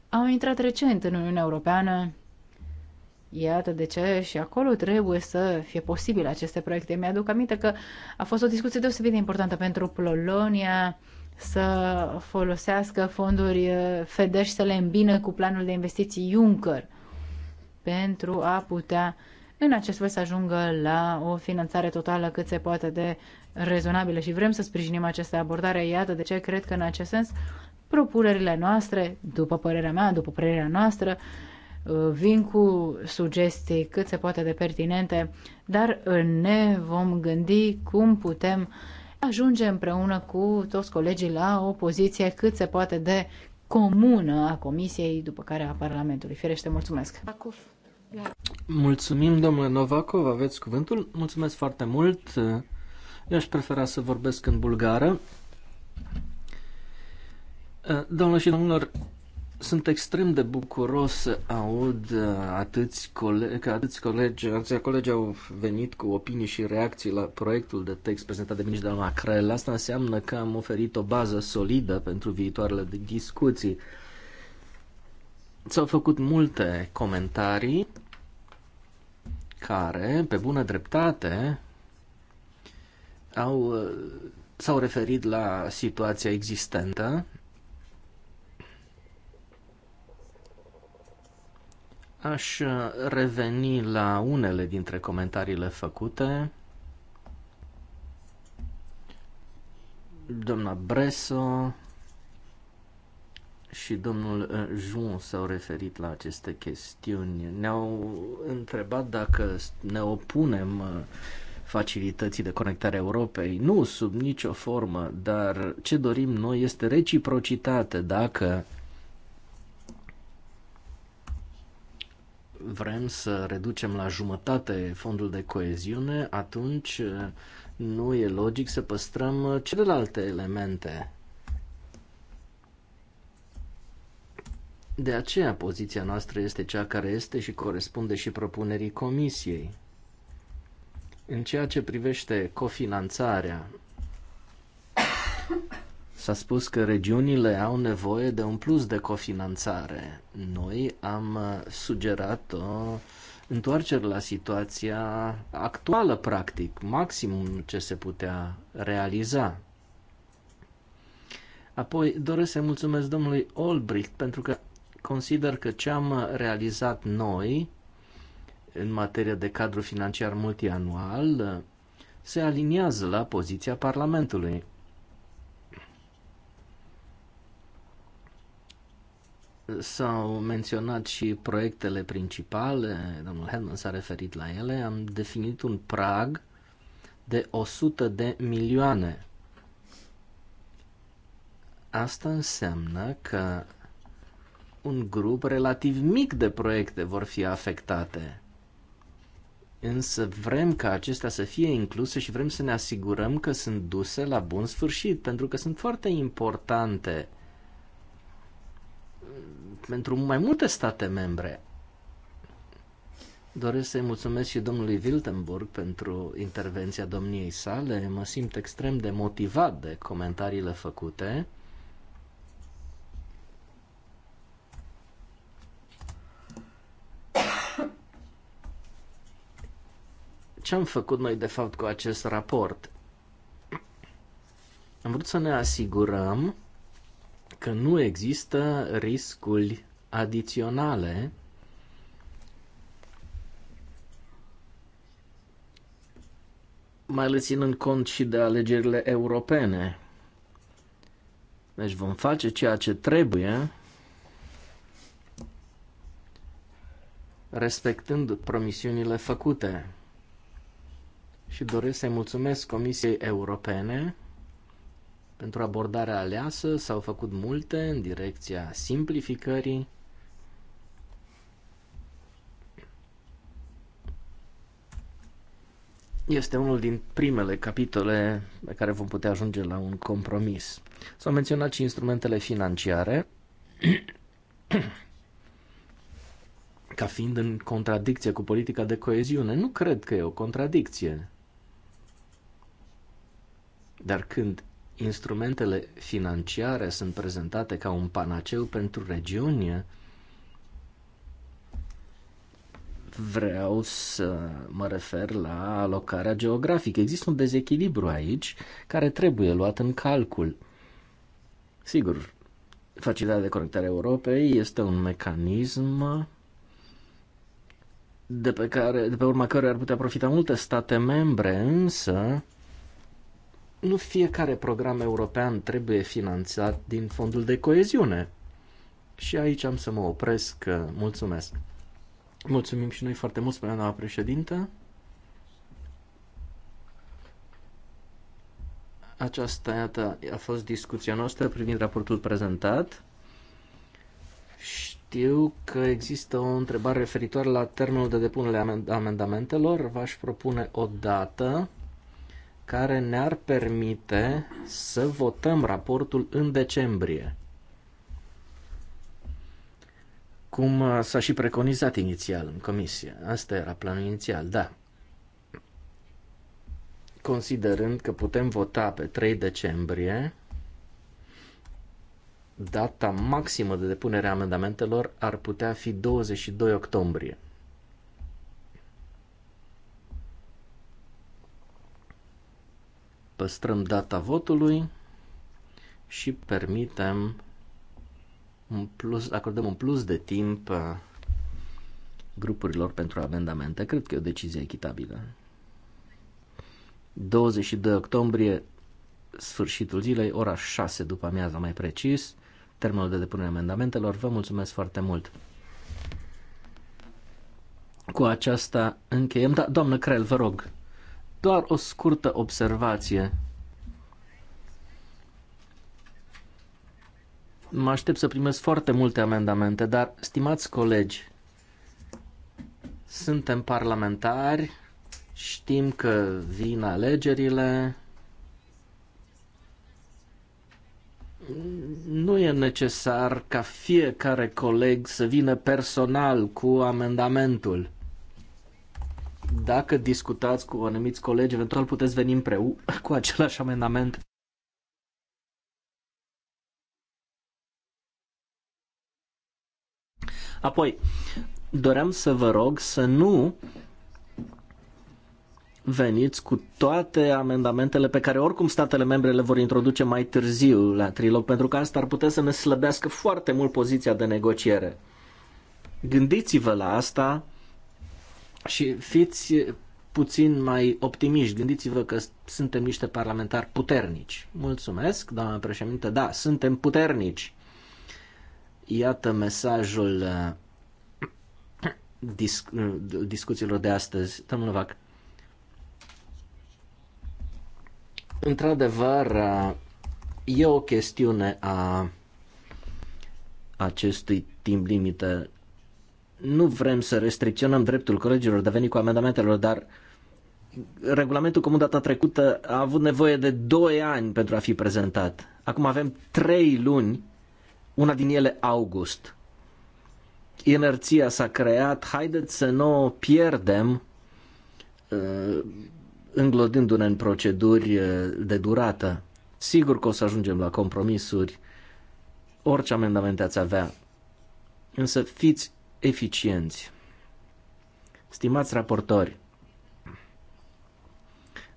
au intrat recent în Uniunea Europeană Iată de ce și acolo trebuie să fie posibil aceste proiecte. Mi-aduc aminte că a fost o discuție deosebit de importantă pentru Polonia să folosească fonduri eh, FEDER și să le îmbină cu planul de investiții Juncker pentru a putea în acest fel să ajungă la o finanțare totală cât se poate de rezonabilă și vrem să sprijinim această abordare. Iată de ce cred că în acest sens propunerile noastre, după părerea mea, după părerea noastră, Uh, vin cu sugestii cât se poate de pertinente, dar uh, ne vom gândi cum putem ajunge împreună cu toți colegii la o poziție cât se poate de comună a Comisiei, după care a Parlamentului. Firește, mulțumesc! Mulțumim, domnule Novakov, aveți cuvântul. Mulțumesc foarte mult. Uh, eu aș prefera să vorbesc în bulgară. Domnule și domnilor, sunt extrem de bucuros să aud uh, atâți colegi, că atâți colegi, atâția colegi au venit cu opinii și reacții la proiectul de text prezentat de ministrul de la Macrel. Asta înseamnă că am oferit o bază solidă pentru viitoarele de discuții. S-au făcut multe comentarii care, pe bună dreptate, au, uh, s-au referit la situația existentă Aș uh, reveni la unele dintre comentariile făcute. Doamna Breso și domnul uh, Jun s-au referit la aceste chestiuni. Ne-au întrebat dacă ne opunem uh, facilității de conectare a Europei. Nu, sub nicio formă, dar ce dorim noi este reciprocitate. Dacă vrem să reducem la jumătate fondul de coeziune, atunci uh, nu e logic să păstrăm uh, celelalte elemente. De aceea poziția noastră este cea care este și corespunde și propunerii comisiei. În ceea ce privește cofinanțarea, S-a spus că regiunile au nevoie de un plus de cofinanțare. Noi am uh, sugerat o întoarcere la situația actuală, practic, maximum ce se putea realiza. Apoi doresc să mulțumesc domnului Olbricht pentru că consider că ce am realizat noi în materie de cadru financiar multianual uh, se aliniază la poziția Parlamentului. S-au menționat și proiectele principale, domnul Helman s-a referit la ele, am definit un prag de 100 de milioane. Asta înseamnă că un grup relativ mic de proiecte vor fi afectate. Însă vrem ca acestea să fie incluse și vrem să ne asigurăm că sunt duse la bun sfârșit, pentru că sunt foarte importante pentru mai multe state membre. Doresc să-i mulțumesc și domnului Wiltenburg pentru intervenția domniei sale. Mă simt extrem de motivat de comentariile făcute. Ce am făcut noi, de fapt, cu acest raport? Am vrut să ne asigurăm că nu există riscuri adiționale mai ales ținând cont și de alegerile europene. Deci vom face ceea ce trebuie respectând promisiunile făcute. Și doresc să-i mulțumesc Comisiei Europene pentru abordarea aleasă s-au făcut multe în direcția simplificării, este unul din primele capitole pe care vom putea ajunge la un compromis. S-au menționat și instrumentele financiare <clears throat> ca fiind în contradicție cu politica de coeziune. Nu cred că e o contradicție. Dar când instrumentele financiare sunt prezentate ca un panaceu pentru regiune, vreau să mă refer la alocarea geografică. Există un dezechilibru aici care trebuie luat în calcul. Sigur, facilitatea de conectare a Europei este un mecanism de pe, care, de pe urma căruia ar putea profita multe state membre, însă nu fiecare program european trebuie finanțat din fondul de coeziune. Și aici am să mă opresc. Mulțumesc! Mulțumim și noi foarte mult, spunea doamna președintă. Aceasta, iată, a fost discuția noastră privind raportul prezentat. Știu că există o întrebare referitoare la termenul de depunere a amendamentelor. V-aș propune o dată care ne-ar permite să votăm raportul în decembrie. Cum uh, s-a și preconizat inițial în comisie. Asta era planul inițial, da. Considerând că putem vota pe 3 decembrie, data maximă de depunere a amendamentelor ar putea fi 22 octombrie. păstrăm data votului și permitem un plus, acordăm un plus de timp uh, grupurilor pentru amendamente. Cred că e o decizie echitabilă. 22 octombrie, sfârșitul zilei, ora 6 după amiaza mai precis, termenul de depunere amendamentelor. Vă mulțumesc foarte mult! Cu aceasta încheiem. Da, doamnă Crel, vă rog doar o scurtă observație. Mă aștept să primesc foarte multe amendamente, dar, stimați colegi, suntem parlamentari, știm că vin alegerile, nu e necesar ca fiecare coleg să vină personal cu amendamentul dacă discutați cu anumiți colegi, eventual puteți veni împreună <laughs> cu același amendament. Apoi, doream să vă rog să nu veniți cu toate amendamentele pe care oricum statele membre le vor introduce mai târziu la trilog, pentru că asta ar putea să ne slăbească foarte mult poziția de negociere. Gândiți-vă la asta și fiți puțin mai optimiști. Gândiți-vă că suntem niște parlamentari puternici. Mulțumesc, doamna președinte. Da, suntem puternici. Iată mesajul uh, disc, uh, discuțiilor de astăzi. Domnul Vac. Într-adevăr, uh, e o chestiune a acestui timp limită nu vrem să restricționăm dreptul colegilor de a veni cu amendamentelor, dar regulamentul comun data trecută a avut nevoie de 2 ani pentru a fi prezentat. Acum avem 3 luni, una din ele august. Inerția s-a creat, haideți să nu o pierdem uh, înglodindu-ne în proceduri uh, de durată. Sigur că o să ajungem la compromisuri, orice amendamente ați avea, însă fiți eficienți. Stimați raportori,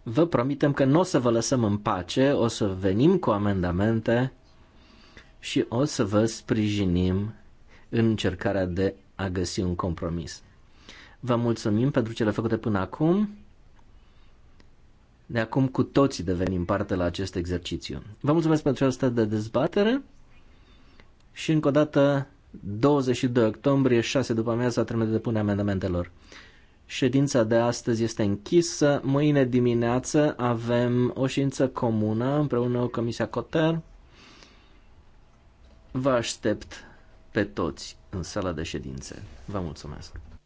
vă promitem că nu o să vă lăsăm în pace, o să venim cu amendamente și o să vă sprijinim în încercarea de a găsi un compromis. Vă mulțumim pentru cele făcute până acum. De acum cu toții devenim parte la acest exercițiu. Vă mulțumesc pentru această de dezbatere și încă o dată 22 octombrie, 6 după amiază, trebuie de depune amendamentelor. Ședința de astăzi este închisă. Mâine dimineață avem o ședință comună împreună cu Comisia Coter. Vă aștept pe toți în sala de ședințe. Vă mulțumesc!